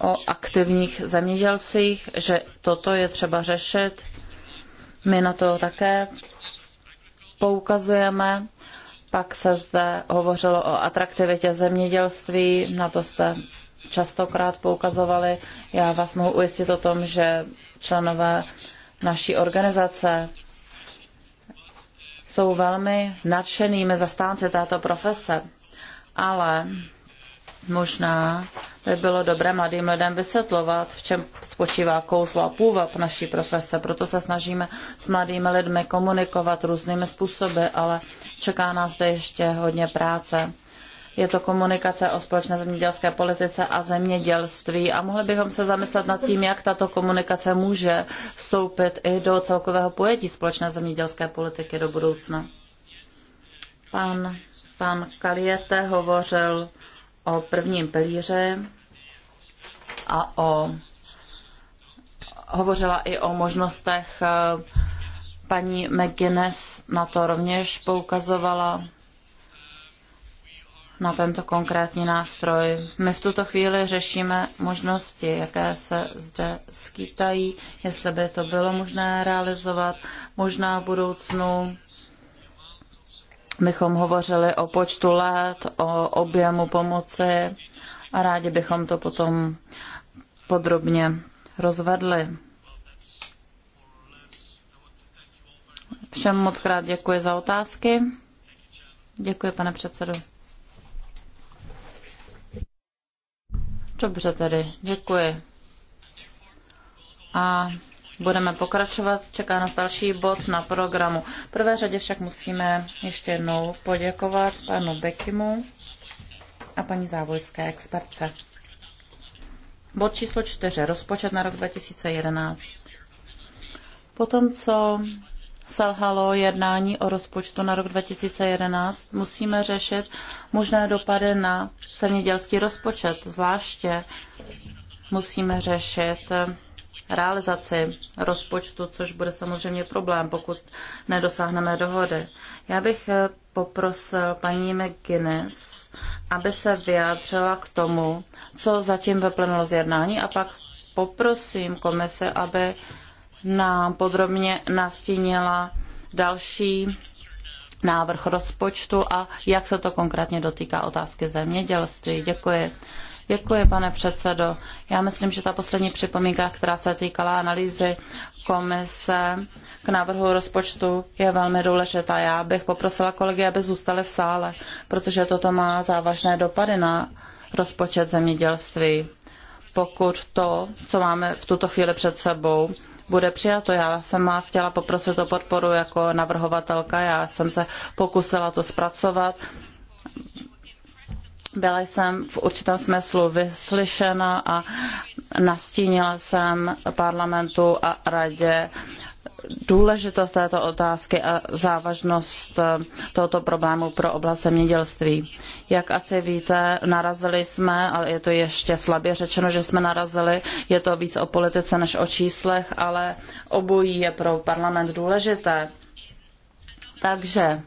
o aktivních zemědělcích, že toto je třeba řešit. My na to také poukazujeme. Pak se zde hovořilo o atraktivitě zemědělství, na to jste častokrát poukazovali. Já vás mohu ujistit o tom, že členové naší organizace jsou velmi nadšenými zastánci této profese, ale Možná by bylo dobré mladým lidem vysvětlovat, v čem spočívá kouzlo a půvab naší profese. Proto se snažíme s mladými lidmi komunikovat různými způsoby, ale čeká nás zde ještě hodně práce. Je to komunikace o společné zemědělské politice a zemědělství a mohli bychom se zamyslet nad tím, jak tato komunikace může vstoupit i do celkového pojetí společné zemědělské politiky do budoucna. Pan, pan Kaliete hovořil o prvním pilíře a o hovořila i o možnostech eh, paní McGuinness na to rovněž poukazovala na tento konkrétní nástroj. My v tuto chvíli řešíme možnosti, jaké se zde skýtají, jestli by to bylo možné realizovat, možná v budoucnu bychom hovořili o počtu let, o objemu pomoci a rádi bychom to potom podrobně rozvedli. Všem moc krát děkuji za otázky. Děkuji, pane předsedo. Dobře tedy, děkuji. A budeme pokračovat. Čeká nás další bod na programu. V prvé řadě však musíme ještě jednou poděkovat panu Bekimu a paní závojské expertce. Bod číslo čtyři. Rozpočet na rok 2011. Potom, co selhalo jednání o rozpočtu na rok 2011, musíme řešit možné dopady na zemědělský rozpočet. Zvláště musíme řešit realizaci rozpočtu, což bude samozřejmě problém, pokud nedosáhneme dohody. Já bych eh, poprosil paní McGuinness, aby se vyjádřila k tomu, co zatím vyplnilo z jednání a pak poprosím komise, aby nám podrobně nastínila další návrh rozpočtu a jak se to konkrétně dotýká otázky zemědělství. Děkuji. Děkuji, pane předsedo. Já myslím, že ta poslední připomínka, která se týkala analýzy komise k návrhu rozpočtu, je velmi důležitá. Já bych poprosila kolegy, aby zůstali v sále, protože toto má závažné dopady na rozpočet zemědělství. Pokud to, co máme v tuto chvíli před sebou, bude přijato. Já jsem vás chtěla poprosit o podporu jako navrhovatelka, já jsem se pokusila to zpracovat byla jsem v určitém smyslu vyslyšena a nastínila jsem parlamentu a radě důležitost této otázky a závažnost eh, tohoto problému pro oblast zemědělství. Jak asi víte, narazili jsme, ale je to ještě slabě řečeno, že jsme narazili, je to víc o politice než o číslech, ale obojí je pro parlament důležité. Takže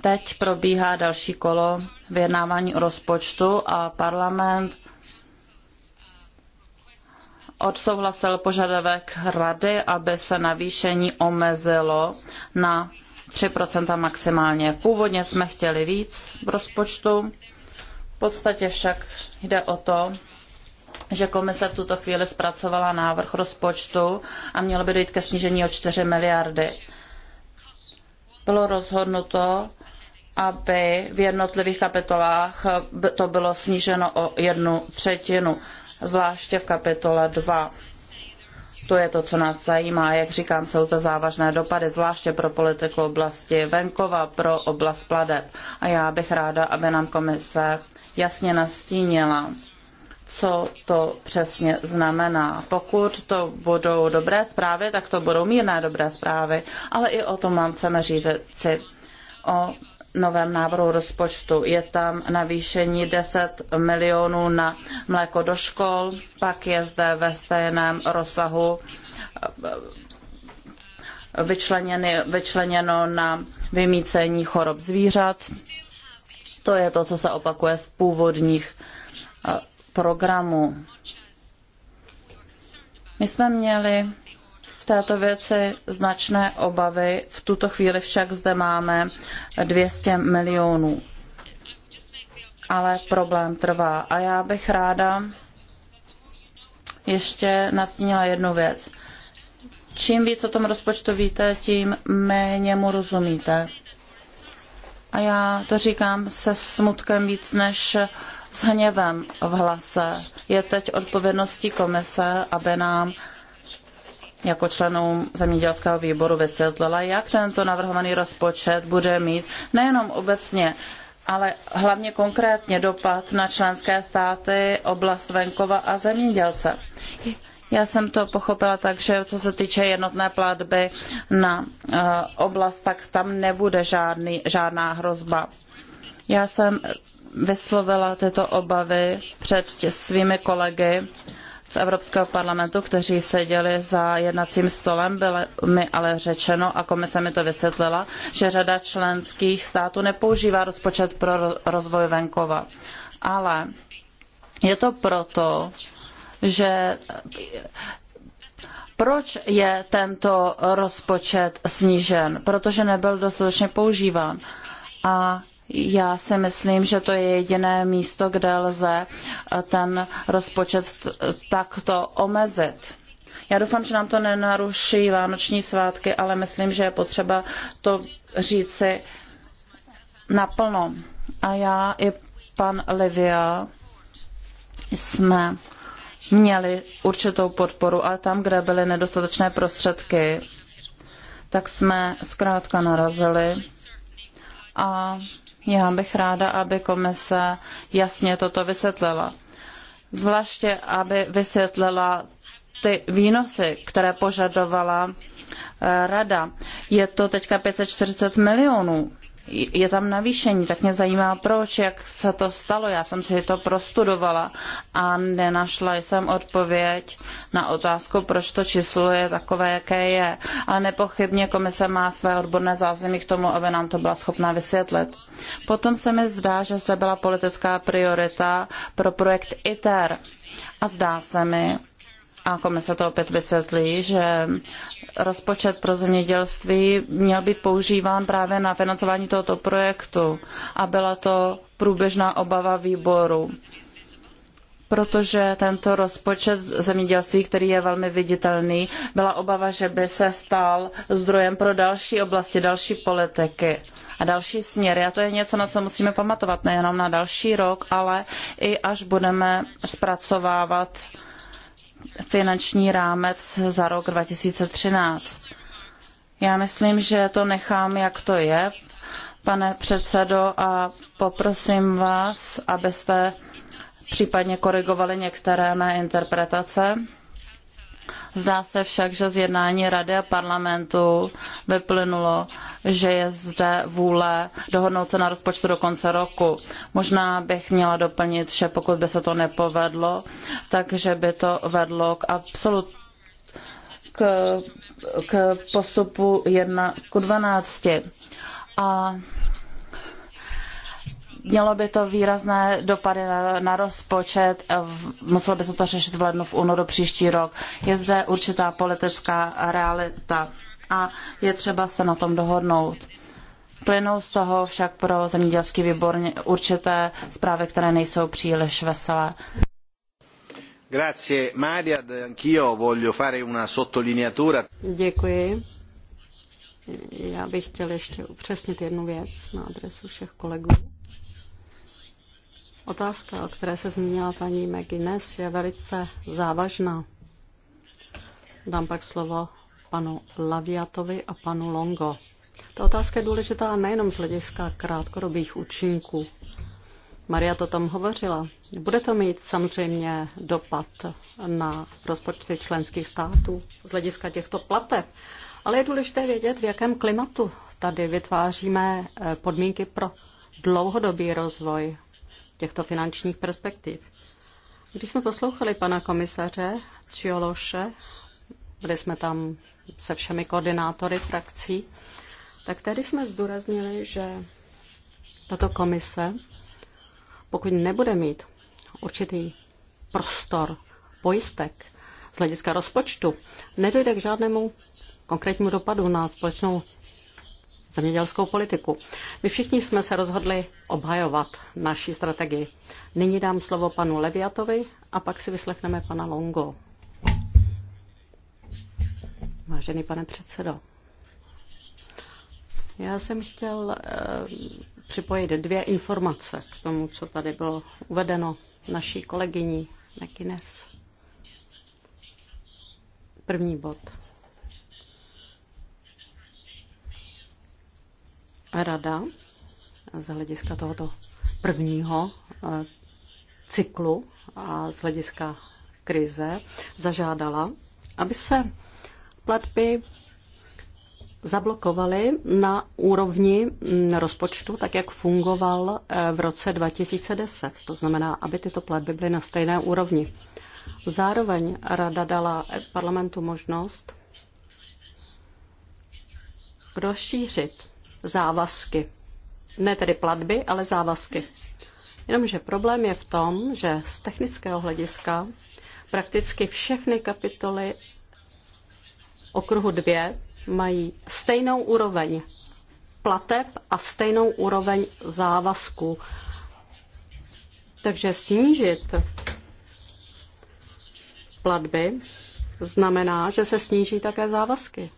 Teď probíhá další kolo vyjednávání o rozpočtu a parlament odsouhlasil požadavek rady, aby se navýšení omezilo na 3% maximálně. Původně jsme chtěli víc v rozpočtu, v podstatě však jde o to, že komise v tuto chvíli zpracovala návrh rozpočtu a mělo by dojít ke snížení o 4 miliardy. Bylo rozhodnuto, aby v jednotlivých kapitolách to bylo sníženo o jednu třetinu, zvláště v kapitole 2. To je to, co nás zajímá. Jak říkám, jsou zde závažné dopady, zvláště pro politiku oblasti venkova, pro oblast pladeb. A já bych ráda, aby nám komise jasně nastínila, co to přesně znamená. Pokud to budou dobré zprávy, tak to budou mírné dobré zprávy, ale i o tom vám chceme říct o novém návrhu rozpočtu. Je tam navýšení 10 milionů na mléko do škol, pak je zde ve stejném rozsahu eh, vyčleněny, vyčleněno na vymícení chorob zvířat. To je to, co se opakuje z původních eh, programů. My jsme měli této věci značné obavy. V tuto chvíli však zde máme 200 milionů. Ale problém trvá. A já bych ráda ještě nastínila jednu věc. Čím víc o tom rozpočtu víte, tím méně mu rozumíte. A já to říkám se smutkem víc než s hněvem v hlase. Je teď odpovědností komise, aby nám jako členům zemědělského výboru vysvětlila, jak tento navrhovaný rozpočet bude mít nejenom obecně ale hlavně konkrétně dopad na členské státy, oblast venkova a zemědělce. Já jsem to pochopila tak, že co se týče jednotné platby na eh, oblast, tak tam nebude žádný, žádná hrozba. Já jsem vyslovila tyto obavy před svými kolegy z Evropského parlamentu, kteří seděli za jednacím stolem, bylo mi ale řečeno, a komise mi to vysvětlila, že řada členských států nepoužívá rozpočet pro rozvoj venkova. Ale je to proto, že proč je tento rozpočet snížen? Protože nebyl dostatečně používán. A já si myslím, že to je jediné místo, kde lze eh, ten rozpočet takto omezit. Já doufám, že nám to nenaruší vánoční svátky, ale myslím, že je potřeba to říci naplno. A já i pan Livia jsme měli určitou podporu, ale tam, kde byly nedostatečné prostředky, tak jsme zkrátka narazili a já bych ráda, aby komise jasně toto vysvětlila. Zvláště, aby vysvětlila ty výnosy, které požadovala eh, rada. Je to teďka 540 milionů je tam navýšení, tak mě zajímá proč, jak se to stalo. Já jsem si to prostudovala a nenašla jsem odpověď na otázku, proč to číslo je takové, jaké je. A nepochybně komise má své odborné zázemí k tomu, aby nám to byla schopná vysvětlit. Potom se mi zdá, že zde byla politická priorita pro projekt ITER. A zdá se mi, a komise to opět vysvětlí, že rozpočet pro zemědělství měl být používán právě na financování tohoto projektu a byla to průběžná obava výboru protože tento rozpočet zemědělství, který je velmi viditelný, byla obava, že by se stal zdrojem pro další oblasti, další politiky a další směry. A to je něco, na co musíme pamatovat nejenom na další rok, ale i až budeme zpracovávat finanční rámec za rok 2013. Já myslím, že to nechám, jak to je, pane předsedo, a poprosím vás, abyste případně korigovali některé mé interpretace. Zdá se však, že z jednání Rady a parlamentu vyplynulo, že je zde vůle dohodnout se na rozpočtu do konce roku. Možná bych měla doplnit, že pokud by se to nepovedlo, takže by to vedlo k absolut k, k postupu 1 k 12. A mělo by to výrazné dopady na, na rozpočet, v, muselo by se to řešit v lednu, v únoru příští rok. Je zde určitá politická realita a je třeba se na tom dohodnout. Plynou z toho však pro zemědělský výbor určité zprávy, které nejsou příliš veselé. Grazie Maria, anch'io voglio fare una sottolineatura. Děkuji. Já bych chtěl ještě upřesnit jednu věc na adresu všech kolegů. Otázka, o které se zmínila paní McGuinness, je velice závažná. Dám pak slovo panu Laviatovi a panu Longo. Ta otázka je důležitá nejenom z hlediska krátkodobých účinků. Maria to tam hovořila. Bude to mít samozřejmě dopad na rozpočty členských států z hlediska těchto plateb, ale je důležité vědět, v jakém klimatu tady vytváříme eh, podmínky pro dlouhodobý rozvoj těchto finančních perspektiv. Když jsme poslouchali pana komisaře Ciološe, byli jsme tam se všemi koordinátory frakcí, tak tady jsme zdůraznili, že tato komise, pokud nebude mít určitý prostor pojistek z hlediska rozpočtu, nedojde k žádnému konkrétnímu dopadu na společnou zemědělskou politiku. My všichni jsme se rozhodli obhajovat naší strategii. Nyní dám slovo panu Leviatovi a pak si vyslechneme pana Longo. Vážený pane předsedo, já jsem chtěl eh, připojit dvě informace k tomu, co tady bylo uvedeno naší kolegyní Nekines. První bod. Rada z hlediska tohoto prvního eh, cyklu a z hlediska krize zažádala, aby se platby zablokovaly na úrovni rozpočtu, tak jak fungoval eh, v roce 2010. To znamená, aby tyto platby byly na stejné úrovni. Zároveň rada dala parlamentu možnost rozšířit závazky. Ne tedy platby, ale závazky. Jenomže problém je v tom, že z technického hlediska prakticky všechny kapitoly okruhu 2 mají stejnou úroveň plateb a stejnou úroveň závazků. Takže snížit platby znamená, že se sníží také závazky.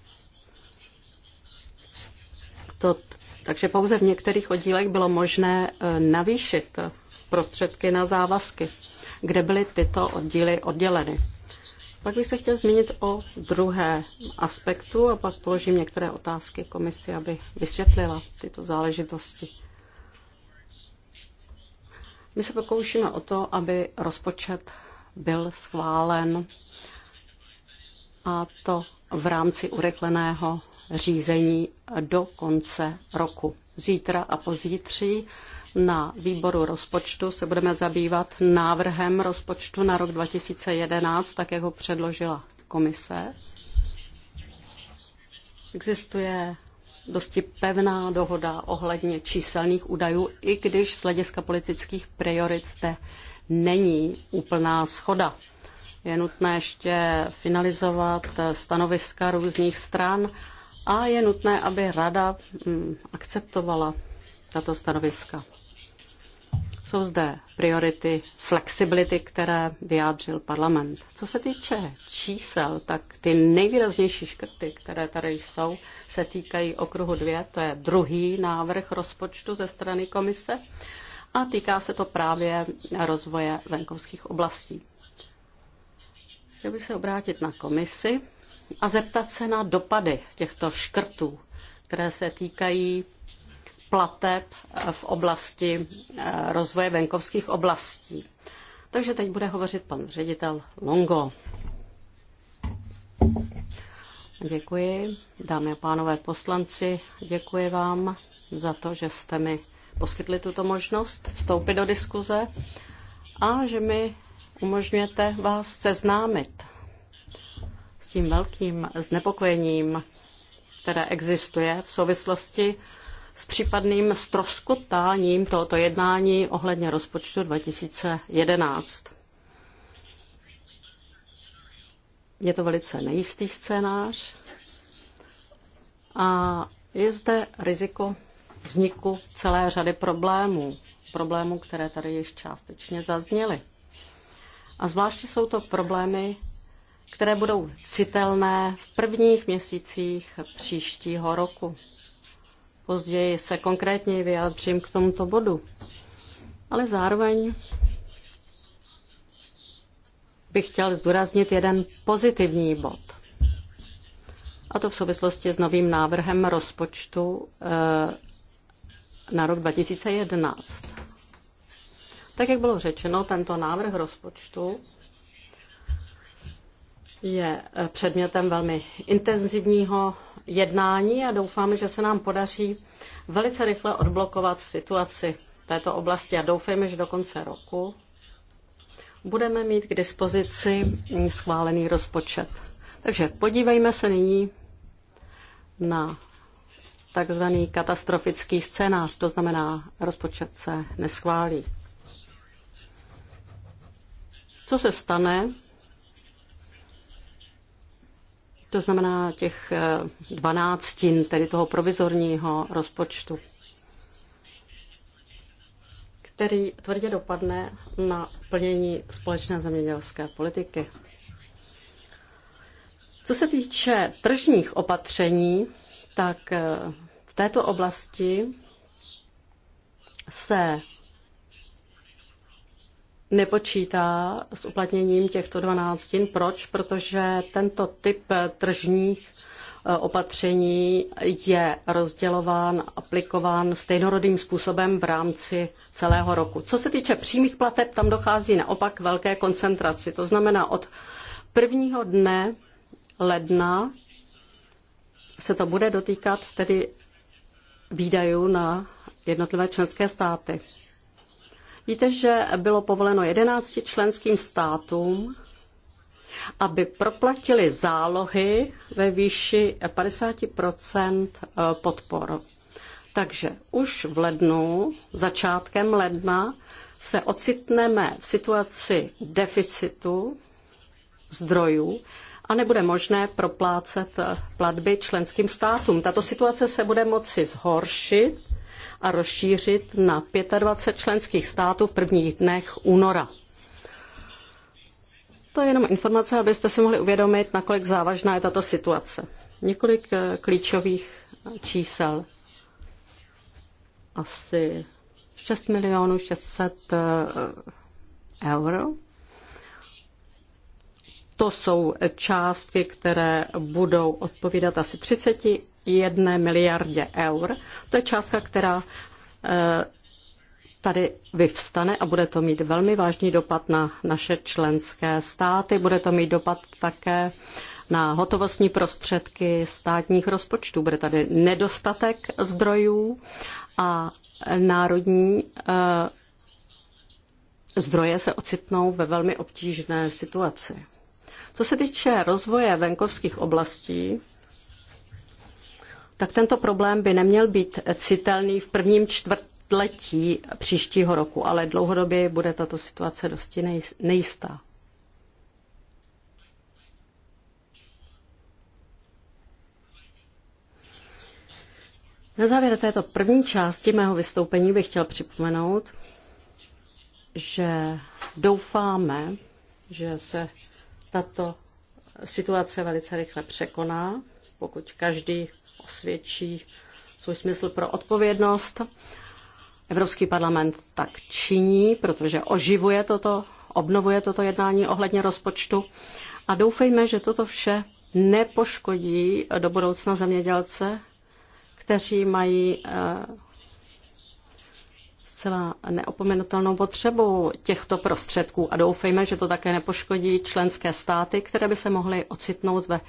To, takže pouze v některých oddílech bylo možné e, navýšit prostředky na závazky, kde byly tyto oddíly odděleny. Pak bych se chtěl zmínit o druhé aspektu a pak položím některé otázky komisi, aby vysvětlila tyto záležitosti. My se pokoušíme o to, aby rozpočet byl schválen a to v rámci urychleného řízení do konce roku. Zítra a pozítří na výboru rozpočtu se budeme zabývat návrhem rozpočtu na rok 2011, tak jak ho předložila komise. Existuje dosti pevná dohoda ohledně číselných údajů, i když z hlediska politických priorit zde není úplná schoda. Je nutné ještě finalizovat stanoviska různých stran a je nutné, aby rada mm, akceptovala tato stanoviska. Jsou zde priority flexibility, které vyjádřil parlament. Co se týče čísel, tak ty nejvýraznější škrty, které tady jsou, se týkají okruhu 2, to je druhý návrh rozpočtu ze strany komise a týká se to právě rozvoje venkovských oblastí. Chtěl bych se obrátit na komisi a zeptat se na dopady těchto škrtů, které se týkají plateb v oblasti eh, rozvoje venkovských oblastí. Takže teď bude hovořit pan ředitel Longo. Děkuji, dámy a pánové poslanci, děkuji vám za to, že jste mi poskytli tuto možnost vstoupit do diskuze a že mi umožňujete vás seznámit s tím velkým znepokojením, které existuje v souvislosti s případným stroskotáním tohoto jednání ohledně rozpočtu 2011. Je to velice nejistý scénář a je zde riziko vzniku celé řady problémů, problémů, které tady již částečně zazněly. A zvláště jsou to problémy které budou citelné v prvních měsících příštího roku. Později se konkrétně vyjádřím k tomuto bodu. Ale zároveň bych chtěl zdůraznit jeden pozitivní bod. A to v souvislosti s novým návrhem rozpočtu eh, na rok 2011. Tak, jak bylo řečeno, tento návrh rozpočtu je eh, předmětem velmi intenzivního jednání a doufáme, že se nám podaří velice rychle odblokovat situaci této oblasti a doufejme, že do konce roku budeme mít k dispozici mm, schválený rozpočet. Takže podívejme se nyní na takzvaný katastrofický scénář, to znamená, rozpočet se neschválí. Co se stane, to znamená těch eh, dvanáctin, tedy toho provizorního rozpočtu, který tvrdě dopadne na plnění společné zemědělské politiky. Co se týče tržních opatření, tak eh, v této oblasti se nepočítá s uplatněním těchto 12 dní. Proč? Protože tento typ tržních eh, opatření je rozdělován, aplikován stejnorodým způsobem v rámci celého roku. Co se týče přímých plateb, tam dochází naopak velké koncentraci. To znamená, od prvního dne ledna se to bude dotýkat tedy výdajů na jednotlivé členské státy. Víte, že bylo povoleno 11 členským státům, aby proplatili zálohy ve výši 50 eh, podpor. Takže už v lednu, začátkem ledna, se ocitneme v situaci deficitu zdrojů a nebude možné proplácet eh, platby členským státům. Tato situace se bude moci zhoršit a rozšířit na 25 členských států v prvních dnech února. To je jenom informace, abyste si mohli uvědomit, nakolik závažná je tato situace. Několik eh, klíčových čísel. Asi 6 milionů 600 eh, euro to jsou částky, které budou odpovídat asi 31 miliardě eur. To je částka, která eh, tady vyvstane a bude to mít velmi vážný dopad na naše členské státy. Bude to mít dopad také na hotovostní prostředky státních rozpočtů. Bude tady nedostatek zdrojů a národní eh, zdroje se ocitnou ve velmi obtížné situaci. Co se týče rozvoje venkovských oblastí, tak tento problém by neměl být citelný v prvním čtvrtletí příštího roku, ale dlouhodobě bude tato situace dosti nejistá. Na závěr této první části mého vystoupení bych chtěl připomenout, že doufáme, že se tato situace velice rychle překoná, pokud každý osvědčí svůj smysl pro odpovědnost. Evropský parlament tak činí, protože oživuje toto, obnovuje toto jednání ohledně rozpočtu a doufejme, že toto vše nepoškodí do budoucna zemědělce, kteří mají eh, zcela neopomenutelnou potřebu těchto prostředků a doufejme, že to také nepoškodí členské státy, které by se mohly ocitnout ve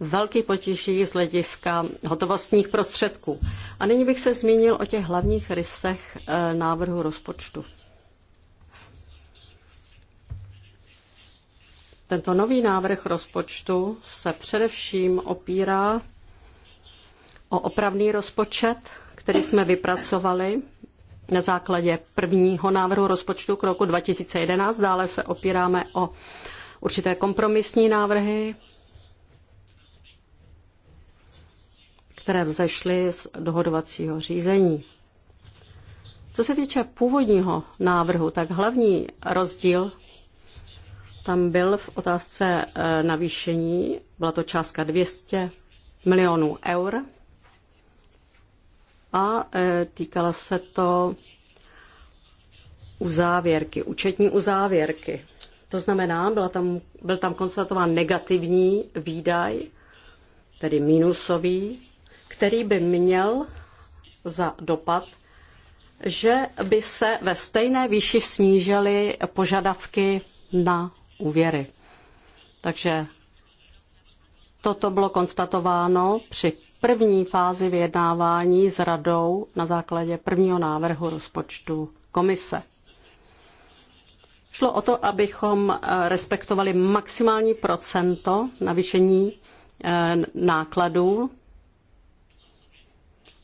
velký potíží z hlediska hotovostních prostředků. A nyní bych se zmínil o těch hlavních rysech eh, návrhu rozpočtu. Tento nový návrh rozpočtu se především opírá o opravný rozpočet, který jsme vypracovali na základě prvního návrhu rozpočtu k roku 2011. Dále se opíráme o určité kompromisní návrhy, které vzešly z dohodovacího řízení. Co se týče původního návrhu, tak hlavní rozdíl tam byl v otázce eh, navýšení, byla to částka 200 milionů eur a e, týkala se to uzávěrky, účetní uzávěrky. To znamená, byla tam, byl tam konstatován negativní výdaj, tedy minusový, který by měl za dopad, že by se ve stejné výši snížily požadavky na úvěry. Takže toto bylo konstatováno při první fázi vyjednávání s radou na základě prvního návrhu rozpočtu komise. Šlo o to, abychom eh, respektovali maximální procento navýšení eh, nákladů,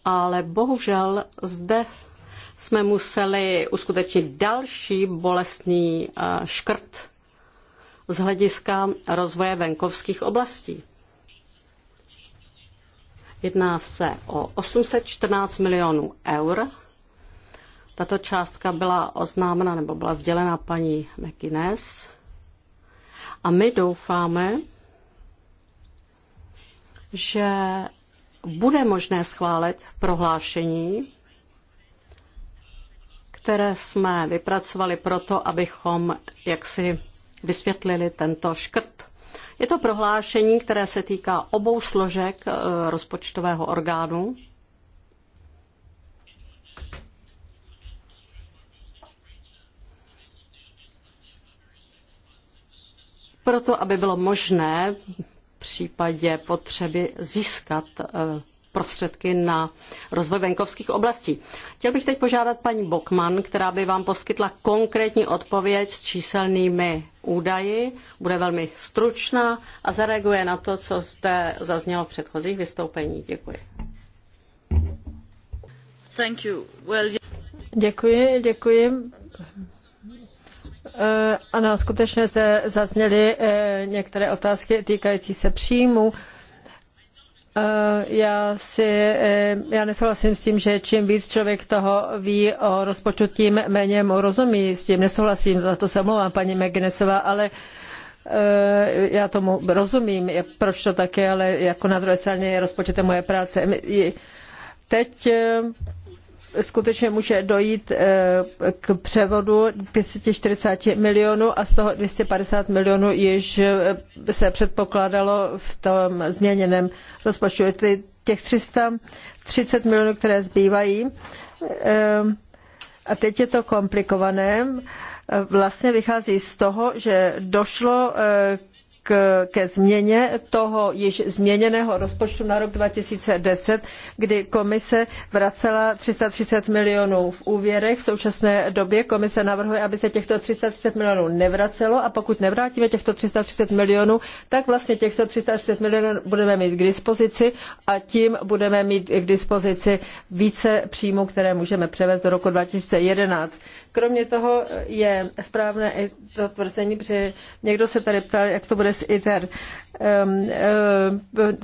ale bohužel zde jsme museli uskutečnit další bolestný eh, škrt z hlediska rozvoje venkovských oblastí. Jedná se o 814 milionů eur. Tato částka byla oznámena nebo byla sdělena paní McInnes. A my doufáme, že bude možné schválit prohlášení, které jsme vypracovali proto, abychom jaksi vysvětlili tento škrt. Je to prohlášení, které se týká obou složek eh, rozpočtového orgánu. Proto, aby bylo možné v případě potřeby získat eh, prostředky na rozvoj venkovských oblastí. Chtěl bych teď požádat paní Bokman, která by vám poskytla konkrétní odpověď s číselnými údaji, bude velmi stručná a zareaguje na to, co zde zaznělo v předchozích vystoupeních. Děkuji. Thank you. Well, yeah. Děkuji, děkuji. Eh, ano, skutečně se zazněly eh, některé otázky týkající se příjmu já, si, e, já nesouhlasím s tím, že čím víc člověk toho ví o rozpočtu, tím méně mu rozumí. S tím nesouhlasím, za to se omlouvám, paní Megnesová, ale e, já tomu rozumím, proč to tak je, ale jako na druhé straně je rozpočet moje práce. Teď e, skutečně může dojít eh, k převodu 540 milionů a z toho 250 milionů již eh, se předpokládalo v tom změněném rozpočtu. Tedy těch 330 milionů, které zbývají, eh, a teď je to komplikované, vlastně vychází z toho, že došlo k, ke změně toho již změněného rozpočtu na rok 2010, kdy komise vracela 330 milionů v úvěrech. V současné době komise navrhuje, aby se těchto 330 milionů nevracelo a pokud nevrátíme těchto 330 milionů, tak vlastně těchto 330 milionů budeme mít k dispozici a tím budeme mít k dispozici více příjmů, které můžeme převést do roku 2011. Kromě toho je správné i to tvrzení, protože někdo se tady ptal, jak to bude přes ITER.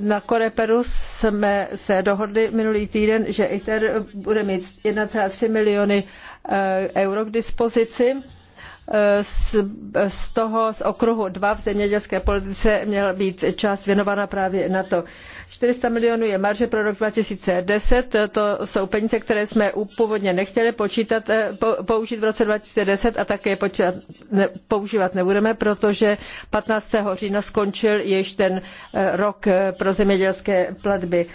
Na Koreperu jsme se dohodli minulý týden, že ITER bude mít 1,3 miliony eh, euro k dispozici eh, z, toho z okruhu 2 v zemědělské politice měla být část věnována právě na to. 400 milionů je marže pro rok 2010, to jsou peníze, které jsme původně nechtěli počítat, eh, použít v roce 2010 a také počítat, ne, používat nebudeme, protože 15. října skončil již ten eh, rok eh, pro zemědělské platby.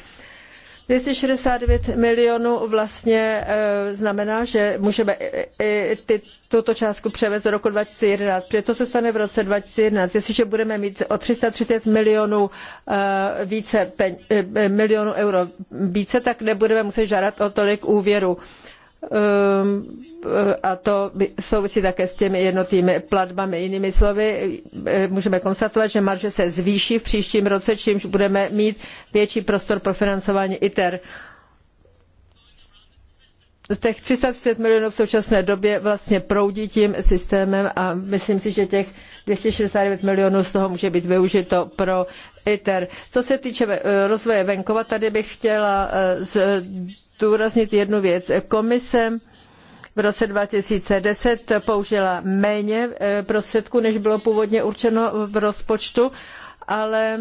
269 milionů vlastně eh, znamená, že můžeme i ty, tuto částku převést do roku 2011. Protože co se stane v roce 2011? Jestliže budeme mít o 330 milionů, eh, více, eh, milionů euro více, tak nebudeme muset žádat o tolik úvěru. Ehm, a to souvisí také s těmi jednotými platbami. Jinými slovy, eh, můžeme konstatovat, že marže se zvýší v příštím roce, čímž budeme mít větší prostor pro financování ITER. Těch 330 milionů v současné době vlastně proudí tím systémem a myslím si, že těch 269 milionů z toho může být využito pro ITER. Co se týče eh, rozvoje venkova, tady bych chtěla eh, z zdůraznit jednu věc. Komise v roce 2010 použila méně eh, prostředků, než bylo původně určeno v rozpočtu, ale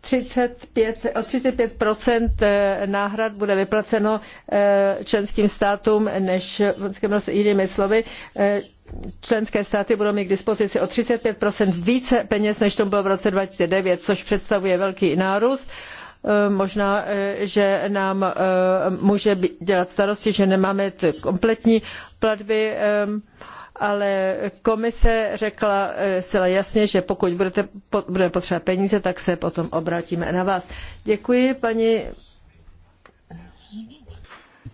35, eh, o 35 eh, náhrad bude vyplaceno členským státům, než jinými slovy, členské státy budou mít k dispozici o 35 více peněz, než to bylo v roce 2009, což představuje velký nárůst Eh, možná, eh, že nám eh, může dělat starosti, že nemáme kompletní platby, ehm, ale komise řekla zcela jasně, že pokud budete, bude potřeba peníze, tak se potom obrátíme na vás. Děkuji, paní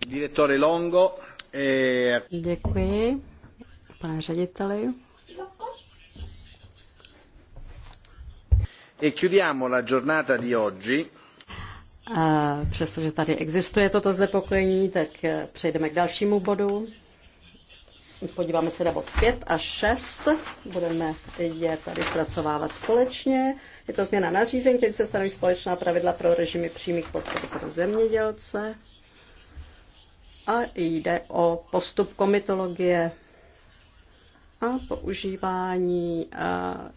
Direktore Longo. E... Děkuji, pane řediteli. E chiudiamo la giornata di oggi. Přestože tady existuje toto znepokojení, tak eh, přejdeme k dalšímu bodu. Podíváme se na bod 5 a 6. Budeme je tady zpracovávat společně. Je to změna nařízení, kterým se stanoví společná pravidla pro režimy přímých podpor pro zemědělce. A jde o postup komitologie a používání, eh,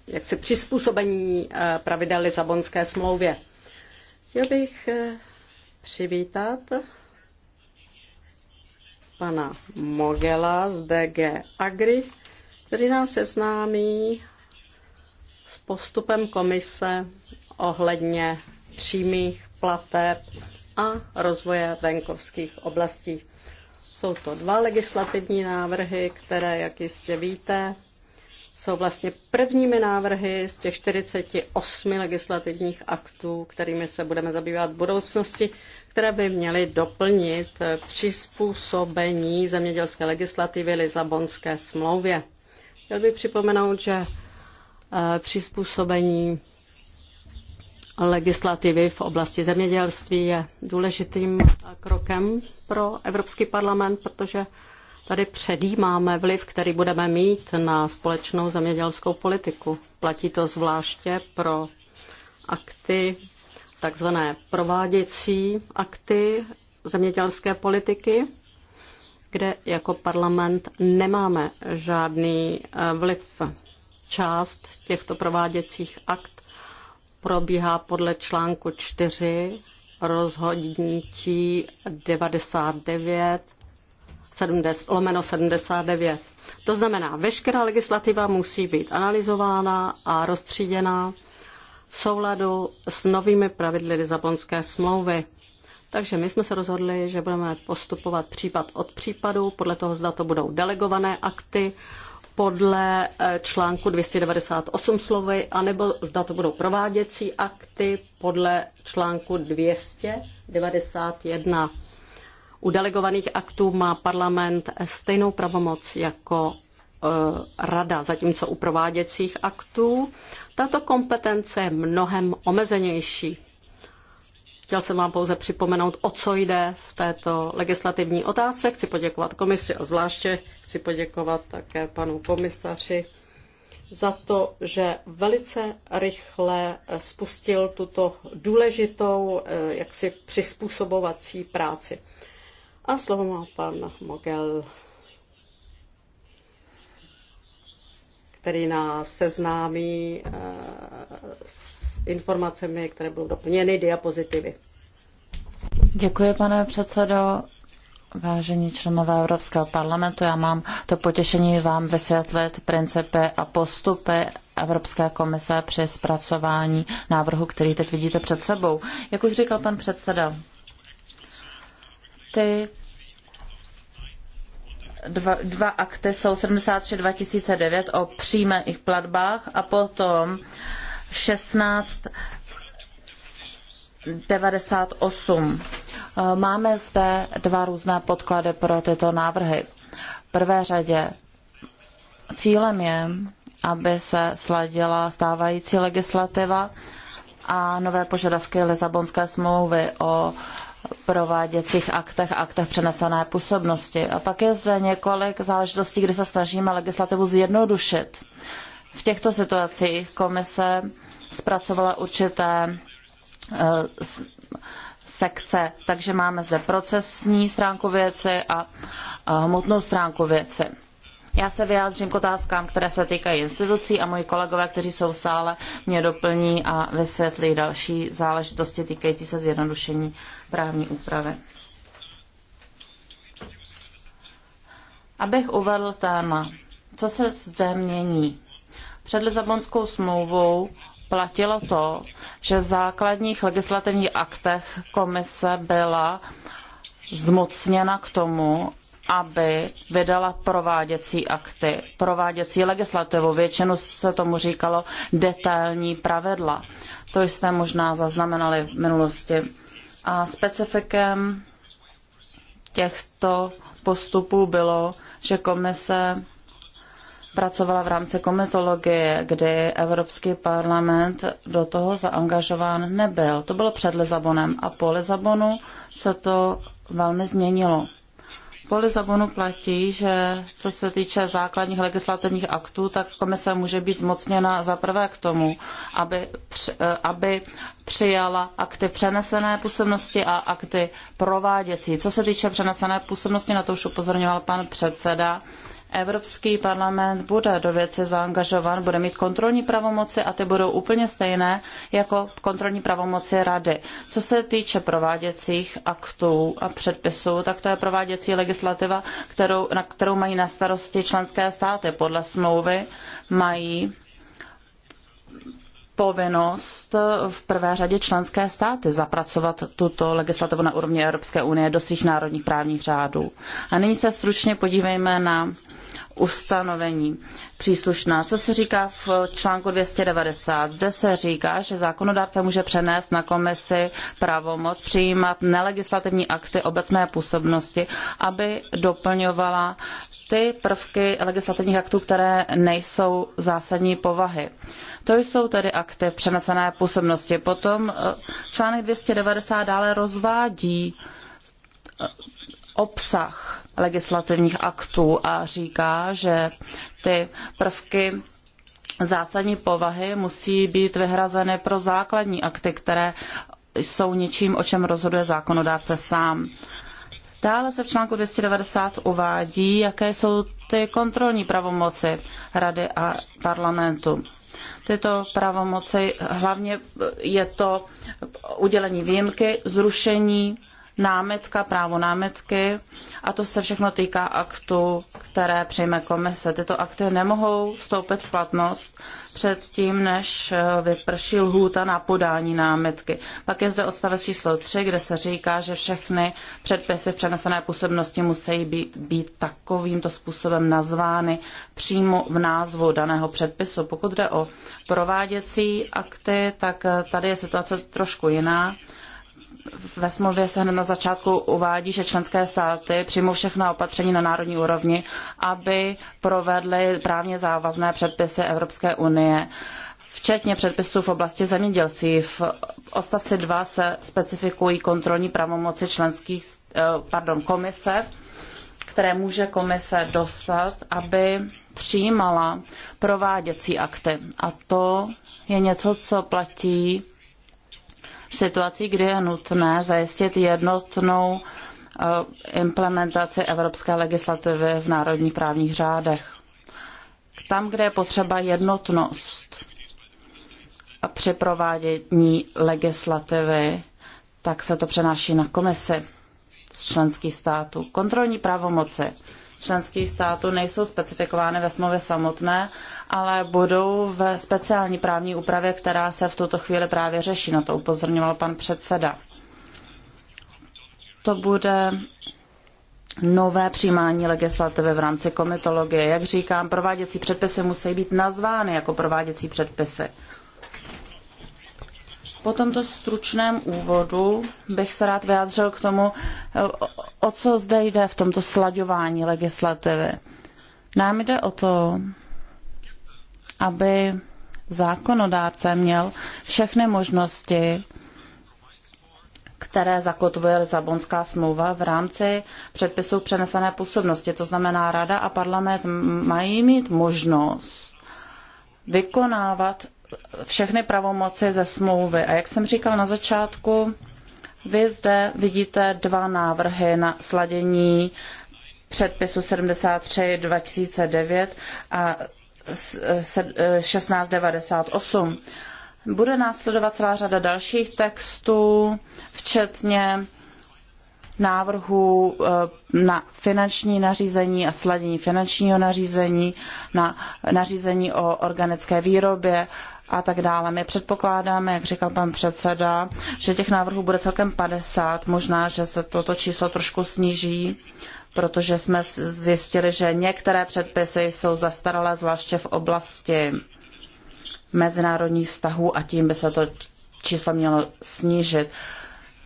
jak se přizpůsobení eh, pravidel Lisabonské smlouvě. Chtěl bych eh, přivítat pana Mogela z DG Agri, který nás seznámí s postupem komise ohledně přímých plateb a rozvoje venkovských oblastí. Jsou to dva legislativní návrhy, které, jak jistě víte, jsou vlastně prvními návrhy z těch 48 legislativních aktů, kterými se budeme zabývat v budoucnosti, které by měly doplnit přizpůsobení zemědělské legislativy Lisabonské smlouvě. Chtěl bych připomenout, že eh, přizpůsobení legislativy v oblasti zemědělství je důležitým krokem pro Evropský parlament, protože Tady předjímáme vliv, který budeme mít na společnou zemědělskou politiku. Platí to zvláště pro akty, takzvané prováděcí akty zemědělské politiky, kde jako parlament nemáme žádný eh, vliv. Část těchto prováděcích akt probíhá podle článku 4 rozhodnutí 99 70, lomeno 79. To znamená, veškerá legislativa musí být analyzována a rozstříděná v souladu s novými pravidly Lisabonské smlouvy. Takže my jsme se rozhodli, že budeme postupovat případ od případu, podle toho zda to budou delegované akty, podle eh, článku 298 slovy, anebo zda to budou prováděcí akty podle článku 291. U delegovaných aktů má parlament stejnou pravomoc jako e, rada, zatímco u prováděcích aktů tato kompetence je mnohem omezenější. Chtěl jsem vám pouze připomenout, o co jde v této legislativní otázce. Chci poděkovat komisi a zvláště chci poděkovat také panu komisaři za to, že velice rychle spustil tuto důležitou e, jaksi přizpůsobovací práci. A slovo má pan Mogel, který nás seznámí eh, s informacemi, které budou doplněny diapozitivy. Děkuji, pane předsedo. Vážení členové Evropského parlamentu, já mám to potěšení vám vysvětlit principy a postupy Evropské komise při zpracování návrhu, který teď vidíte před sebou. Jak už říkal pan předseda, ty dva, dva akty jsou 73-2009 o přímých platbách a potom 16 98. Máme zde dva různé podklady pro tyto návrhy. V prvé řadě cílem je, aby se sladila stávající legislativa a nové požadavky Lisabonské smlouvy o prováděcích aktech, aktech přenesené působnosti. A pak je zde několik záležitostí, kdy se snažíme legislativu zjednodušit. V těchto situacích komise zpracovala určité eh, sekce, takže máme zde procesní stránku věci a hmotnou stránku věci. Já se vyjádřím k otázkám, které se týkají institucí a moji kolegové, kteří jsou v sále, mě doplní a vysvětlí další záležitosti týkající se zjednodušení právní úpravy. Abych uvedl téma, co se zde mění. Před Lisabonskou smlouvou platilo to, že v základních legislativních aktech komise byla zmocněna k tomu, aby vydala prováděcí akty, prováděcí legislativu. Většinou se tomu říkalo detailní pravidla. To jste možná zaznamenali v minulosti. A specifikem těchto postupů bylo, že komise pracovala v rámci komitologie, kdy Evropský parlament do toho zaangažován nebyl. To bylo před Lisabonem a po Lisabonu se to velmi změnilo. V Lisabonu platí, že co se týče základních legislativních aktů, tak komise může být zmocněna zaprvé k tomu, aby, eh, aby přijala akty přenesené působnosti a akty prováděcí. Co se týče přenesené působnosti, na to už upozorňoval pan předseda, Evropský parlament bude do věci zaangažovan, bude mít kontrolní pravomoci a ty budou úplně stejné jako kontrolní pravomoci rady. Co se týče prováděcích aktů a předpisů, tak to je prováděcí legislativa, kterou, na kterou mají na starosti členské státy. Podle smlouvy mají povinnost v prvé řadě členské státy zapracovat tuto legislativu na úrovni Evropské unie do svých národních právních řádů. A nyní se stručně podívejme na ustanovení příslušná. Co se říká v článku 290? Zde se říká, že zákonodárce může přenést na komisi pravomoc přijímat nelegislativní akty obecné působnosti, aby doplňovala ty prvky legislativních aktů, které nejsou zásadní povahy. To jsou tedy akty v přenesené působnosti. Potom eh, článek 290 dále rozvádí eh, obsah legislativních aktů a říká, že ty prvky zásadní povahy musí být vyhrazeny pro základní akty, které jsou něčím, o čem rozhoduje zákonodárce sám. Dále se v článku 290 uvádí, jaké jsou ty kontrolní pravomoci Rady a parlamentu. Tyto pravomoci hlavně je to udělení výjimky, zrušení námitka, právo námitky a to se všechno týká aktu, které přijme komise. Tyto akty nemohou vstoupit v platnost předtím, než eh, vyprší lhůta na podání námitky. Pak je zde odstavec číslo 3, kde se říká, že všechny předpisy v přenesené působnosti musí být, být takovýmto způsobem nazvány přímo v názvu daného předpisu. Pokud jde o prováděcí akty, tak eh, tady je situace trošku jiná ve smlouvě se hned na začátku uvádí, že členské státy přijmou všechna opatření na národní úrovni, aby provedly právně závazné předpisy Evropské unie včetně předpisů v oblasti zemědělství. V odstavci 2 se specifikují kontrolní pravomoci členských, eh, pardon, komise, které může komise dostat, aby přijímala prováděcí akty. A to je něco, co platí situací, kdy je nutné zajistit jednotnou eh, implementaci evropské legislativy v národních právních řádech. Tam, kde je potřeba jednotnost při provádění legislativy, tak se to přenáší na komisi z členských států. Kontrolní pravomoci členských států nejsou specifikovány ve smlouvě samotné, ale budou ve speciální právní úpravě, která se v tuto chvíli právě řeší. Na to upozorňoval pan předseda. To bude nové přijímání legislativy v rámci komitologie. Jak říkám, prováděcí předpisy musí být nazvány jako prováděcí předpisy. Po tomto stručném úvodu bych se rád vyjádřil k tomu, o co zde jde v tomto slaďování legislativy. Nám jde o to, aby zákonodárce měl všechny možnosti, které zakotvuje Lisabonská smlouva v rámci předpisů přenesené působnosti. To znamená, Rada a parlament mají mít možnost vykonávat všechny pravomoci ze smlouvy. A jak jsem říkal na začátku, vy zde vidíte dva návrhy na sladění předpisu 73 2009 a 1698. Bude následovat celá řada dalších textů, včetně návrhů eh, na finanční nařízení a sladění finančního nařízení, na nařízení o organické výrobě a tak dále. My předpokládáme, jak říkal pan předseda, že těch návrhů bude celkem 50, možná, že se toto číslo trošku sníží, protože jsme zjistili, že některé předpisy jsou zastaralé, zvláště v oblasti mezinárodních vztahů a tím by se to číslo mělo snížit.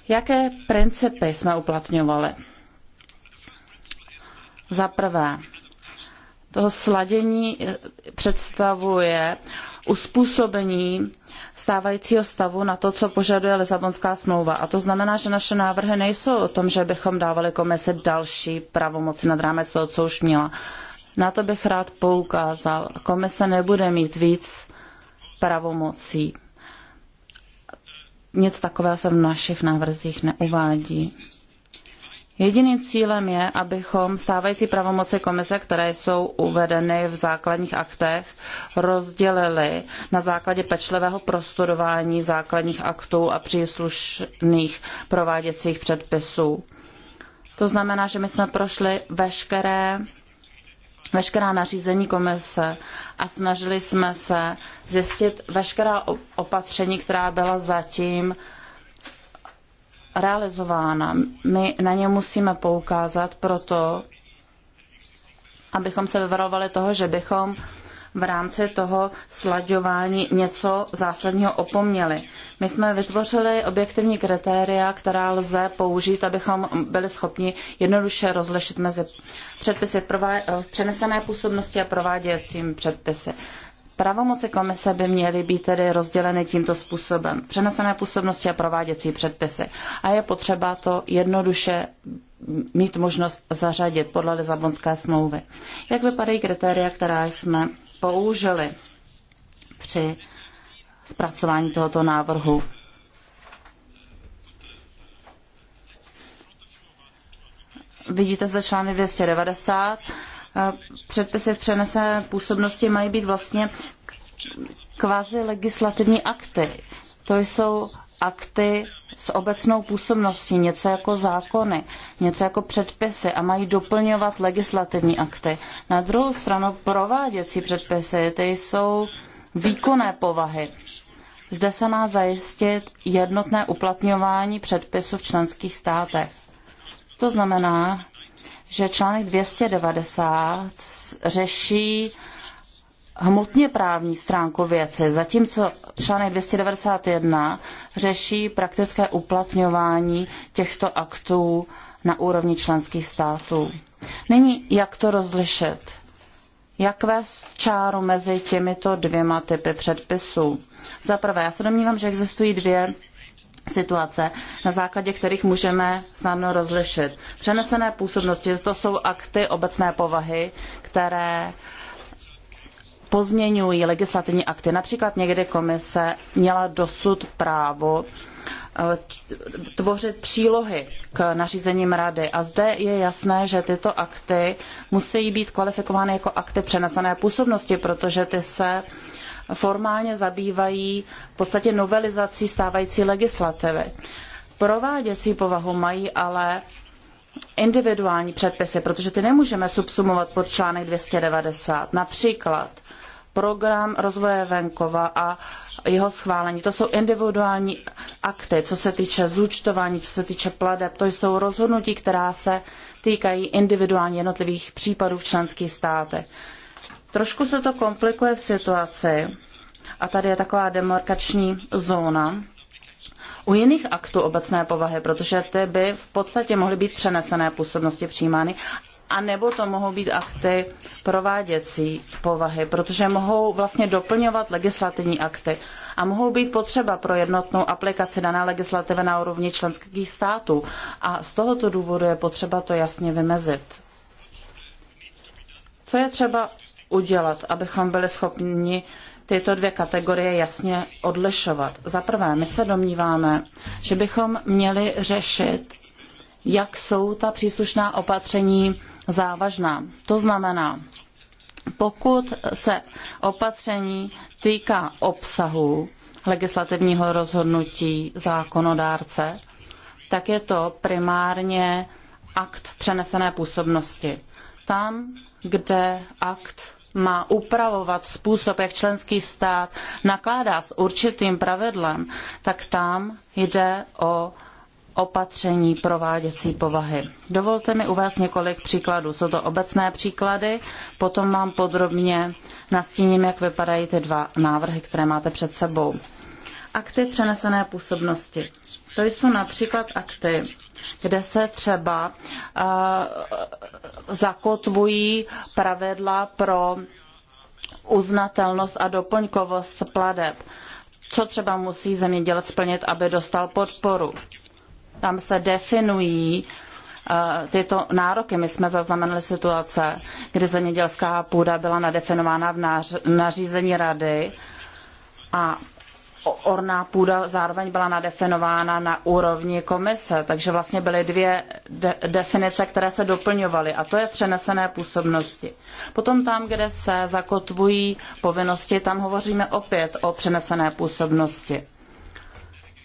Jaké principy jsme uplatňovali? Za prvé, to sladění eh, představuje uspůsobení stávajícího stavu na to, co požaduje Lisabonská smlouva. A to znamená, že naše návrhy nejsou o tom, že bychom dávali komise další pravomoci nad rámec toho, co už měla. Na to bych rád poukázal. Komise nebude mít víc pravomocí. Nic takového se v našich návrzích neuvádí. Jediným cílem je, abychom stávající pravomoci komise, které jsou uvedeny v základních aktech, rozdělili na základě pečlivého prostudování základních aktů a příslušných prováděcích předpisů. To znamená, že my jsme prošli veškeré veškerá nařízení komise a snažili jsme se zjistit veškerá opatření, která byla zatím uh, realizována. My na ně musíme poukázat proto, abychom se vyvarovali toho, že bychom v rámci toho slaďování něco zásadního opomněli. My jsme vytvořili objektivní kritéria, která lze použít, abychom byli schopni jednoduše rozlišit mezi předpisy v přenesené působnosti a prováděcím předpisy. Pravomoci komise by měly být tedy rozděleny tímto způsobem. Přenesené působnosti a prováděcí předpisy. A je potřeba to jednoduše mít možnost zařadit podle Lisabonské smlouvy. Jak vypadají kritéria, která jsme použili při zpracování tohoto návrhu? Vidíte zde článek 290 Eh, předpisy v přenese působnosti mají být vlastně kvázi legislativní akty. To jsou akty s obecnou působností, něco jako zákony, něco jako předpisy a mají doplňovat legislativní akty. Na druhou stranu prováděcí předpisy, ty jsou výkonné povahy. Zde se má zajistit jednotné uplatňování předpisů v členských státech. To znamená, že článek 290 řeší hmotně právní stránku věci, zatímco článek 291 řeší praktické uplatňování těchto aktů na úrovni členských států. Nyní, jak to rozlišit? Jak vést čáru mezi těmito dvěma typy předpisů? Za prvé, já se domnívám, že existují dvě situace, na základě kterých můžeme snadno rozlišit. Přenesené působnosti, to jsou akty obecné povahy, které pozměňují legislativní akty. Například někdy komise měla dosud právo eh, tvořit přílohy k nařízením rady. A zde je jasné, že tyto akty musí být kvalifikovány jako akty přenesené působnosti, protože ty se formálně zabývají v podstatě novelizací stávající legislativy. Prováděcí povahu mají ale individuální předpisy, protože ty nemůžeme subsumovat pod článek 290. Například program rozvoje venkova a jeho schválení. To jsou individuální akty, co se týče zúčtování, co se týče pladeb. To jsou rozhodnutí, která se týkají individuálně jednotlivých případů v členských státech. Trošku se to komplikuje v situaci, a tady je taková demarkační zóna, u jiných aktů obecné povahy, protože ty by v podstatě mohly být přenesené působnosti přijímány, a nebo to mohou být akty prováděcí povahy, protože mohou vlastně doplňovat legislativní akty a mohou být potřeba pro jednotnou aplikaci dané legislativy na úrovni členských států. A z tohoto důvodu je potřeba to jasně vymezit. Co je třeba udělat, abychom byli schopni tyto dvě kategorie jasně odlišovat. Za prvé, my se domníváme, že bychom měli řešit, jak jsou ta příslušná opatření závažná. To znamená, pokud se opatření týká obsahu legislativního rozhodnutí zákonodárce, tak je to primárně akt přenesené působnosti. Tam, kde akt má upravovat způsob, jak členský stát nakládá s určitým pravidlem, tak tam jde o opatření prováděcí povahy. Dovolte mi uvést několik příkladů. Jsou to obecné příklady, potom vám podrobně nastíním, jak vypadají ty dva návrhy, které máte před sebou. Akty přenesené působnosti. To jsou například akty, kde se třeba uh, zakotvují pravidla pro uznatelnost a doplňkovost pladeb. Co třeba musí zemědělec splnit, aby dostal podporu? Tam se definují uh, tyto nároky. My jsme zaznamenali situace, kdy zemědělská půda byla nadefinována v nařízení rady a orná půda zároveň byla nadefinována na úrovni komise, takže vlastně byly dvě de definice, které se doplňovaly a to je přenesené působnosti. Potom tam, kde se zakotvují povinnosti, tam hovoříme opět o přenesené působnosti.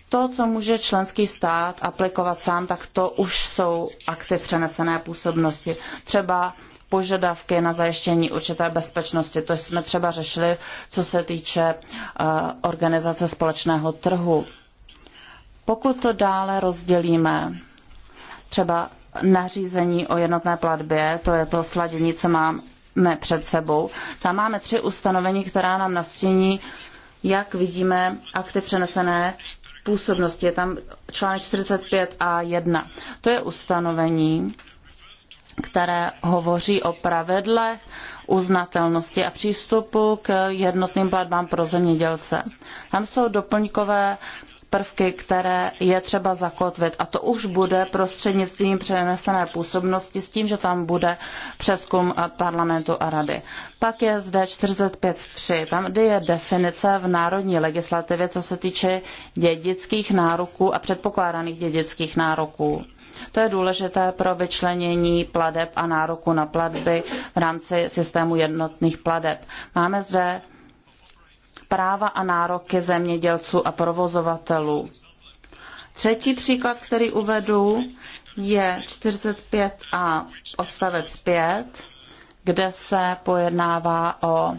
To, co může členský stát aplikovat sám, tak to už jsou akty přenesené působnosti. Třeba požadavky na zajištění určité bezpečnosti. To jsme třeba řešili, co se týče eh, organizace společného trhu. Pokud to dále rozdělíme, třeba nařízení o jednotné platbě, to je to sladění, co máme před sebou, tam máme tři ustanovení, která nám nastíní, jak vidíme akty přenesené působnosti. Je tam článek 45a1. To je ustanovení, které hovoří o pravidlech uznatelnosti a přístupu k jednotným platbám pro zemědělce. Tam jsou doplňkové prvky, které je třeba zakotvit. A to už bude prostřednictvím přenesené působnosti s tím, že tam bude přeskum parlamentu a rady. Pak je zde 45.3, tam, kde je definice v národní legislativě, co se týče dědických nároků a předpokládaných dědických nároků. To je důležité pro vyčlenění pladeb a nároku na platby v rámci systému jednotných pladeb. Máme zde práva a nároky zemědělců a provozovatelů. Třetí příklad, který uvedu, je 45a odstavec 5, kde se pojednává o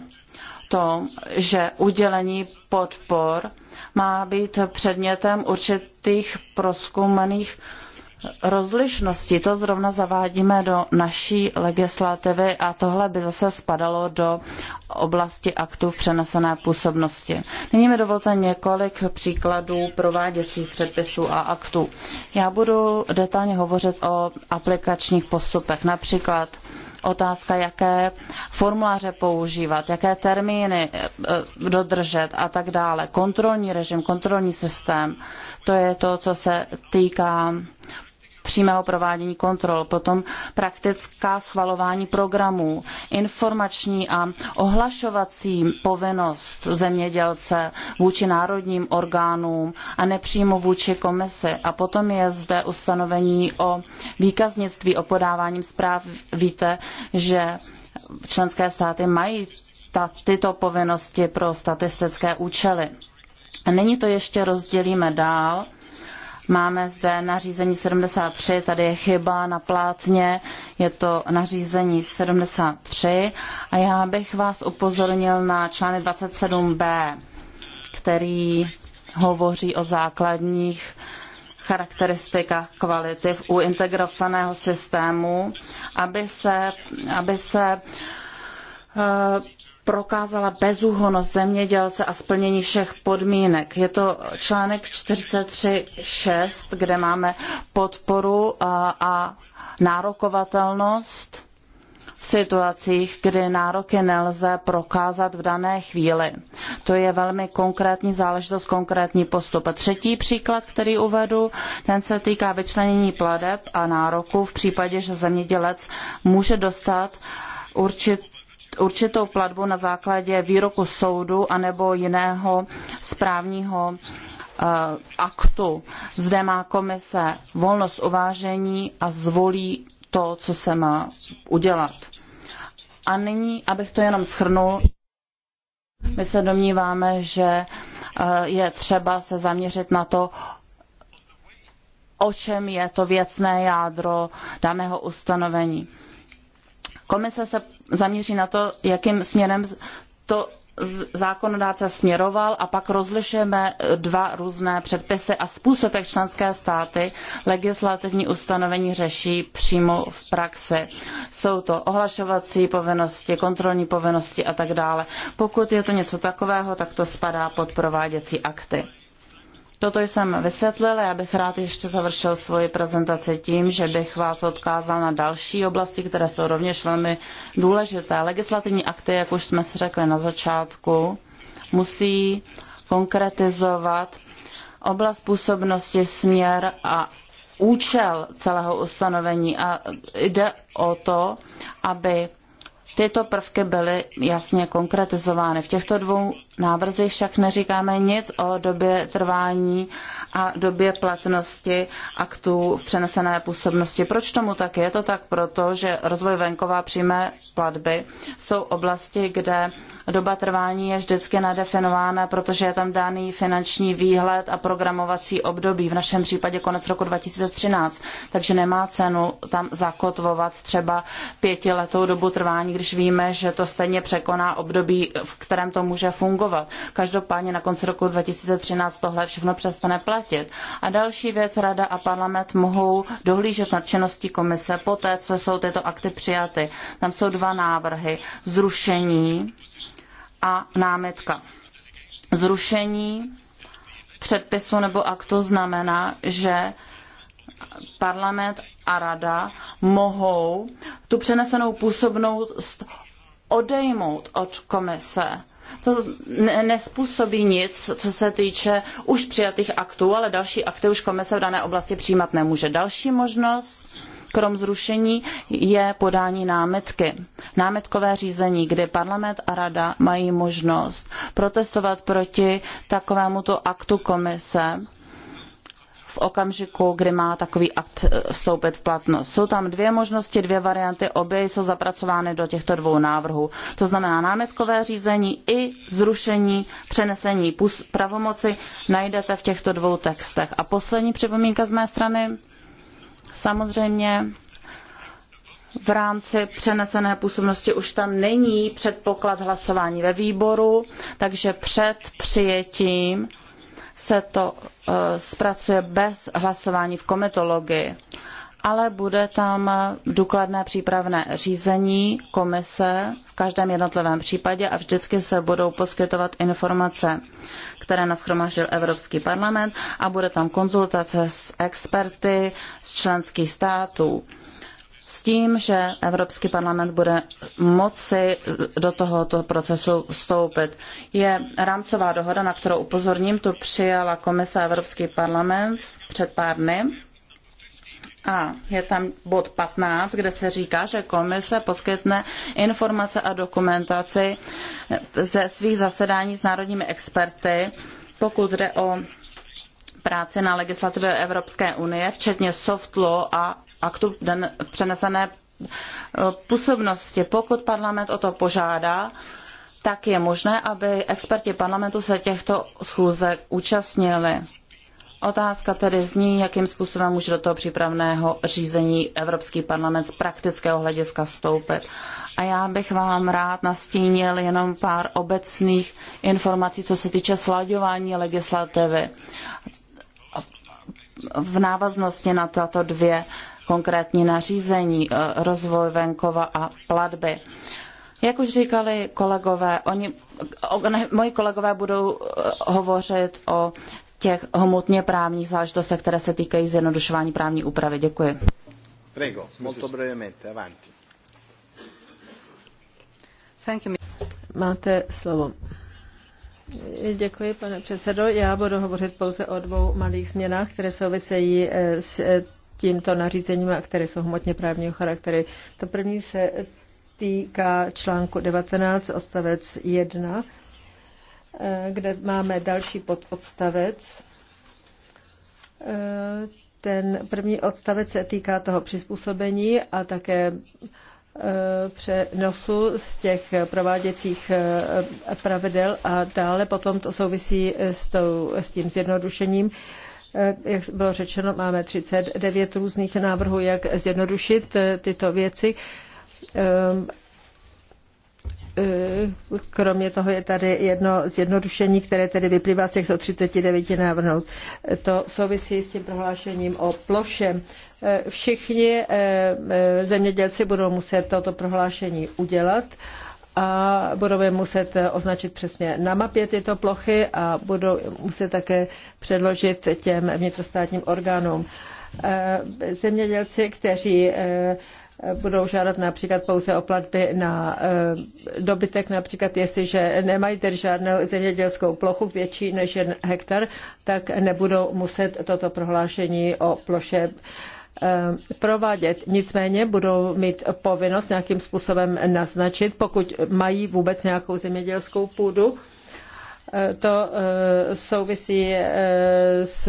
tom, že udělení podpor má být předmětem určitých prozkumaných rozlišnosti. To zrovna zavádíme do naší legislativy a tohle by zase spadalo do oblasti aktů v přenesené působnosti. Nyní mi dovolte několik příkladů prováděcích předpisů a aktů. Já budu detailně hovořit o aplikačních postupech, například otázka, jaké formuláře používat, jaké termíny eh, eh, dodržet a tak dále. Kontrolní režim, kontrolní systém, to je to, co se týká přímého provádění kontrol, potom praktická schvalování programů, informační a ohlašovací povinnost zemědělce vůči národním orgánům a nepřímo vůči komisi. A potom je zde ustanovení o výkaznictví, o podávání zpráv. Víte, že členské státy mají ta, tyto povinnosti pro statistické účely. A nyní to ještě rozdělíme dál Máme zde nařízení 73, tady je chyba na plátně, je to nařízení 73 a já bych vás upozornil na článek 27b, který hovoří o základních charakteristikách kvality u integrovaného systému, aby se, aby se eh, prokázala bezúhonost zemědělce a splnění všech podmínek. Je to článek 43.6, kde máme podporu a, a nárokovatelnost v situacích, kdy nároky nelze prokázat v dané chvíli. To je velmi konkrétní záležitost, konkrétní postup. A třetí příklad, který uvedu, ten se týká vyčlenění pladeb a nároků v případě, že zemědělec může dostat určitě určitou platbu na základě výroku soudu anebo jiného správního eh, aktu. Zde má komise volnost uvážení a zvolí to, co se má udělat. A nyní, abych to jenom schrnul, my se domníváme, že eh, je třeba se zaměřit na to, o čem je to věcné jádro daného ustanovení. Komise se zaměří na to, jakým směrem to zákonodáce směroval a pak rozlišujeme eh, dva různé předpisy a způsob, jak členské státy legislativní ustanovení řeší přímo v praxi. Jsou to ohlašovací povinnosti, kontrolní povinnosti a tak dále. Pokud je to něco takového, tak to spadá pod prováděcí akty. Toto jsem vysvětlil, já bych rád ještě završil svoji prezentaci tím, že bych vás odkázal na další oblasti, které jsou rovněž velmi důležité. Legislativní akty, jak už jsme si řekli na začátku, musí konkretizovat oblast působnosti, směr a účel celého ustanovení a jde o to, aby tyto prvky byly jasně konkretizovány. V těchto dvou návrzích však neříkáme nic o době trvání a době platnosti aktů v přenesené působnosti. Proč tomu tak je? Je to tak proto, že rozvoj venková přímé platby jsou oblasti, kde doba trvání je vždycky nadefinována, protože je tam daný finanční výhled a programovací období, v našem případě konec roku 2013. Takže nemá cenu tam zakotvovat třeba pětiletou dobu trvání, když víme, že to stejně překoná období, v kterém to může fungovat fungovat. Každopádně na konci roku 2013 tohle všechno přestane platit. A další věc, Rada a parlament mohou dohlížet nad činností komise poté, co jsou tyto akty přijaty. Tam jsou dva návrhy. Zrušení a námitka. Zrušení předpisu nebo aktu znamená, že parlament a rada mohou tu přenesenou působnost odejmout od komise to nespůsobí nic, co se týče už přijatých aktů, ale další akty už komise v dané oblasti přijímat nemůže. Další možnost krom zrušení je podání námitky. Námitkové řízení, kdy parlament a rada mají možnost protestovat proti takovémuto aktu komise okamžiku, kdy má takový akt eh, vstoupit v platnost. Jsou tam dvě možnosti, dvě varianty, obě jsou zapracovány do těchto dvou návrhů. To znamená námetkové řízení i zrušení, přenesení pravomoci najdete v těchto dvou textech. A poslední připomínka z mé strany, samozřejmě v rámci přenesené působnosti už tam není předpoklad hlasování ve výboru, takže před přijetím se to eh, zpracuje bez hlasování v komitologii, ale bude tam důkladné přípravné řízení komise v každém jednotlivém případě a vždycky se budou poskytovat informace, které nashromáždil Evropský parlament a bude tam konzultace s experty z členských států s tím, že Evropský parlament bude moci do tohoto procesu vstoupit. Je rámcová dohoda, na kterou upozorním, tu přijala komise Evropský parlament před pár dny. A je tam bod 15, kde se říká, že komise poskytne informace a dokumentaci ze svých zasedání s národními experty, pokud jde o práci na legislativě Evropské unie, včetně soft law a aktu přenesené eh, působnosti. Pokud parlament o to požádá, tak je možné, aby experti parlamentu se těchto schůzek účastnili. Otázka tedy zní, jakým způsobem může do toho přípravného řízení Evropský parlament z praktického hlediska vstoupit. A já bych vám rád nastínil jenom pár obecných informací, co se týče slaďování legislativy v návaznosti na tato dvě konkrétní nařízení, eh, rozvoj venkova a platby. Jak už říkali kolegové, oni, ne, moji kolegové budou eh, hovořit o těch hmotně právních záležitostech, které se týkají zjednodušování právní úpravy. Děkuji. Máte slovo. Děkuji, pane předsedo. Já budu hovořit pouze o dvou malých změnách, které souvisejí eh, s tímto nařízením, které jsou hmotně právního charakteru. To první se týká článku 19 odstavec 1, eh, kde máme další pododstavec. Eh, ten první odstavec se týká toho přizpůsobení a také eh, přenosu z těch prováděcích pravidel a dále potom to souvisí s, tou, s tím zjednodušením Eh, jak bylo řečeno, máme 39 různých návrhů, jak zjednodušit eh, tyto věci. Ehm, eh, kromě toho je tady jedno zjednodušení, které tedy vyplývá z těchto 39 návrhů. To souvisí s tím prohlášením o ploše. Všichni zemědělci budou muset toto prohlášení udělat a budou muset eh, označit přesně na mapě tyto plochy a budou muset také předložit těm vnitrostátním orgánům. Eh, zemědělci, kteří eh, budou žádat například pouze o platby na dobytek, například jestliže nemají tedy žádnou zemědělskou plochu větší než jeden hektar, tak nebudou muset toto prohlášení o ploše Eh, provádět. Nicméně budou mít povinnost nějakým způsobem naznačit, pokud mají vůbec nějakou zemědělskou půdu. Eh, to eh, souvisí s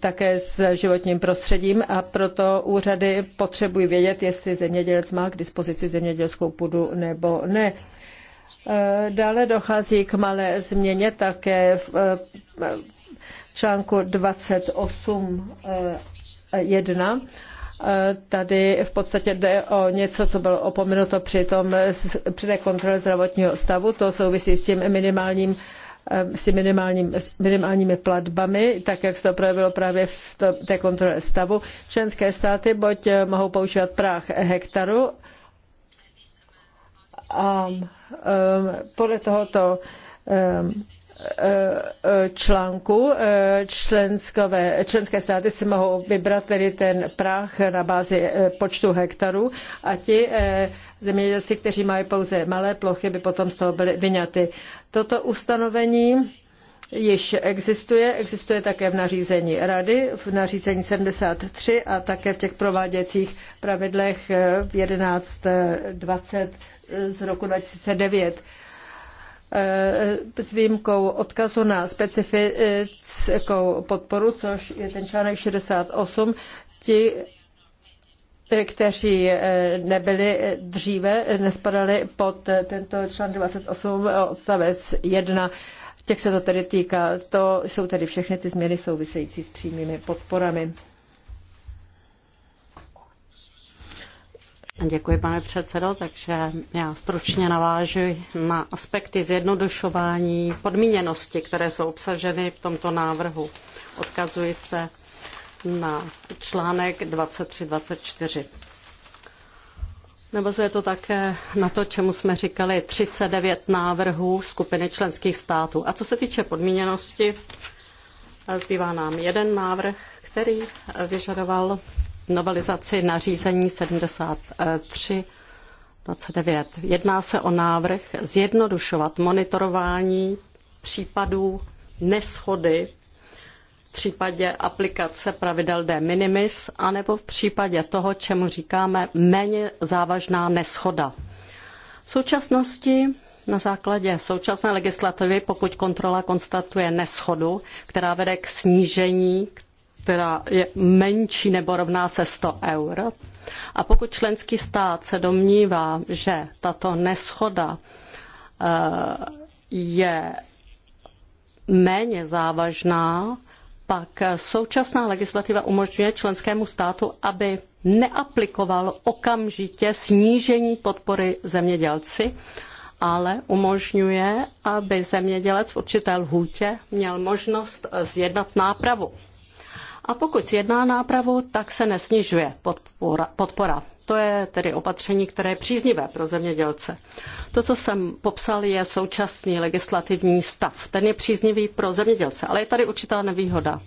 také s životním prostředím a proto úřady potřebují vědět, jestli zemědělec má k dispozici zemědělskou půdu nebo ne. Dále dochází k malé změně také v článku 28 1. E, tady v podstatě jde o něco, co bylo opomenuto při, tom, při té kontrole zdravotního stavu. To souvisí s tím minimálním e, s minimálním, minimálními platbami, tak jak se to projevilo právě v to, té kontrole stavu. Členské státy buď e, mohou používat práh hektaru a um, podle tohoto um, článku eh, členskové, členské státy si mohou vybrat tedy ten práh na bázi eh, počtu hektarů a ti eh, zemědělci, kteří mají pouze malé plochy, by potom z toho byli vyňaty. Toto ustanovení již existuje, existuje také v nařízení Rady, v nařízení 73 a také v těch prováděcích pravidlech v 1120 z roku 2009. Eh, s výjimkou odkazu na specifickou podporu, což je ten článek 68, ti, eh, kteří eh, nebyli dříve, nespadali pod tento článek 28 odstavec 1. Těch se to tedy týká. To jsou tedy všechny ty změny související s přímými podporami. Děkuji, pane předsedo, takže já stručně navážu na aspekty zjednodušování podmíněnosti, které jsou obsaženy v tomto návrhu. Odkazuji se na článek 23-24. Navazuje to také na to, čemu jsme říkali 39 návrhů skupiny členských států. A co se týče podmíněnosti, zbývá nám jeden návrh, který vyžadoval novelizaci nařízení 73 29. Jedná se o návrh zjednodušovat monitorování případů neschody v případě aplikace pravidel de minimis anebo v případě toho, čemu říkáme méně závažná neschoda. V současnosti na základě současné legislativy, pokud kontrola konstatuje neschodu, která vede k snížení, která je menší nebo rovná se 100 eur. A pokud členský stát se domnívá, že tato neschoda eh, je méně závažná, pak současná legislativa umožňuje členskému státu, aby neaplikoval okamžitě snížení podpory zemědělci, ale umožňuje, aby zemědělec v určité lhůtě měl možnost zjednat nápravu a pokud zjedná nápravu, tak se nesnižuje podpora. podpora. To je tedy opatření, které je příznivé pro zemědělce. To, co jsem popsal, je současný legislativní stav. Ten je příznivý pro zemědělce, ale je tady určitá nevýhoda.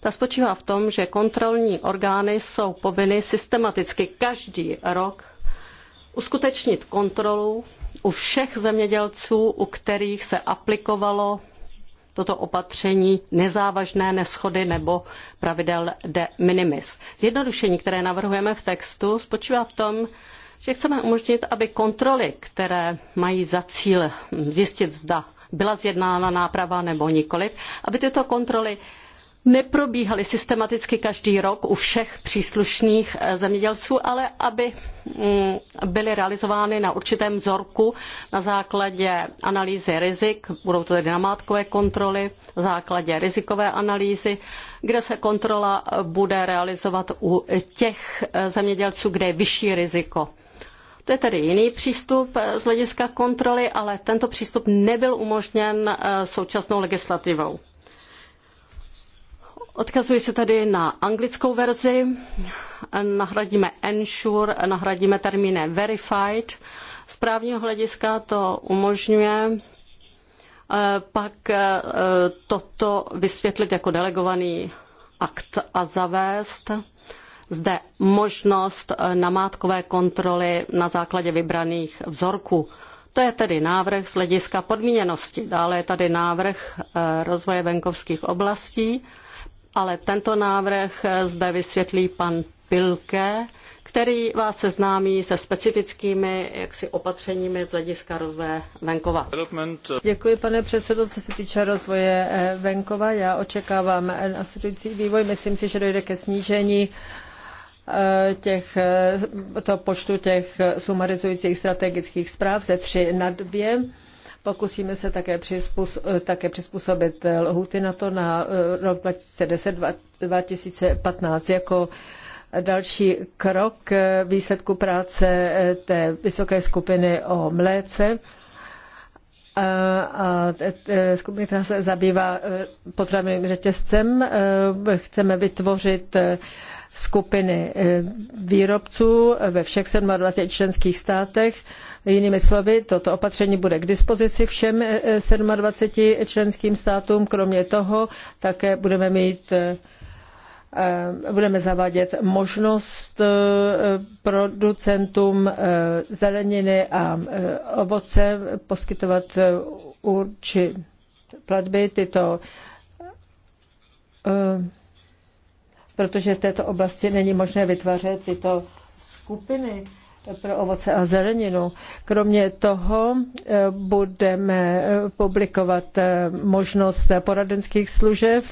Ta spočívá v tom, že kontrolní orgány jsou povinny systematicky každý rok uskutečnit kontrolu u všech zemědělců, u kterých se aplikovalo toto opatření nezávažné neschody nebo pravidel de minimis. Zjednodušení, které navrhujeme v textu, spočívá v tom, že chceme umožnit, aby kontroly, které mají za cíl zjistit, zda byla zjednána náprava nebo nikoliv, aby tyto kontroly neprobíhaly systematicky každý rok u všech příslušných eh, zemědělců, ale aby mm, byly realizovány na určitém vzorku na základě analýzy rizik, budou to tedy namátkové kontroly, na základě rizikové analýzy, kde se kontrola eh, bude realizovat u těch eh, zemědělců, kde je vyšší riziko. To je tedy jiný přístup z hlediska kontroly, ale tento přístup nebyl umožněn současnou legislativou. Odkazuji se tady na anglickou verzi, nahradíme ensure, nahradíme termínem verified. Z právního hlediska to umožňuje eh, pak eh, toto vysvětlit jako delegovaný akt a zavést zde možnost eh, namátkové kontroly na základě vybraných vzorků. To je tedy návrh z hlediska podmíněnosti. Dále je tady návrh rozvoje venkovských oblastí ale tento návrh zde vysvětlí pan Pilke, který vás seznámí se specifickými jaksi opatřeními z hlediska rozvoje venkova. Eh, Děkuji, pane předsedo. Co se týče rozvoje eh, venkova, já očekávám eh, následující vývoj. Myslím si, že dojde ke snížení těch, to počtu těch sumarizujících strategických zpráv ze tři na dvě. Pokusíme se také, přizpůsobit, eh, také přizpůsobit eh, lhuty na to na eh, rok 2010-2015 jako další krok výsledku práce té vysoké skupiny o mléce a skupina, která se zabývá potravným řetězcem. Chceme vytvořit skupiny eh, výrobců ve všech 27 členských státech. Jinými slovy, toto opatření bude k dispozici všem 27 eh, členským státům. Kromě toho také budeme mít eh, budeme zavádět možnost producentům zeleniny a ovoce poskytovat určité platby. Tyto protože v této oblasti není možné vytvářet tyto skupiny pro ovoce a zeleninu. Kromě toho eh, budeme eh, publikovat eh, možnost poradenských služeb.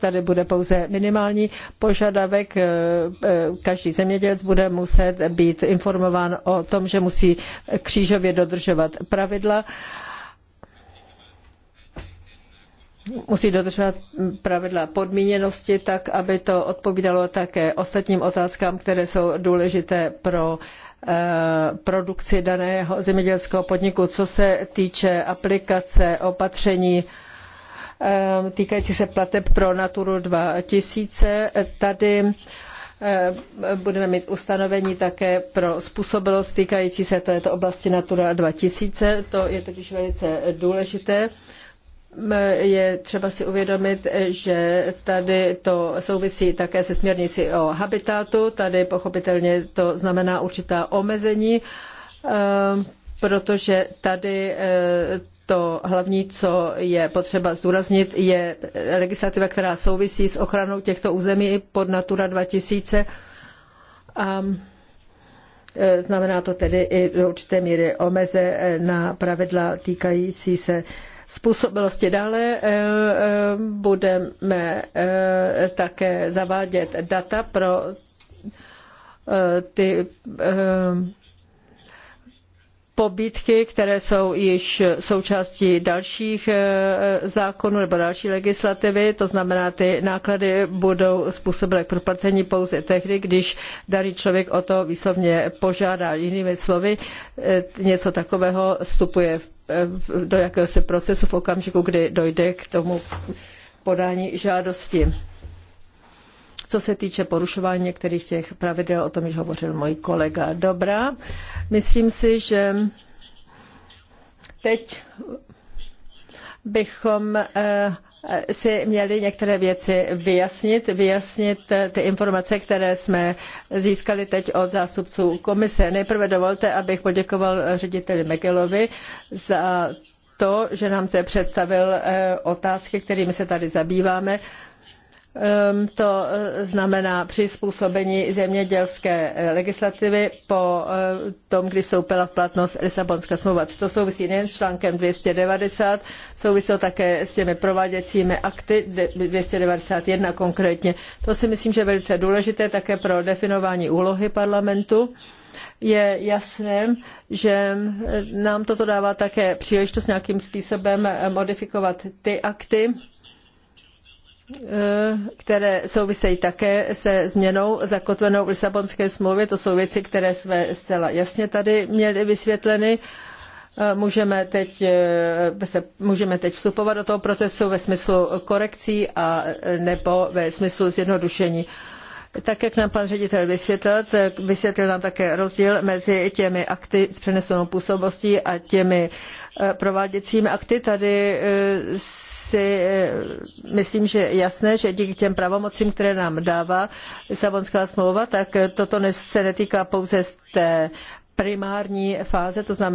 Tady bude pouze minimální požadavek. Každý zemědělec bude muset být informován o tom, že musí křížově dodržovat pravidla musí dodržovat pravidla podmíněnosti tak, aby to odpovídalo také ostatním otázkám, které jsou důležité pro eh, produkci daného zemědělského podniku, co se týče aplikace opatření eh, týkající se plateb pro Naturu 2000. Tady eh, budeme mít ustanovení také pro způsobilost týkající se této oblasti Natura 2000. To je totiž velice důležité je třeba si uvědomit, že tady to souvisí také se směrnicí o habitatu. Tady pochopitelně to znamená určitá omezení, eh, protože tady eh, to hlavní, co je potřeba zdůraznit, je legislativa, která souvisí s ochranou těchto území pod Natura 2000. A eh, znamená to tedy i do určité míry omeze na pravidla týkající se způsobilosti. Dále eh, eh, budeme eh, také zavádět data pro ty pobídky, které jsou již součástí dalších eh, zákonů nebo další legislativy, to znamená, ty náklady budou způsobilé k proplacení pouze tehdy, když daný člověk o to výslovně požádá. Jinými slovy, eh, něco takového vstupuje eh, do jakéhosi procesu v okamžiku, kdy dojde k tomu podání žádosti. Co se týče porušování některých těch pravidel, o tom již hovořil můj kolega. Dobrá, myslím si, že teď bychom eh, si měli některé věci vyjasnit, vyjasnit eh, ty informace, které jsme získali teď od zástupců komise. Nejprve dovolte, abych poděkoval řediteli Megelovi za to, že nám se představil eh, otázky, kterými se tady zabýváme Ehm, to eh, znamená přizpůsobení zemědělské eh, legislativy po eh, tom, kdy vstoupila v platnost Lisabonská smlouva. To souvisí nejen s článkem 290, souvisí to také s těmi prováděcími akty 291 konkrétně. To si myslím, že je velice důležité také pro definování úlohy parlamentu je jasné, že nám toto dává také příležitost nějakým způsobem modifikovat ty akty, Eh, které souvisejí také se změnou zakotvenou v Lisabonské smlouvě. To jsou věci, které jsme zcela jasně tady měli vysvětleny. Eh, můžeme teď, eh, se, můžeme teď vstupovat do toho procesu ve smyslu korekcí a nebo ve smyslu zjednodušení. Tak, jak nám pan ředitel vysvětlil, vysvětlil nám také rozdíl mezi těmi akty s přenesenou působností a těmi prováděcími akty. Tady si eh, myslím, že je jasné, že díky těm pravomocím, které nám dává Lisabonská smlouva, tak toto se netýká pouze z té primární fáze, to znamená,